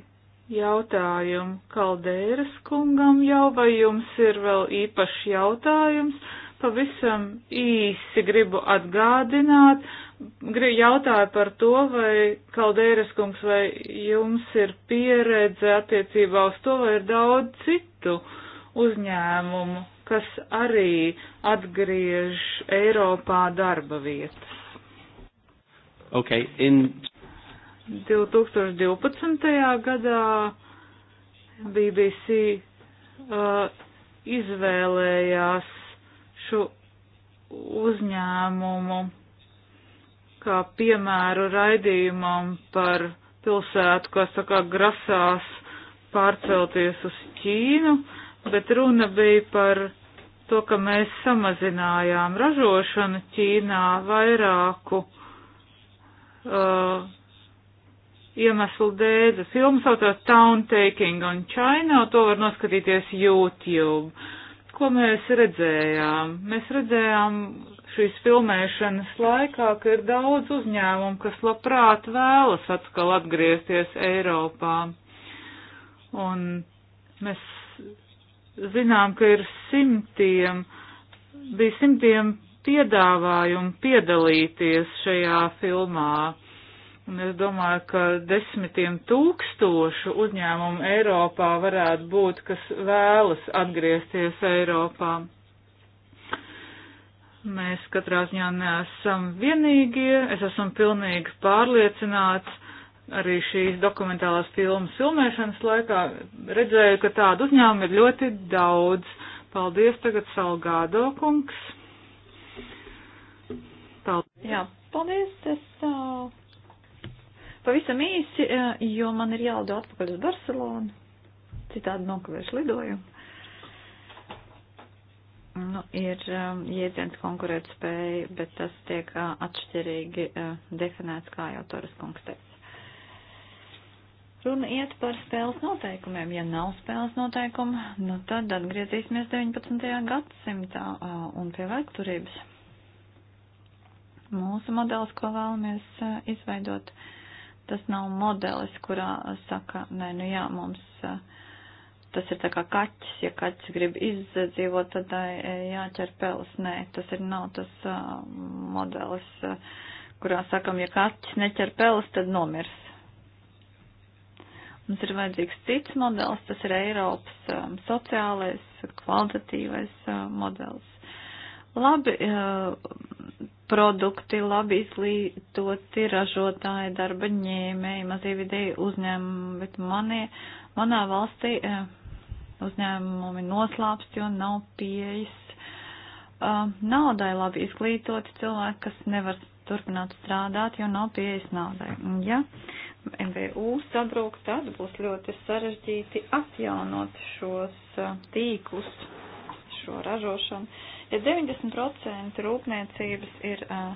jautājumu Kaldēras kungam jau, vai jums ir vēl īpašs jautājums? Pavisam īsi gribu atgādināt, jautāju par to, vai Kaldēras kungs, vai jums ir pieredze attiecībā uz to, vai ir daudz citu uzņēmumu, kas arī atgriež Eiropā darba vietas. Okay, in... 2012. gadā BBC uh, izvēlējās šo uzņēmumu kā piemēru raidījumam par pilsētu, kas tā kā grasās pārcelties uz Ķīnu, bet runa bija par to, ka mēs samazinājām ražošanu Ķīnā vairāku uh, iemeslu dēļ. Filma saucās Town Taking on China, to var noskatīties YouTube. Ko mēs redzējām? Mēs redzējām šīs filmēšanas laikā, ka ir daudz uzņēmumu, kas labprāt vēlas atkal atgriezties Eiropā. Un mēs zinām, ka ir simtiem, bija simtiem piedāvājumu piedalīties šajā filmā Un es domāju, ka desmitiem tūkstošu uzņēmumu Eiropā varētu būt, kas vēlas atgriezties Eiropā. Mēs katrā ziņā neesam vienīgie. Es esmu pilnīgi pārliecināts arī šīs dokumentālās filmas filmēšanas laikā. Redzēju, ka tādu uzņēmumu ir ļoti daudz. Paldies tagad Salgādo kungs. Paldies. Jā, paldies. Es, uh... Pavisam īsi, e, jo man ir jālido atpakaļ uz Barcelonu, citādi nokavēšu lidojumu. Nu, ir e, jēdziens konkurēt spēja, bet tas tiek e, atšķirīgi definēts, kā jau Toras kungs teica. Runa iet par spēles noteikumiem. Ja nav spēles noteikumu, nu tad atgriezīsimies 19. gadsimtā un pie laikturības. Mūsu modelis, ko vēlamies izveidot, ir Tas nav modelis, kurā saka, nē, nu jā, mums eh, tas ir tā kā kaķis, ja kaķis grib izdzīvot, tad eh, jāķer peles. Nē, tas ir nav tas eh, modelis, kurā sakam, ja kaķis neķer peles, tad nomirs. Mums ir vajadzīgs cits modelis, tas ir Eiropas um, sociālais, kvalitatīvais uh, modelis. Labi, uh, produkti, labi izglītoti ražotāji, darba ņēmēji, mazie vidēji uzņēmumi, bet manie, manā valstī eh, uzņēmumi noslāpst, jo nav pieejas eh, naudai labi izglītoti cilvēki, kas nevar turpināt strādāt, jo nav pieejas naudai. Ja MBU sabrūk, tad būs ļoti sarežģīti atjaunot šos eh, tīklus, šo ražošanu Ja 90% rūpniecības ir uh,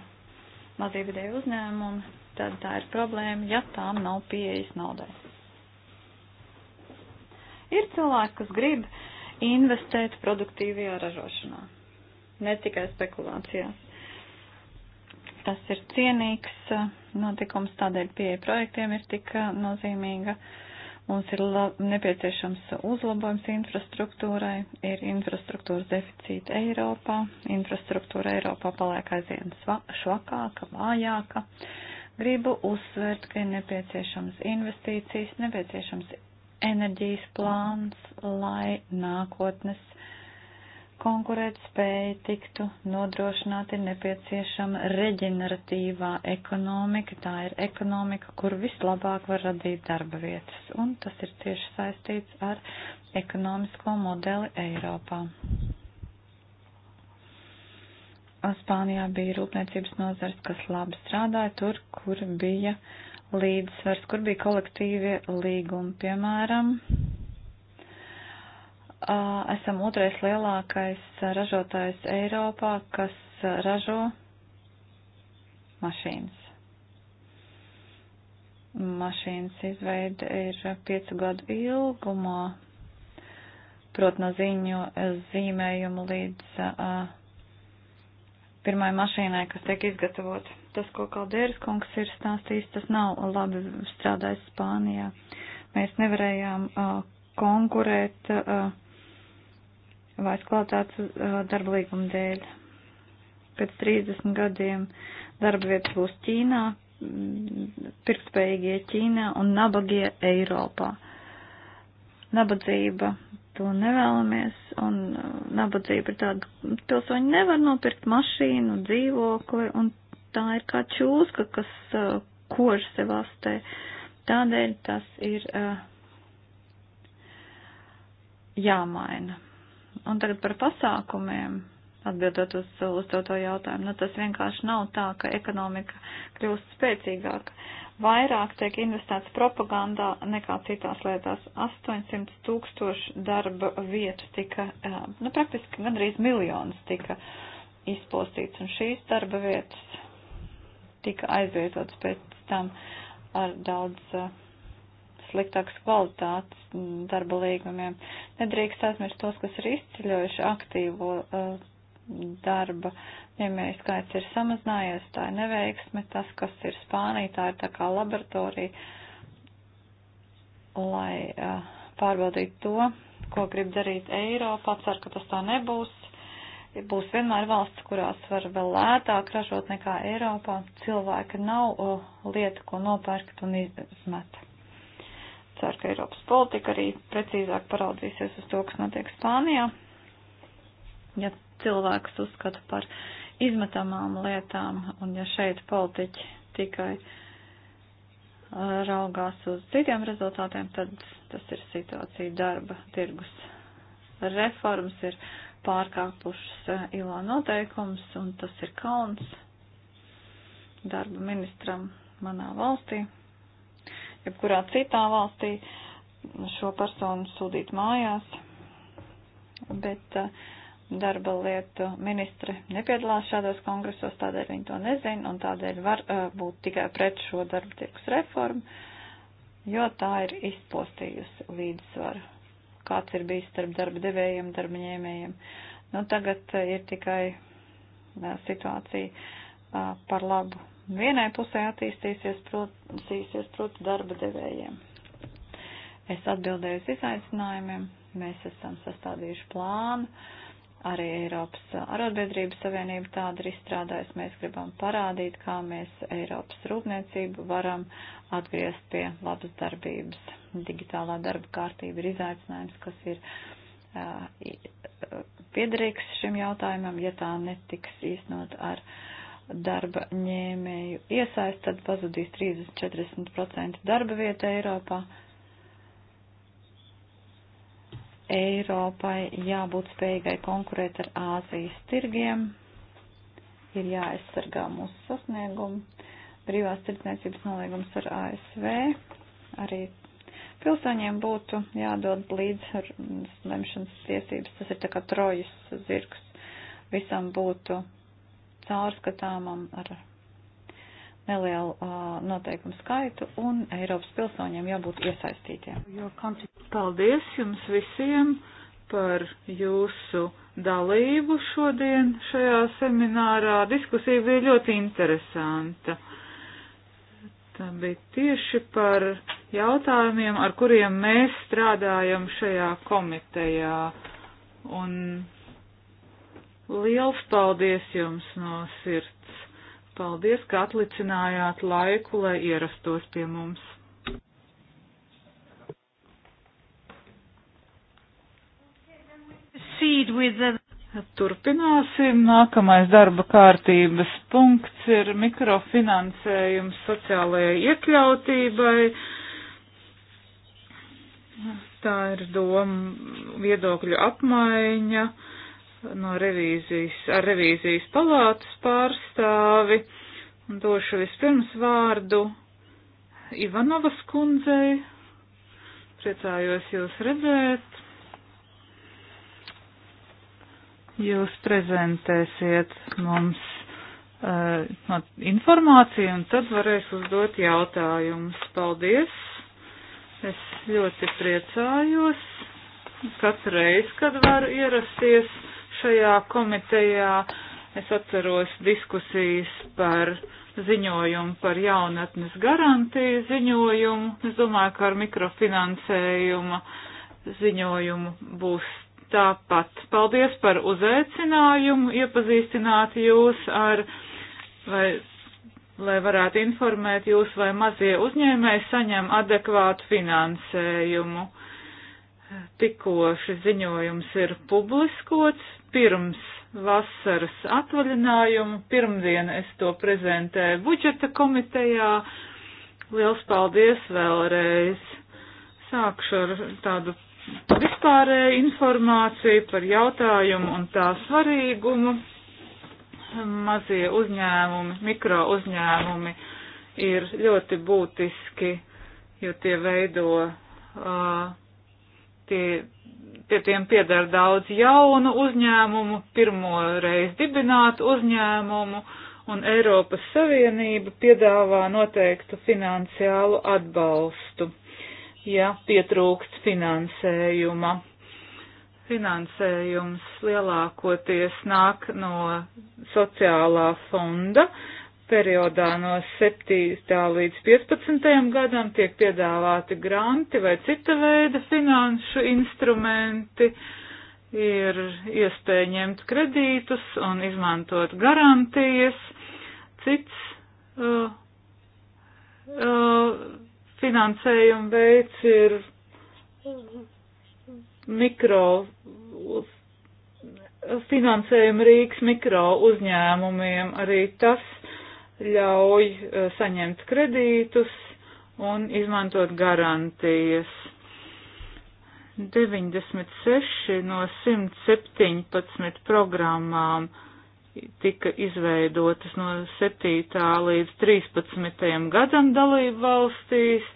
mazīvidēji uzņēmumi, tad tā ir problēma, ja tām nav pieejas naudai. Ir cilvēki, kas grib investēt produktīvajā ražošanā, ne tikai spekulācijās tas ir cienīgs notikums, tādēļ pieeja projektiem ir tik nozīmīga. Mums ir nepieciešams uzlabojums infrastruktūrai, ir infrastruktūras deficīta Eiropā, infrastruktūra Eiropā paliek aizvien švakāka, vājāka. Gribu uzsvērt, ka ir nepieciešams investīcijas, nepieciešams enerģijas plāns, lai nākotnes konkurētspēja tiktu nodrošināta, ir nepieciešama reģeneratīvā ekonomika. Tā ir ekonomika, kur vislabāk var radīt darba vietas, un tas ir tieši saistīts ar ekonomisko modeli Eiropā. Spānijā bija rūpniecības nozars, kas labi strādāja tur, kur bija līdzsvars, kur bija kolektīvie līgumi, piemēram, esam otrais lielākais ražotājs Eiropā, kas ražo mašīnas. Mašīnas izveida ir piecu gadu ilgumā, prot no ziņu zīmējumu līdz uh, pirmai mašīnai, kas tiek izgatavot. Tas, ko Kaldēras kungs ir stāstījis, tas nav labi strādājis Spānijā. Mēs nevarējām uh, konkurēt. Uh, vairs kvalitātes uh, darba līguma dēļ. Pēc 30 gadiem darba vietas būs Ķīnā, pirktspējīgie Ķīnā un nabagie Eiropā. Nabadzība to nevēlamies, un uh, nabadzība ir tāda, pilsoņi nevar nopirkt mašīnu, dzīvokli, un tā ir kā čūska, kas uh, kož sev astē. Tādēļ tas ir uh, jāmaina. Un tagad par pasākumiem, atbildot uz uzdoto jautājumu. Nu, tas vienkārši nav tā, ka ekonomika kļūst spēcīgāka. Vairāk tiek investēts propagandā nekā citās lietās. 800 tūkstoši darba vietu tika, eh, nu, praktiski gandrīz miljonus tika izpostīts, un šīs darba vietas tika aizvietotas pēc tam ar daudz. Uh, sliktākas kvalitātes darba līgumiem. Nedrīkst aizmirst tos, kas ir izceļojuši aktīvo uh, darba. Vienmēr ja skaits ir samazinājies, tā ir neveiksme, tas, kas ir Spānija, tā ir tā kā laboratorija, lai uh, pārbaudītu to, ko grib darīt Eiropā. Ceru, ka tas tā nebūs. Būs vienmēr valsts, kurās var vēl lētāk ražot nekā Eiropā. Cilvēka nav o, uh, lieta, ko nopērkt un izmet. Ceru, ka Eiropas politika arī precīzāk paraudzīsies uz to, kas notiek Spānijā. Ja cilvēks uzskata par izmetamām lietām, un ja šeit politiķi tikai uh, raugās uz citiem rezultātiem, tad tas ir situācija darba tirgus reformas ir pārkāpušas uh, ilā noteikums, un tas ir kauns darba ministram manā valstī jebkurā citā valstī šo personu sūtīt mājās, bet eh, darba lietu ministre nepiedalās šādos kongresos, tādēļ viņi to nezina un tādēļ var eh, būt tikai pret šo darba tirkus reformu, jo tā ir izpostījusi līdzsvaru, kāds ir bijis starp darba devējiem, darba ņēmējiem. Nu, tagad eh, ir tikai situācija par labu vienai pusē attīstīsies, protams, prot darba devējiem. Es atbildēju uz izaicinājumiem, mēs esam sastādījuši plānu, arī Eiropas arotbiedrības savienība tāda ir izstrādājusi, mēs gribam parādīt, kā mēs Eiropas rūpniecību varam atgriezt pie labas darbības. Digitālā darba kārtība ir izaicinājums, kas ir uh, piederīgs šim jautājumam, ja tā netiks īstenot ar uh, darba ņēmēju iesaist, tad pazudīs 30-40% darba vieta Eiropā. Eiropai jābūt spējīgai konkurēt ar Āzijas tirgiem, ir jāaizsargā mūsu sasniegumu, brīvās tirdzniecības nolīgums ar ASV, arī pilsoņiem būtu jādod līdz ar lemšanas tiesības, tas ir tā kā trojas zirgs, visam būtu caurskatāmam ar nelielu uh, noteikumu skaitu un Eiropas pilsoņiem jābūt iesaistītiem. Paldies jums visiem par jūsu dalību šodien šajā seminārā. Diskusija bija ļoti interesanta. Tā bija tieši par jautājumiem, ar kuriem mēs strādājam šajā komitejā. Un Liels paldies jums no sirds! Paldies, ka atlicinājāt laiku, lai ierastos pie mums! Turpināsim. Nākamais darba kārtības punkts ir mikrofinansējums sociālajai iekļautībai. Tā ir doma viedokļu apmaiņa no revīzijas, ar revīzijas palātas pārstāvi un došu vispirms vārdu Ivanovas kundzei. Priecājos jūs redzēt. Jūs prezentēsiet mums uh, no informāciju un tad varēs uzdot jautājumus. Paldies! Es ļoti priecājos katru reizi, kad varu ierasties šajā komitejā. Es atceros diskusijas par ziņojumu par jaunatnes garantiju ziņojumu. Es domāju, ka ar mikrofinansējuma ziņojumu būs tāpat. Paldies par uzaicinājumu, iepazīstināt jūs ar, vai, lai varētu informēt jūs, vai mazie uzņēmēji saņem adekvātu finansējumu tikko šis ziņojums ir publiskots pirms vasaras atvaļinājumu. Pirmdien es to prezentēju budžeta komitejā. Liels paldies vēlreiz. Sākšu ar tādu vispārēju informāciju par jautājumu un tā svarīgumu. Mazie uzņēmumi, mikro uzņēmumi ir ļoti būtiski, jo tie veido uh, Tie, pie tiem piedara daudz jaunu uzņēmumu, pirmo reizi dibinātu uzņēmumu, un Eiropas Savienība piedāvā noteiktu finansiālu atbalstu, ja pietrūkst finansējuma. Finansējums lielākoties nāk no sociālā fonda, uh, Periodā no 7. līdz 15. gadam tiek piedāvāti granti vai cita veida finanšu instrumenti, ir iespēja ņemt kredītus un izmantot garantijas, cits uh, uh, finansējuma veids ir mikro finansējuma rīks mikro uzņēmumiem. Arī tas ļauj eh, saņemt kredītus un izmantot garantijas. 96 no 117 programmām tika izveidotas no 7. līdz 13. gadam dalību valstīs,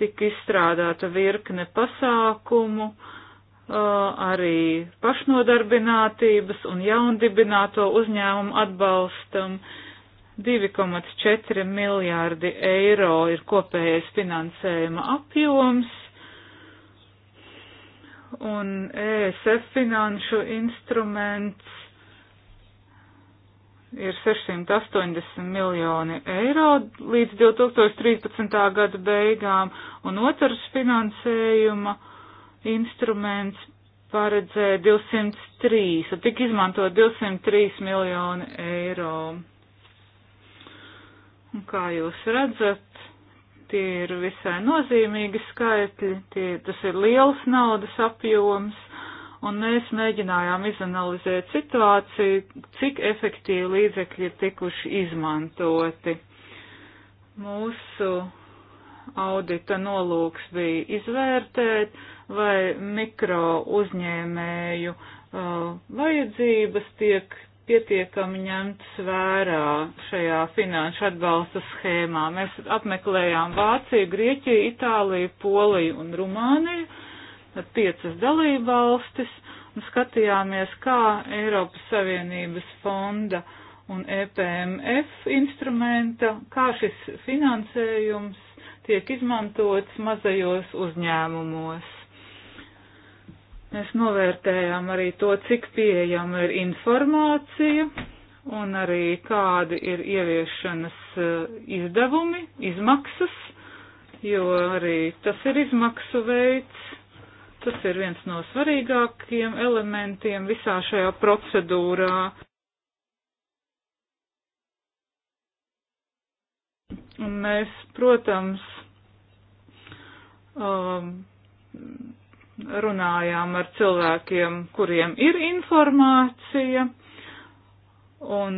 tika izstrādāta virkne pasākumu, eh, arī pašnodarbinātības un jaundibināto uzņēmumu atbalstam, 2,4 miljārdi eiro ir kopējais finansējuma apjoms, un ESF finanšu instruments ir 680 miljoni eiro līdz 2013. gada beigām, un otrs finansējuma instruments paredzēja 203, un tik izmanto 203 miljoni eiro. Un kā jūs redzat, tie ir visai nozīmīgi skaitļi, tie, tas ir liels naudas apjoms, un mēs mēģinājām izanalizēt situāciju, cik efektīvi līdzekļi ir tikuši izmantoti. Mūsu audita nolūks bija izvērtēt, vai mikro uzņēmēju uh, vajadzības tiek pietiekami ņemts vērā šajā finanšu atbalsta schēmā. Mēs apmeklējām Vāciju, Grieķiju, Itāliju, Poliju un Rumāniju, piecas dalībvalstis, un skatījāmies, kā Eiropas Savienības fonda un EPMF instrumenta, kā šis finansējums tiek izmantots mazajos uzņēmumos. Mēs novērtējām arī to, cik pieejama ir informācija un arī kādi ir ieviešanas eh, izdevumi, izmaksas, jo arī tas ir izmaksu veids. Tas ir viens no svarīgākajiem elementiem visā šajā procedūrā. Un mēs, protams, um, runājām ar cilvēkiem, kuriem ir informācija, un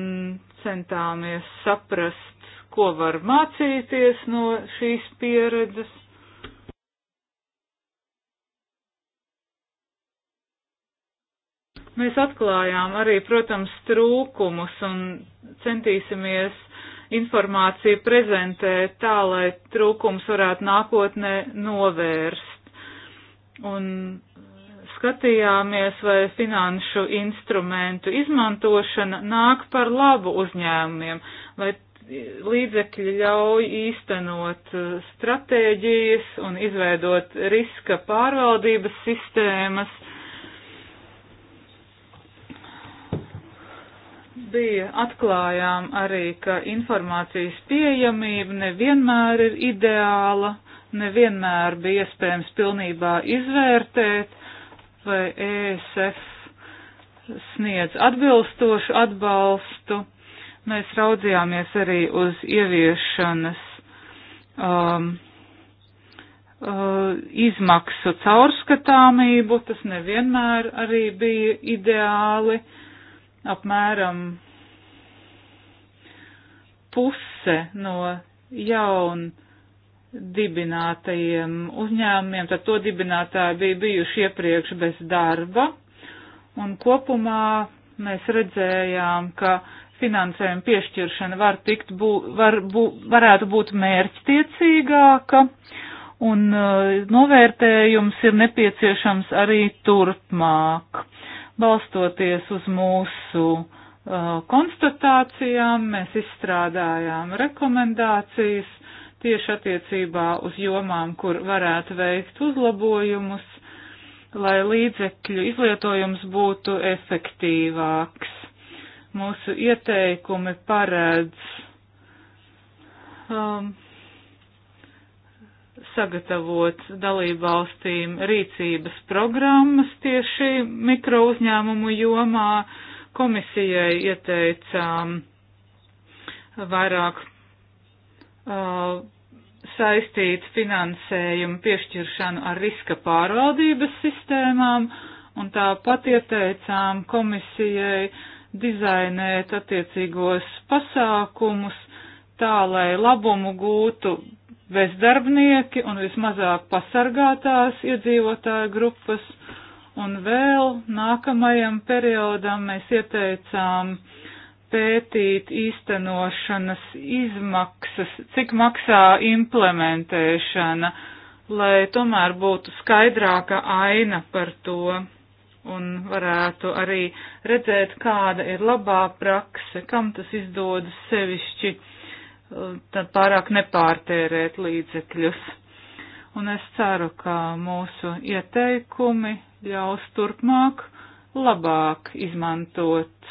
centāmies saprast, ko var mācīties no šīs pieredzes. Mēs atklājām arī, protams, trūkumus un centīsimies informāciju prezentēt tā, lai trūkums varētu nākotnē novērst un skatījāmies, vai finanšu instrumentu izmantošana nāk par labu uzņēmumiem, vai līdzekļi ļauj īstenot uh, stratēģijas un izveidot riska pārvaldības sistēmas. Bija atklājām arī, ka informācijas pieejamība nevienmēr ir ideāla nevienmēr bija iespējams pilnībā izvērtēt, vai ESF sniedz atbilstošu atbalstu. Mēs raudzījāmies arī uz ieviešanas um, uh, izmaksu caurskatāmību, tas nevienmēr arī bija ideāli. Apmēram puse no jaunu dibinātajiem uzņēmumiem, tad to dibinātāji bija bijuši iepriekš bez darba, un kopumā mēs redzējām, ka finansējuma piešķiršana var tikt, bū, var, bū, varētu būt mērķtiecīgāka, un uh, novērtējums ir nepieciešams arī turpmāk. Balstoties uz mūsu uh, konstatācijām, mēs izstrādājām rekomendācijas, tieši attiecībā uz jomām, kur varētu veikt uzlabojumus, lai līdzekļu izlietojums būtu efektīvāks. Mūsu ieteikumi paredz um, sagatavot dalībvalstīm rīcības programmas tieši mikrouzņēmumu jomā. Komisijai ieteicām vairāk uh, saistīt finansējumu piešķiršanu ar riska pārvaldības sistēmām, un tāpat ieteicām komisijai dizainēt attiecīgos pasākumus tā, lai labumu gūtu bezdarbnieki un vismazāk pasargātās iedzīvotāju grupas. Un vēl nākamajam periodam mēs ieteicām uh, pētīt īstenošanas izmaksas, cik maksā implementēšana, lai tomēr būtu skaidrāka aina par to un varētu arī redzēt, kāda ir labā prakse, kam tas izdodas sevišķi, tad pārāk nepārtērēt līdzekļus. Un es ceru, ka mūsu ieteikumi ļaus turpmāk labāk izmantot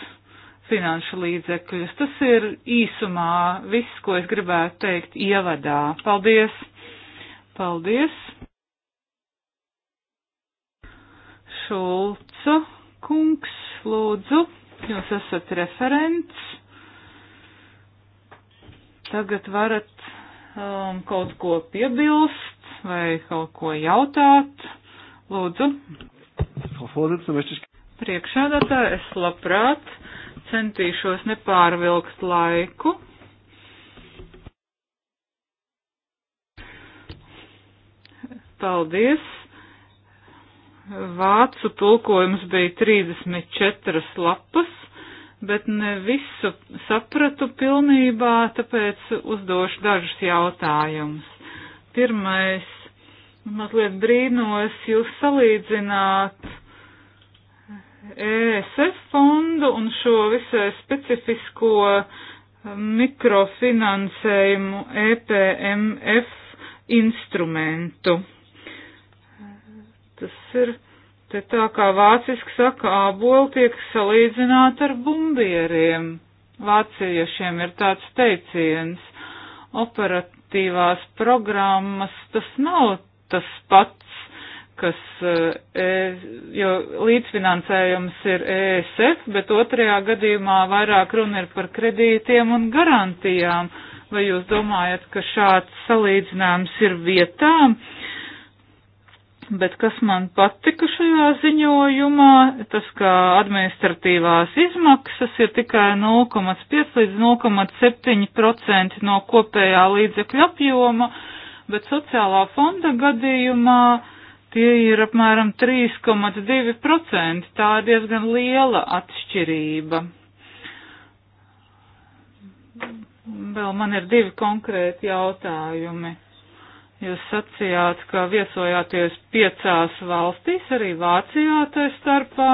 finanšu līdzekļus. Tas ir īsumā viss, ko es gribētu teikt ievadā. Paldies! Paldies! Šulca kungs, lūdzu, jūs esat referents. Tagad varat um, kaut ko piebilst vai kaut ko jautāt. Lūdzu. Priekšādātā es labprāt Centīšos nepārvilkt laiku. Paldies! Vācu tulkojums bija 34 lapas, bet ne visu sapratu pilnībā, tāpēc uzdošu dažus jautājumus. Pirmais, mazliet brīnos, jūs salīdzināt ESF fondu un šo visai specifisko e, mikrofinansējumu EPMF instrumentu. Tas ir te tā kā vāciski saka, āboli tiek salīdzināti ar bumbieriem. Vāciešiem ir tāds teiciens. Operatīvās programmas tas nav tas pats kas, eh, e, jo līdzfinansējums ir ESF, bet otrajā gadījumā vairāk runa ir par kredītiem un garantijām. Vai jūs domājat, ka šāds salīdzinājums ir vietām? Bet kas man patika šajā ziņojumā, tas, ka administratīvās izmaksas ir tikai 0,5 līdz 0,7% no kopējā līdzekļu apjoma, bet sociālā fonda gadījumā uh, Tie ir apmēram 3,2%, tā ir diezgan liela atšķirība. Vēl man ir divi konkrēti jautājumi. Jūs sacījāt, ka viesojāties piecās valstīs, arī Vācijā tai starpā,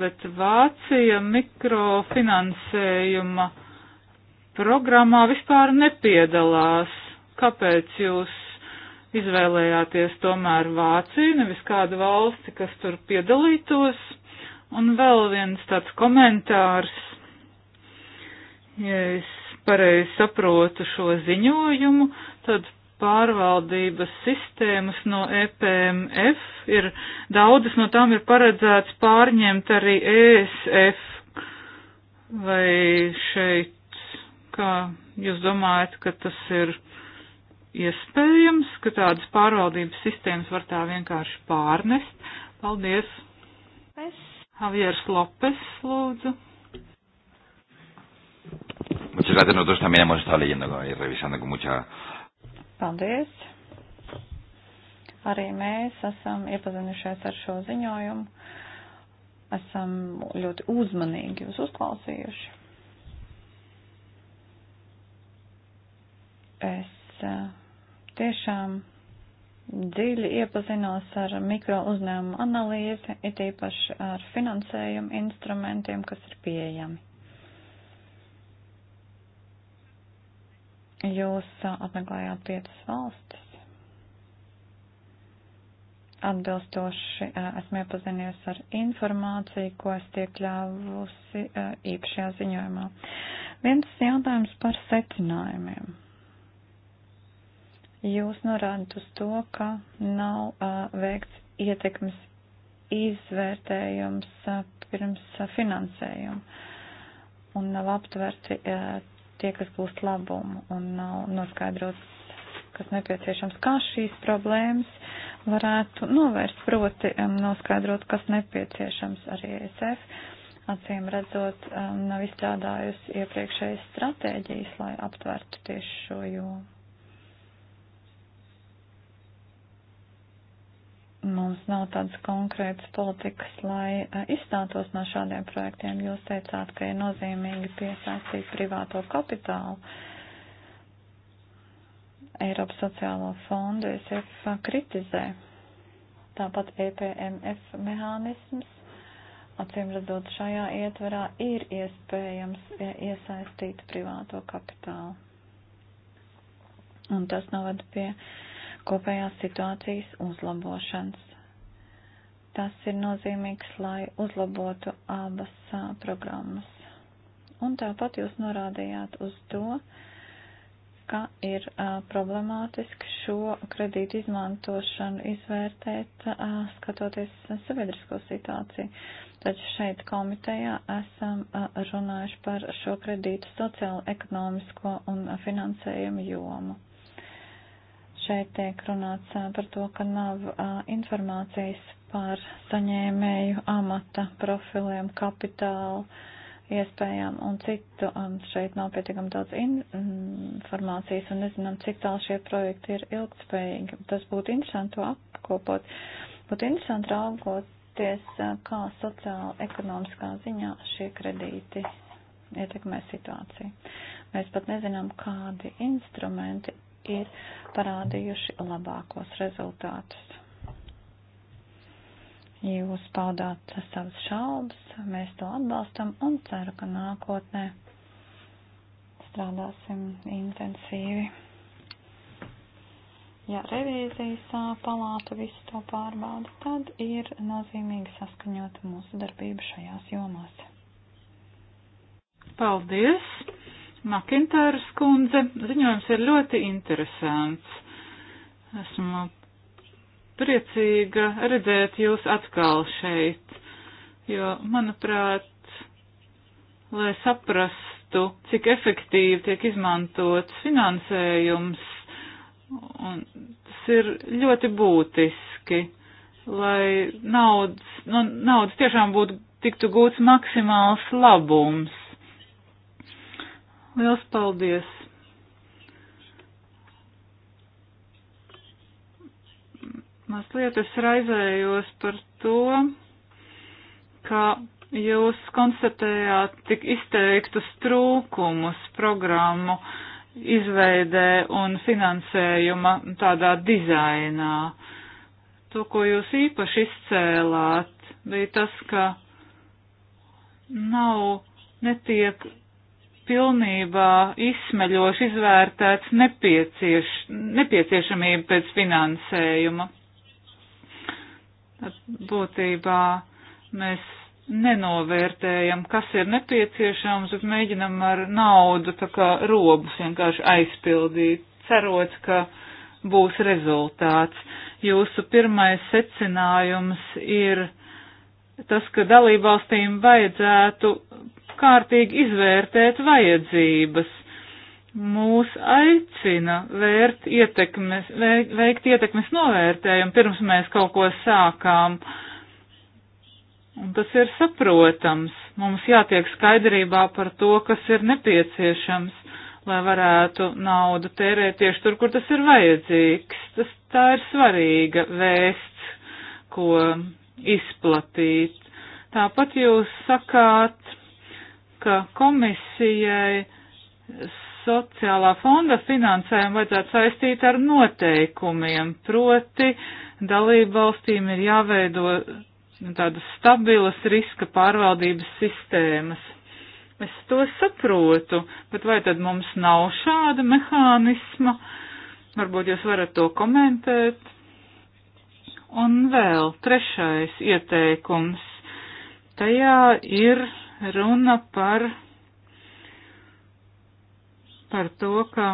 bet Vācija mikrofinansējuma programmā vispār nepiedalās. Kāpēc jūs izvēlējāties tomēr Vāciju, nevis kādu valsti, kas tur piedalītos. Un vēl viens tāds komentārs, ja es pareizi saprotu šo ziņojumu, tad pārvaldības sistēmas no EPMF ir daudzas no tām ir paredzēts pārņemt arī ESF. Vai šeit, kā jūs domājat, ka tas ir iespējams, ka tādas pārvaldības sistēmas var tā vienkārši pārnest. Paldies! Es. Javieris Lopes, lūdzu. Muchas gracias. Nosotros también hemos estado leyendo y revisando con mucha. Paldies. Arī mēs esam iepazinušies ar šo ziņojumu. Esam ļoti uzmanīgi jūs uzklausījuši. Es uh, tiešām dziļi iepazinos ar mikro uzņēmumu analīzi, it īpaši ar finansējumu instrumentiem, kas ir pieejami. Jūs apmeklējāt piecas valstis. Atbilstoši esmu iepazinies ar informāciju, ko es tiek ļāvusi īpašajā ziņojumā. Viens jautājums par secinājumiem Jūs norādat uz to, ka nav uh, veikts ietekmes izvērtējums uh, pirms uh, finansējuma un nav aptverti uh, tie, kas gūst labumu un nav noskaidrots, kas nepieciešams, kā šīs problēmas varētu novērst, proti um, noskaidrot, kas nepieciešams arī ESF. Acīm redzot, um, nav izstrādājusi iepriekšējas stratēģijas, lai aptvertu tieši šo jomu. mums nav tādas konkrētas politikas, lai eh, izstātos no šādiem projektiem. Jūs teicāt, ka ir nozīmīgi piesaistīt privāto kapitālu. Eiropas sociālo fondu ESF kritizē. Tāpat EPMF mehānisms, acīm redzot, šajā ietverā ir iespējams iesaistīt privāto kapitālu. Un tas novada pie uh, kopējās situācijas uzlabošanas. Tas ir nozīmīgs, lai uzlabotu abas programmas. Un tāpat jūs norādījāt uz to, ka ir problemātiski šo kredītu izmantošanu izvērtēt, skatoties sabiedrisko situāciju. Taču šeit komitejā esam runājuši par šo kredītu sociālo, ekonomisko un finansējumu jomu. Šeit tiek runāts par to, ka nav informācijas par saņēmēju amata profiliem, kapitālu, iespējām un citu. Un šeit nav pietiekam daudz mm, informācijas un nezinām, cik tālu šie projekti ir ilgspējīgi. Tas būtu interesanti to apkopot. Būtu interesanti raugoties, kā sociāla ekonomiskā ziņā šie kredīti ietekmē situāciju. Mēs pat nezinām, kādi instrumenti ir parādījuši labākos rezultātus. Jūs paudāt savas šaubas, mēs to atbalstam un ceru, ka nākotnē strādāsim intensīvi. Ja revīzijas palāta visu to pārbauda, tad ir nozīmīgi saskaņot mūsu darbību šajās jomās. Paldies! Makintāras kundze. Ziņojums ir ļoti interesants. Esmu priecīga redzēt jūs atkal šeit, jo, manuprāt, lai saprastu, cik efektīvi tiek izmantots finansējums, un tas ir ļoti būtiski, lai naudas, nu, naudas tiešām būtu tiktu gūts maksimāls labums. Liels paldies! Mazliet es raizējos par to, ka jūs konstatējāt tik izteiktus trūkumus programmu izveidē un finansējuma tādā dizainā. To, ko jūs īpaši izcēlāt, bija tas, ka nav netiek pilnībā izsmeļoši izvērtēts nepiecieš, nepieciešamība pēc finansējuma. Būtībā mēs nenovērtējam, kas ir nepieciešams, bet mēģinam ar naudu tā kā robus vienkārši aizpildīt, cerot, ka būs rezultāts. Jūsu pirmais secinājums ir tas, ka dalībvalstīm vajadzētu labkārtīgi izvērtēt vajadzības. Mūs aicina vērt ietekmes, veikt ietekmes novērtējumu pirms mēs kaut ko sākām. Un tas ir saprotams. Mums jātiek skaidrībā par to, kas ir nepieciešams, lai varētu naudu tērēt tieši tur, kur tas ir vajadzīgs. Tas tā ir svarīga vēsts, ko izplatīt. Tāpat jūs sakāt, ka komisijai sociālā fonda finansējumu vajadzētu saistīt ar noteikumiem, proti dalību valstīm ir jāveido tādas stabilas riska pārvaldības sistēmas. Es to saprotu, bet vai tad mums nav šāda mehānisma? Varbūt jūs varat to komentēt. Un vēl trešais ieteikums. Tajā ir runa par, par to, ka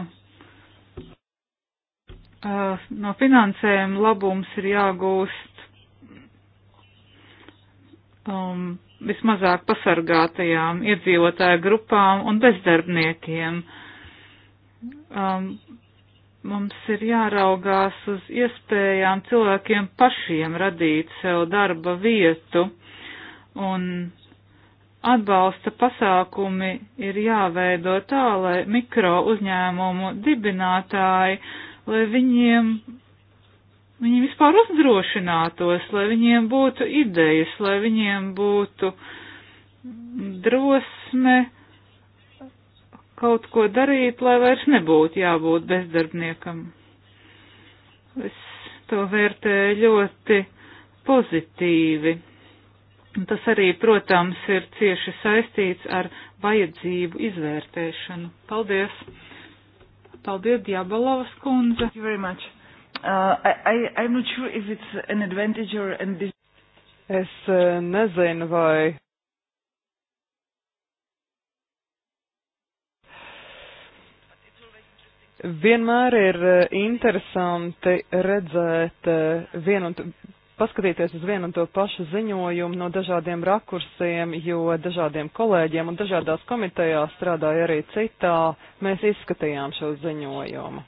uh, no finansējuma labums ir jāgūst um, vismazāk pasargātajām iedzīvotāju grupām un bezdarbniekiem. Um, mums ir jāraugās uz iespējām cilvēkiem pašiem radīt sev darba vietu un atbalsta pasākumi ir jāveido tā, lai mikro uzņēmumu dibinātāji, lai viņiem, viņi vispār uzdrošinātos, lai viņiem būtu idejas, lai viņiem būtu drosme kaut ko darīt, lai vairs nebūtu jābūt bezdarbniekam. Es to vērtēju ļoti pozitīvi. Tas arī, protams, ir cieši saistīts ar vajadzību izvērtēšanu. Paldies! Paldies, Diabalovas kundze! Uh, I, I, sure or... Es uh, nezinu, vai vienmēr ir uh, interesanti redzēt uh, vienu un paskatīties uz vienu un to pašu ziņojumu no dažādiem rakursiem, jo dažādiem kolēģiem un dažādās komitejās strādāja arī citā, mēs izskatījām šo ziņojumu.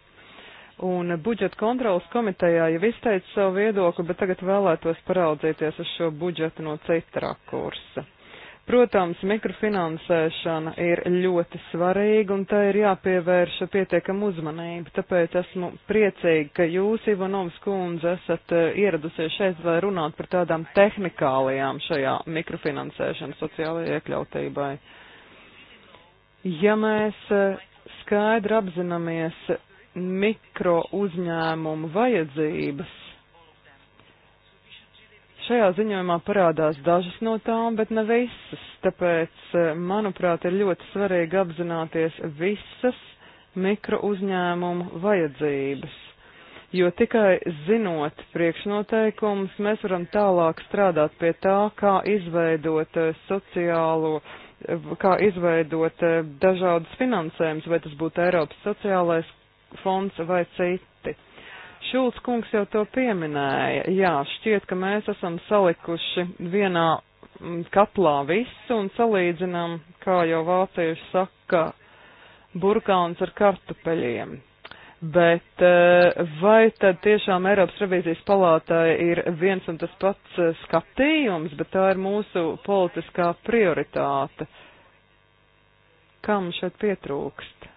Un budžeta kontrolas komitejā jau izteica savu viedokli, bet tagad vēlētos paraudzīties uz šo budžetu no cita rakursa. Protams, mikrofinansēšana ir ļoti svarīga un tai ir jāpievērš pietiekam uzmanība, tāpēc esmu priecīga, ka jūs, Ivanovs kundze, esat eh, ieradusies šeit, lai runātu par tādām tehnikālijām šajā mikrofinansēšanas sociālajai iekļautībai. Ja mēs eh, skaidri apzināmies mikro uzņēmumu vajadzības, Šajā ziņojumā parādās dažas no tām, bet ne visas, tāpēc, eh, manuprāt, ir ļoti svarīgi apzināties visas mikro uzņēmumu vajadzības jo tikai zinot priekšnoteikumus, mēs varam tālāk strādāt pie tā, kā izveidot eh, sociālo, eh, kā izveidot dažādas finansējumus, vai tas būtu Eiropas sociālais fonds vai citi. Šulc kungs jau to pieminēja. Jā, šķiet, ka mēs esam salikuši vienā mm, katlā visu un salīdzinām, kā jau vācieši saka, burkāns ar kartupeļiem. Bet eh, vai tad tiešām Eiropas revīzijas palātai ir viens un tas pats eh, skatījums, bet tā ir mūsu politiskā prioritāte? Kam šeit pietrūkst?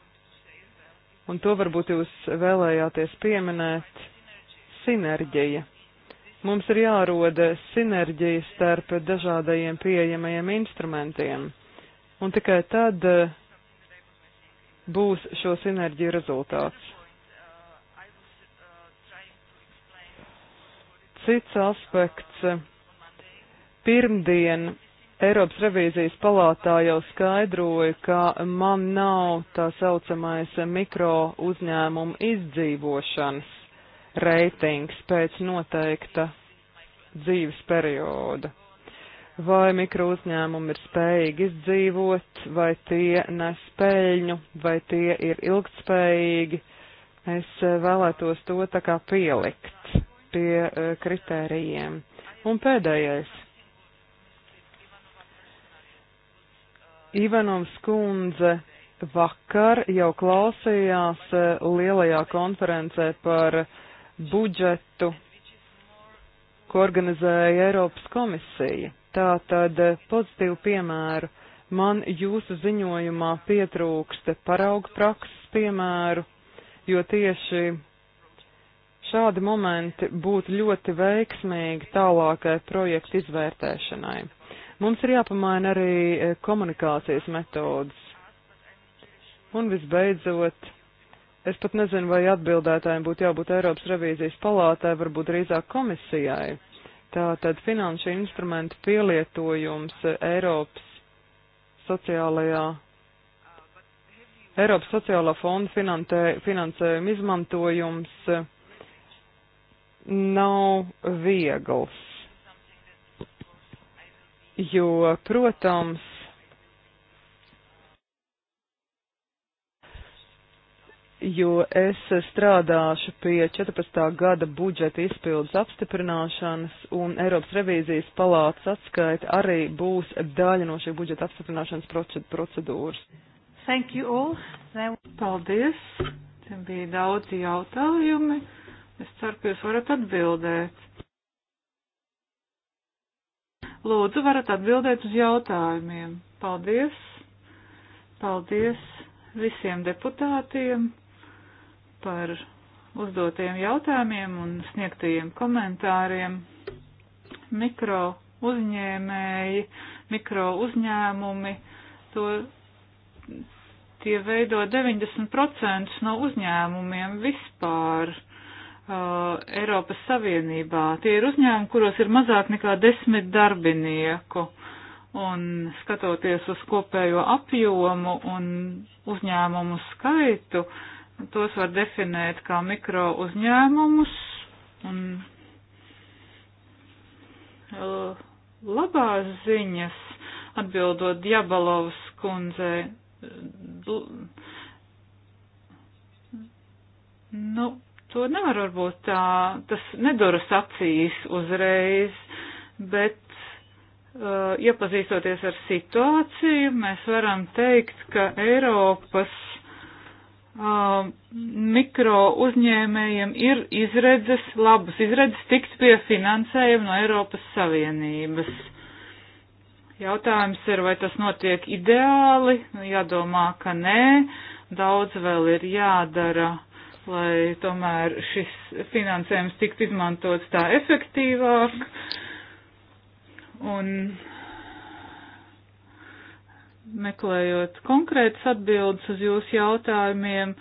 un to varbūt jūs vēlējāties pieminēt, sinerģija. Mums ir jāroda sinerģija starp dažādajiem pieejamajiem instrumentiem, un tikai tad eh, būs šo sinerģiju rezultāts. Cits aspekts. Pirmdien Eiropas revīzijas palātā jau skaidroja, ka man nav tā saucamais mikro uzņēmumu izdzīvošanas reitings pēc noteikta dzīves perioda. Vai mikro uzņēmumi ir spējīgi izdzīvot, vai tie nes peļņu, vai tie ir ilgtspējīgi. Es vēlētos to tā kā pielikt pie eh, kritērijiem. Un pēdējais Ivanovs kundze vakar jau klausījās eh, lielajā konferencē par budžetu, ko organizēja Eiropas komisija. Tā tad eh, pozitīvu piemēru. Man jūsu ziņojumā pietrūksta parauga prakses piemēru, jo tieši šādi momenti būtu ļoti veiksmīgi tālākai projektu izvērtēšanai. Mums ir jāpamaina arī e, komunikācijas metodas. Un visbeidzot, es pat nezinu, vai atbildētājiem būtu jābūt Eiropas revīzijas palātai, varbūt drīzāk komisijai. Tātad finanšu instrumentu pielietojums Eiropas sociālajā Eiropas sociālā fonda finansē, finansējuma izmantojums e, nav viegls jo, protams, jo es strādāšu pie 14. gada budžeta izpildes apstiprināšanas, un Eiropas revīzijas palātas atskaita arī būs daļa no šī budžeta apstiprināšanas procedūras. Thank you all. Then... Paldies. Tiem bija daudzi jautājumi. Es ceru, ka jūs varat atbildēt. Lūdzu, varat atbildēt uz jautājumiem. Paldies! Paldies visiem deputātiem par uzdotajiem jautājumiem un sniegtajiem komentāriem. Mikro uzņēmēji, mikro uzņēmumi, to tie veido 90% no uzņēmumiem vispār uh, Eiropas Savienībā. Tie ir uzņēmumi, kuros ir mazāk nekā desmit darbinieku. Un skatoties uz kopējo apjomu un uzņēmumu skaitu, tos var definēt kā mikro uzņēmumus. Un uh, labās ziņas, atbildot Jabalovas kundzei, nu, To nevar varbūt tā, tas neduras acīs uzreiz, bet uh, iepazīstoties ar situāciju, mēs varam teikt, ka Eiropas uh, mikro uzņēmējiem ir izredzes, labas izredzes tikt pie finansējuma no Eiropas Savienības. Jautājums ir, vai tas notiek ideāli, jādomā, ka nē, daudz vēl ir jādara lai tomēr šis finansējums tiktu izmantots tā efektīvāk. Un meklējot konkrētas atbildes uz jūsu jautājumiem,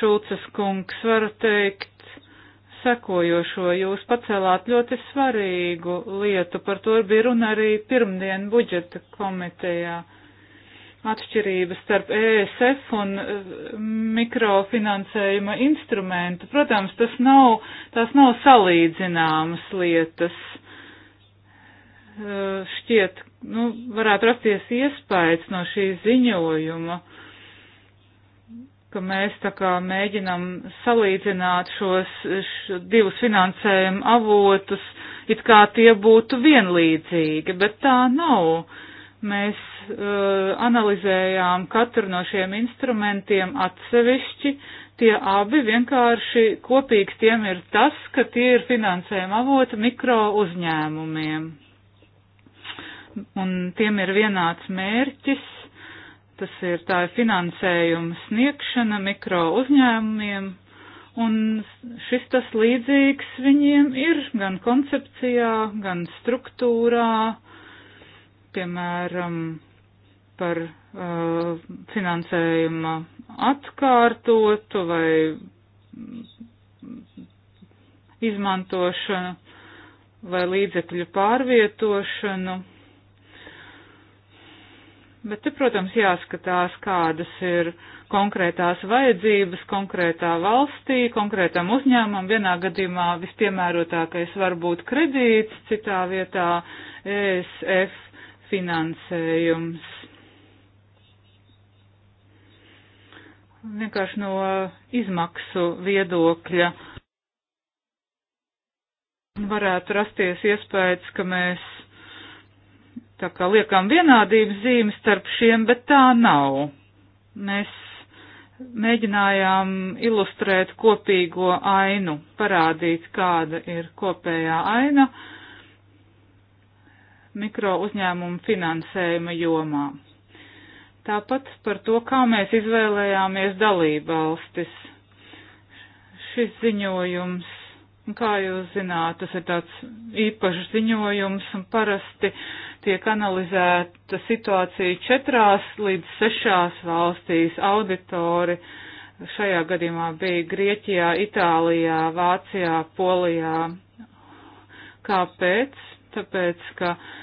Šulces kungs var teikt sekojošo. Jūs pacēlāt ļoti svarīgu lietu, par to bija runa arī pirmdien budžeta komitejā atšķirības starp ESF un e, mikrofinansējuma instrumentu. Protams, tas nav, tās nav salīdzināmas lietas. E, šķiet, nu, varētu rasties iespējas no šī ziņojuma, ka mēs tā kā mēģinam salīdzināt šos š, divus finansējumu avotus, it kā tie būtu vienlīdzīgi, bet tā nav. Uh, Mēs uh, analizējām katru no šiem instrumentiem atsevišķi. Tie abi vienkārši kopīgs tiem ir tas, ka tie ir finansējuma avota mikro uzņēmumiem. Un tiem ir vienāds mērķis tas ir tā finansējuma sniegšana mikro uzņēmumiem, un šis tas līdzīgs viņiem ir gan koncepcijā, gan struktūrā, piemēram, par uh, finansējuma atkārtotu vai izmantošanu vai līdzekļu pārvietošanu. Bet te, protams, jāskatās, kādas ir konkrētās vajadzības konkrētā valstī, konkrētam uzņēmumam. Vienā gadījumā vispiemērotākais var būt kredīts, citā vietā ESF finansējums. Vienkārši no izmaksu viedokļa varētu rasties iespējas, ka mēs tā kā liekam vienādības zīmes starp šiem, bet tā nav. Mēs mēģinājām ilustrēt kopīgo ainu, parādīt, kāda ir kopējā aina, mikro uzņēmumu finansējuma jomā. Tāpat par to, kā mēs izvēlējāmies dalībvalstis. Šis ziņojums, kā jūs zināt, tas ir tāds īpašs ziņojums un parasti tiek analizēta situācija četrās līdz sešās valstīs auditori. Šajā gadījumā bija Grieķijā, Itālijā, Vācijā, Polijā. Kāpēc? Tāpēc, ka uh,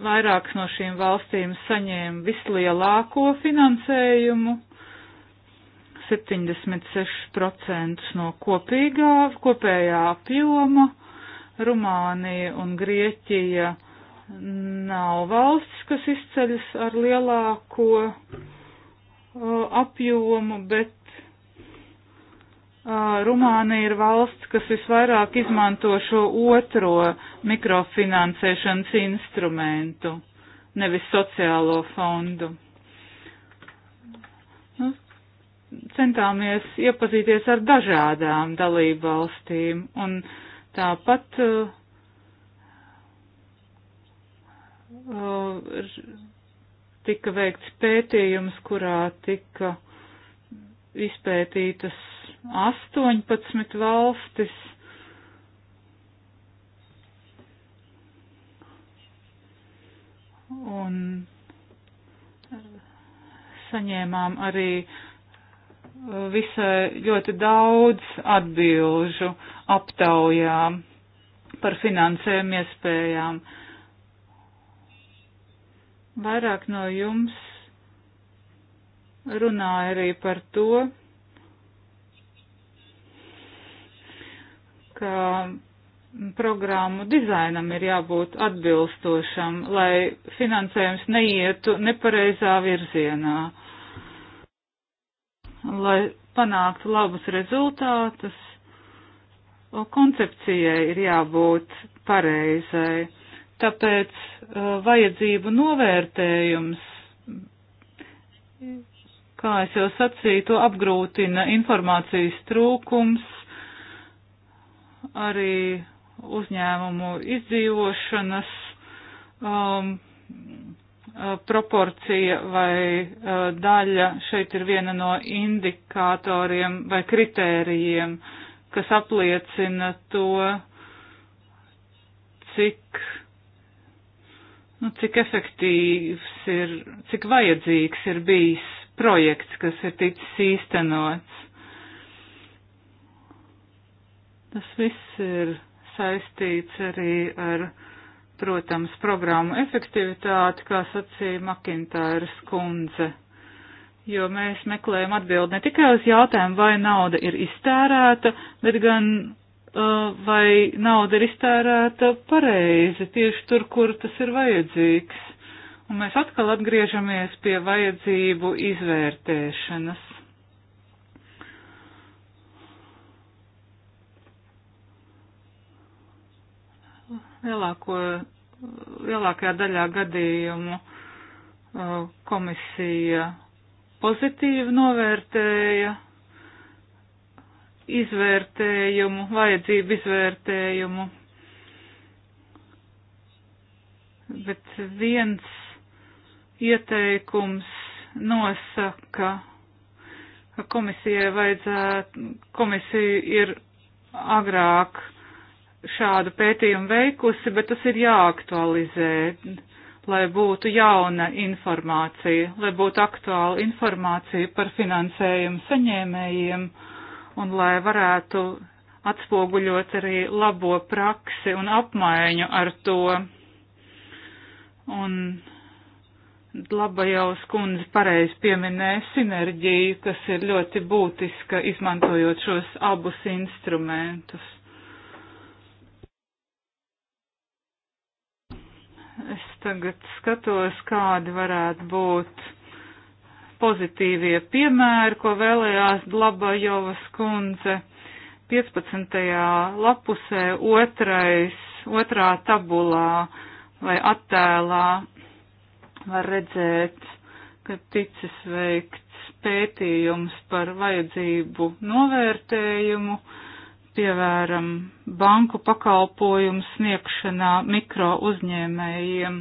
vairākas no šīm valstīm saņēma vislielāko finansējumu, 76% no kopīgā, kopējā apjoma, Rumānija un Grieķija nav valsts, kas izceļas ar lielāko uh, apjomu, bet Rumānija ir valsts, kas visvairāk izmanto šo otro mikrofinansēšanas instrumentu, nevis sociālo fondu. Nu, centāmies iepazīties ar dažādām dalību valstīm un tāpat uh, uh, tika veikts pētījums, kurā tika izpētītas 18 valstis. Un saņēmām arī uh, visai ļoti daudz atbilžu aptaujām par finansējumu iespējām. Vairāk no jums runāja arī par to, ka programmu dizainam ir jābūt atbilstošam, lai finansējums neietu nepareizā virzienā, lai panāktu labus rezultātus. Koncepcijai ir jābūt pareizai, tāpēc uh, vajadzību novērtējums, kā es jau sacīju, to apgrūtina informācijas trūkums, arī uzņēmumu izdzīvošanas um, uh, proporcija vai uh, daļa šeit ir viena no indikatoriem vai kritērijiem, kas apliecina to, cik, nu, cik efektīvs ir, cik vajadzīgs ir bijis projekts, kas ir ticis īstenots. Tas viss ir saistīts arī ar, protams, programmu efektivitāti, kā sacīja Makintāras kundze. Jo mēs meklējam atbildi ne tikai uz jautājumu, vai nauda ir iztērēta, bet gan uh, vai nauda ir iztērēta pareizi, tieši tur, kur tas ir vajadzīgs. Un mēs atkal atgriežamies pie vajadzību izvērtēšanas. Lielāko, lielākajā daļā gadījumu komisija pozitīvi novērtēja izvērtējumu, vajadzību izvērtējumu. Bet viens ieteikums nosaka, ka komisijai vajadzētu, komisija ir agrāk šādu pētījumu veikusi, bet tas ir jāaktualizē, lai būtu jauna informācija, lai būtu aktuāla informācija par finansējumu saņēmējiem un lai varētu atspoguļot arī labo praksi un apmaiņu ar to. Un laba jau skundze pareizi pieminēja sinerģiju, kas ir ļoti būtiska, izmantojot šos abus instrumentus. Es tagad skatos, kādi varētu būt pozitīvie piemēri, ko vēlējās Glabajovas kundze. 15. lapusē otrais, otrā tabulā vai attēlā var redzēt, ka ticis veikts pētījums par vajadzību novērtējumu piemēram, banku pakalpojumu sniegšanā mikro uzņēmējiem.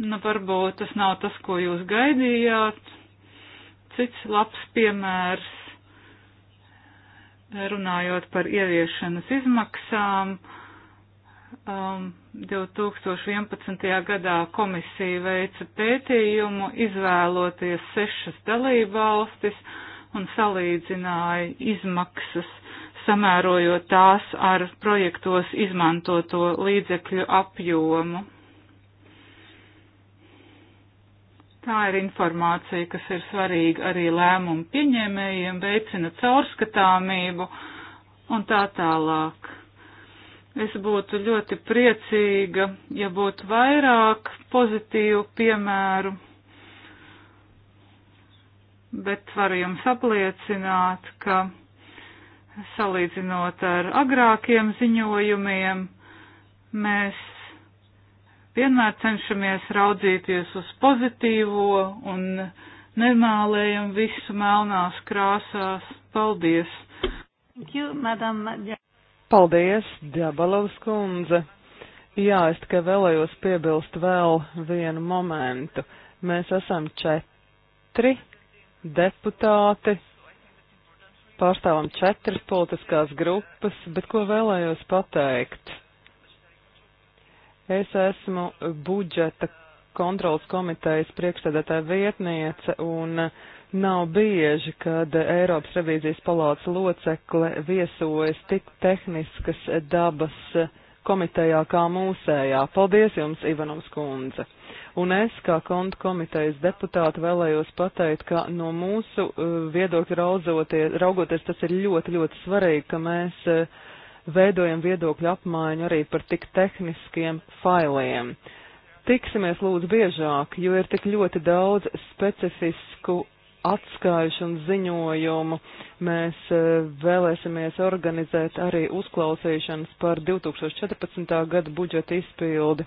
Nu, varbūt tas nav tas, ko jūs gaidījāt. Cits labs piemērs, runājot par ieviešanas izmaksām. Uh, um, 2011. gadā komisija veica pētījumu, izvēloties sešas dalībvalstis un salīdzināja izmaksas, samērojot tās ar projektos izmantoto līdzekļu apjomu. Tā ir informācija, kas ir svarīga arī lēmumu pieņēmējiem, veicina caurskatāmību un tā tālāk. Es būtu ļoti priecīga, ja būtu vairāk pozitīvu piemēru, bet varu jums apliecināt, ka salīdzinot ar agrākiem ziņojumiem, mēs vienmēr cenšamies raudzīties uz pozitīvo un nemālējam visu melnās krāsās. Paldies! Thank you, Madam. Paldies, Dabalovs kundze. Jā, es tikai vēlējos piebilst vēl vienu momentu. Mēs esam četri deputāti, pārstāvam četras politiskās grupas, bet ko vēlējos pateikt? Es esmu budžeta kontrolas komitejas priekšsēdētāja vietniece un uh, Nav bieži, kad Eiropas revīzijas palāca locekle viesojas tik tehniskas dabas komitejā kā mūsējā. Paldies jums, Ivanums kundze! Un es, kā kontu komitejas deputāti, vēlējos pateikt, ka no mūsu uh, viedokļa raugoties, tas ir ļoti, ļoti svarīgi, ka mēs uh, veidojam viedokļu apmaiņu arī par tik tehniskiem failiem. Tiksimies lūdzu biežāk, jo ir tik ļoti daudz specifisku atskaišu un ziņojumu. Mēs e, vēlēsimies organizēt arī uzklausīšanas par 2014. gada budžeta izpildi.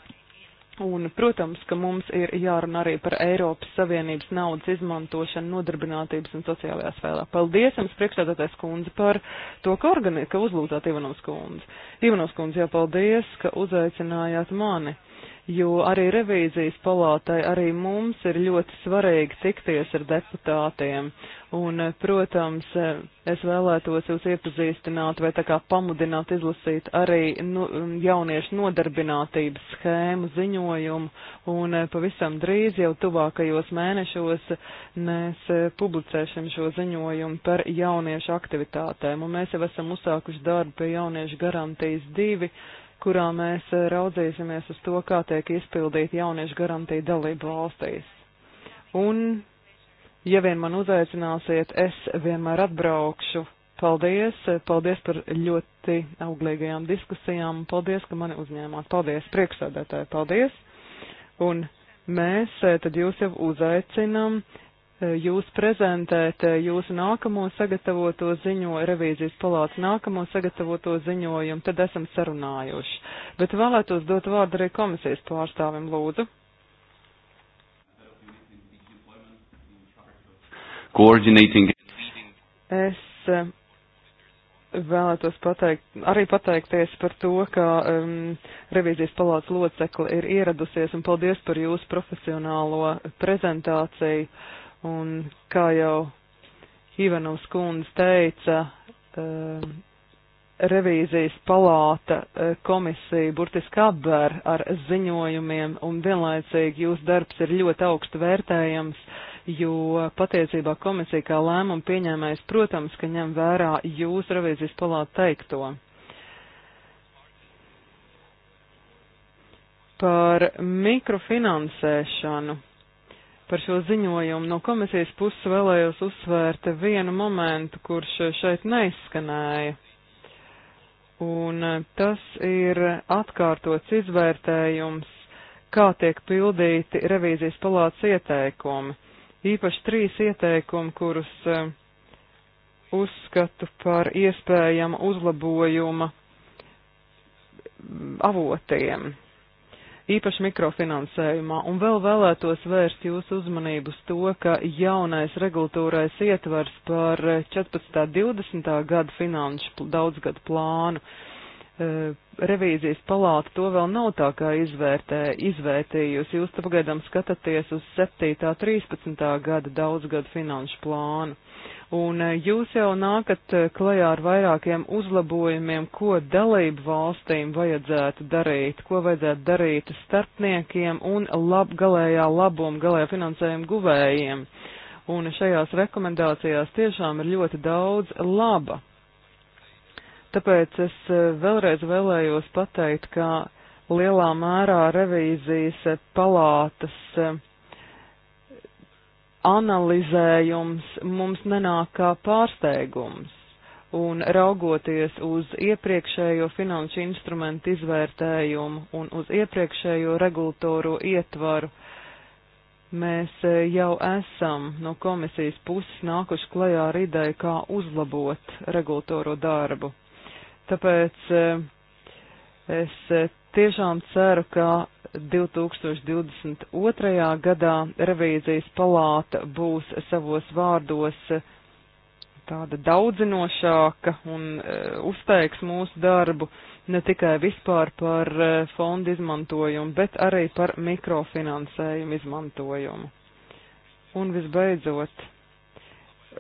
Un, protams, ka mums ir jārunā arī par Eiropas Savienības naudas izmantošanu nodarbinātības un sociālajā sfērā. Paldies jums, priekšstādātais kundze, par to, ka, organi, ka uzlūdzāt Ivanovs kundze. Ivanovs kundze, jā, paldies, ka uzaicinājāt mani jo arī revīzijas palātai, arī mums ir ļoti svarīgi tikties ar deputātiem. Un, eh, protams, eh, es vēlētos jūs iepazīstināt vai tā kā pamudināt izlasīt arī nu, mm, jauniešu nodarbinātības schēmu ziņojumu, un eh, pavisam drīz jau tuvākajos mēnešos mēs publicēsim šo ziņojumu par jauniešu aktivitātēm, un mēs jau esam uzsākuši darbu pie jauniešu garantijas divi kurā mēs eh, raudzīsimies uz to, kā tiek izpildīta jauniešu garantija dalība valstīs. Un, ja vien man uzaicināsiet, es vienmēr atbraukšu. Paldies, eh, paldies par ļoti auglīgajām diskusijām, paldies, ka mani uzņēmāt, paldies, priekšsēdētāji, paldies. Un mēs eh, tad jūs jau uzaicinam jūs prezentēt eh, jūsu nākamo sagatavoto ziņo, revīzijas palāca nākamo sagatavoto ziņojumu, tad esam sarunājuši. Bet vēlētos dot vārdu arī komisijas pārstāvim lūdzu. Coordinating. Es eh, vēlētos pateikt, arī pateikties par to, ka um, revīzijas palāca locekli ir ieradusies un paldies par jūsu profesionālo prezentāciju. Uh, Un kā jau Ivanovs kundze teica, ehm, revīzijas palāta eh, komisija burtiski apbēr ar ziņojumiem, un vienlaicīgi jūsu darbs ir ļoti augstu vērtējams, jo patiesībā komisija kā lēmuma pieņēmējs, protams, ka ņem vērā jūsu revīzijas palāta teikto. Par mikrofinansēšanu par šo ziņojumu. No komisijas puses vēlējos uzsvērt vienu momentu, kurš šeit neizskanēja. Un e, tas ir atkārtots izvērtējums, kā tiek pildīti revīzijas palāca ieteikumi. Īpaši trīs ieteikumi, kurus e, uzskatu par iespējama uzlabojuma avotiem īpaši mikrofinansējumā, un vēl vēlētos vērst jūsu uzmanību uz to, ka jaunais regulatūrais ietvars par 14.20. gada finanšu daudzgadu plānu. E, revīzijas palāta to vēl nav tā kā izvērtē, izvērtījusi. Jūs te pagaidām skatāties uz 7.13. gada daudzgadu finanšu plānu. Un eh, jūs jau nākat eh, klajā ar vairākiem uzlabojumiem, ko dalību valstīm vajadzētu darīt, ko vajadzētu darīt starpniekiem un lab, galējā labuma, galējā finansējuma guvējiem. Un šajās rekomendācijās tiešām ir ļoti daudz laba. Tāpēc es eh, vēlreiz vēlējos pateikt, ka lielā mērā revīzijas palātas analizējums mums nenāk kā pārsteigums. Un raugoties uz iepriekšējo finanšu instrumentu izvērtējumu un uz iepriekšējo regulatoru ietvaru, mēs jau esam no komisijas puses nākuši klajā ar ideju, kā uzlabot regulatoro darbu. Tāpēc eh, es tiešām ceru, ka 2022. gadā revīzijas palāta būs savos vārdos tāda daudzinošāka un e, uzteiks mūsu darbu ne tikai vispār par e, fondu izmantojumu, bet arī par mikrofinansējumu izmantojumu. Un visbeidzot,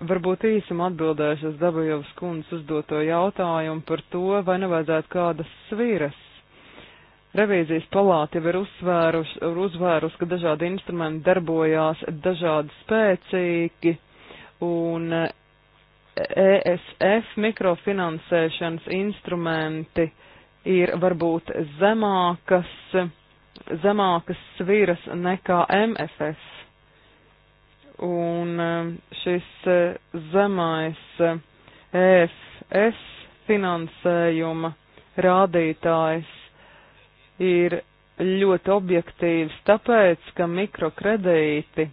varbūt īsumā atbildēšu uz Dabajovas kundzes uzdoto jautājumu par to, vai nevajadzētu kādas sviras Revīzijas palāta jau ir uzsvērus, uzsvērus, ka dažādi instrumenti darbojās dažādi spēcīgi un ESF e mikrofinansēšanas instrumenti ir varbūt zemākas, zemākas sviras nekā MFF. Un e, šis e, zemais ESF finansējuma rādītājs ir ļoti objektīvs, tāpēc, ka mikrokredīti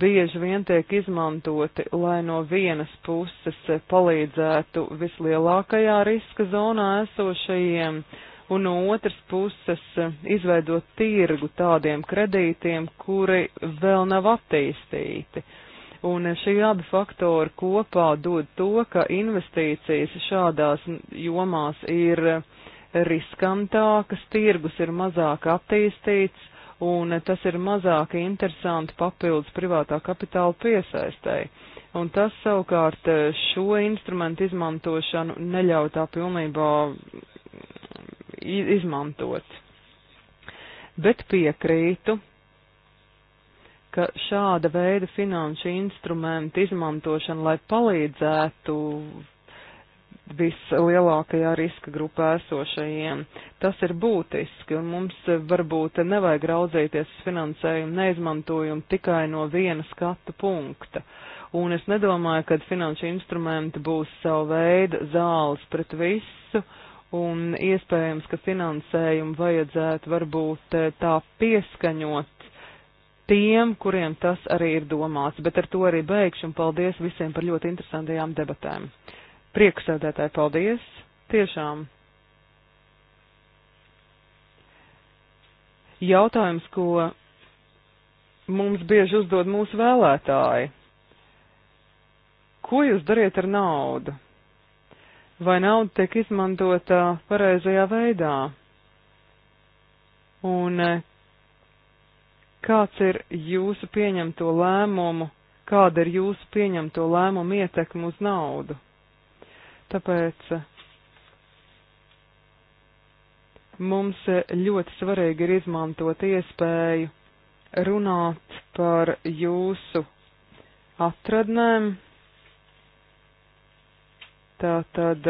bieži vien tiek izmantoti, lai no vienas puses palīdzētu vislielākajā riska zonā esošajiem, un no otras puses izveidot tirgu tādiem kredītiem, kuri vēl nav attīstīti. Un šī abi faktori kopā dod to, ka investīcijas šādās jomās ir uh, riskantākas, tirgus ir mazāk attīstīts, un tas ir mazāk interesanti papildus privātā kapitāla piesaistēji. Un tas savukārt eh, šo instrumentu izmantošanu neļauj tā pilnībā mm, izmantot. Bet piekrītu, ka šāda veida finanšu instrumentu izmantošana, lai palīdzētu vislielākajā riska grupā esošajiem. Tas ir būtiski, un mums varbūt nevajag raudzīties uz finansējumu neizmantojumu tikai no viena skatu punkta. Un es nedomāju, ka finanšu instrumenti būs savu veidu zāles pret visu, un iespējams, ka finansējumu vajadzētu varbūt eh, tā pieskaņot tiem, kuriem tas arī ir domāts. Bet ar to arī beigšu, un paldies visiem par ļoti interesantajām debatēm. Prieksēdētāji, paldies! Tiešām! Jautājums, ko mums bieži uzdod mūsu vēlētāji. Ko jūs dariet ar naudu? Vai nauda tiek izmantota pareizajā veidā? Un e, kāds ir jūsu pieņemto lēmumu, kāda ir jūsu pieņemto lēmumu ietekme uz naudu? Tāpēc eh, mums eh, ļoti svarīgi ir izmantot iespēju runāt par jūsu atradnēm. Tā tad,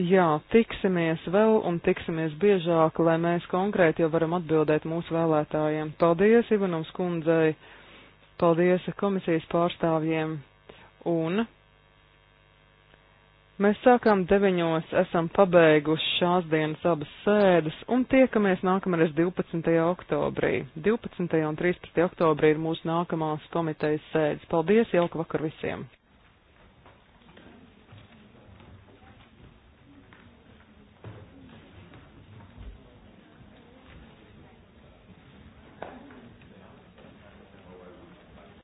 jā, tiksimies vēl un tiksimies biežāk, lai mēs konkrēti jau varam atbildēt mūsu vēlētājiem. Paldies Ivanums kundzei, paldies komisijas pārstāvjiem un Mēs sākām deviņos, esam pabeiguši šās dienas abas sēdes un tiekamies nākamreiz 12. oktobrī. 12. un 13. oktobrī ir mūsu nākamās komitejas sēdes. Paldies, jauka vakar visiem!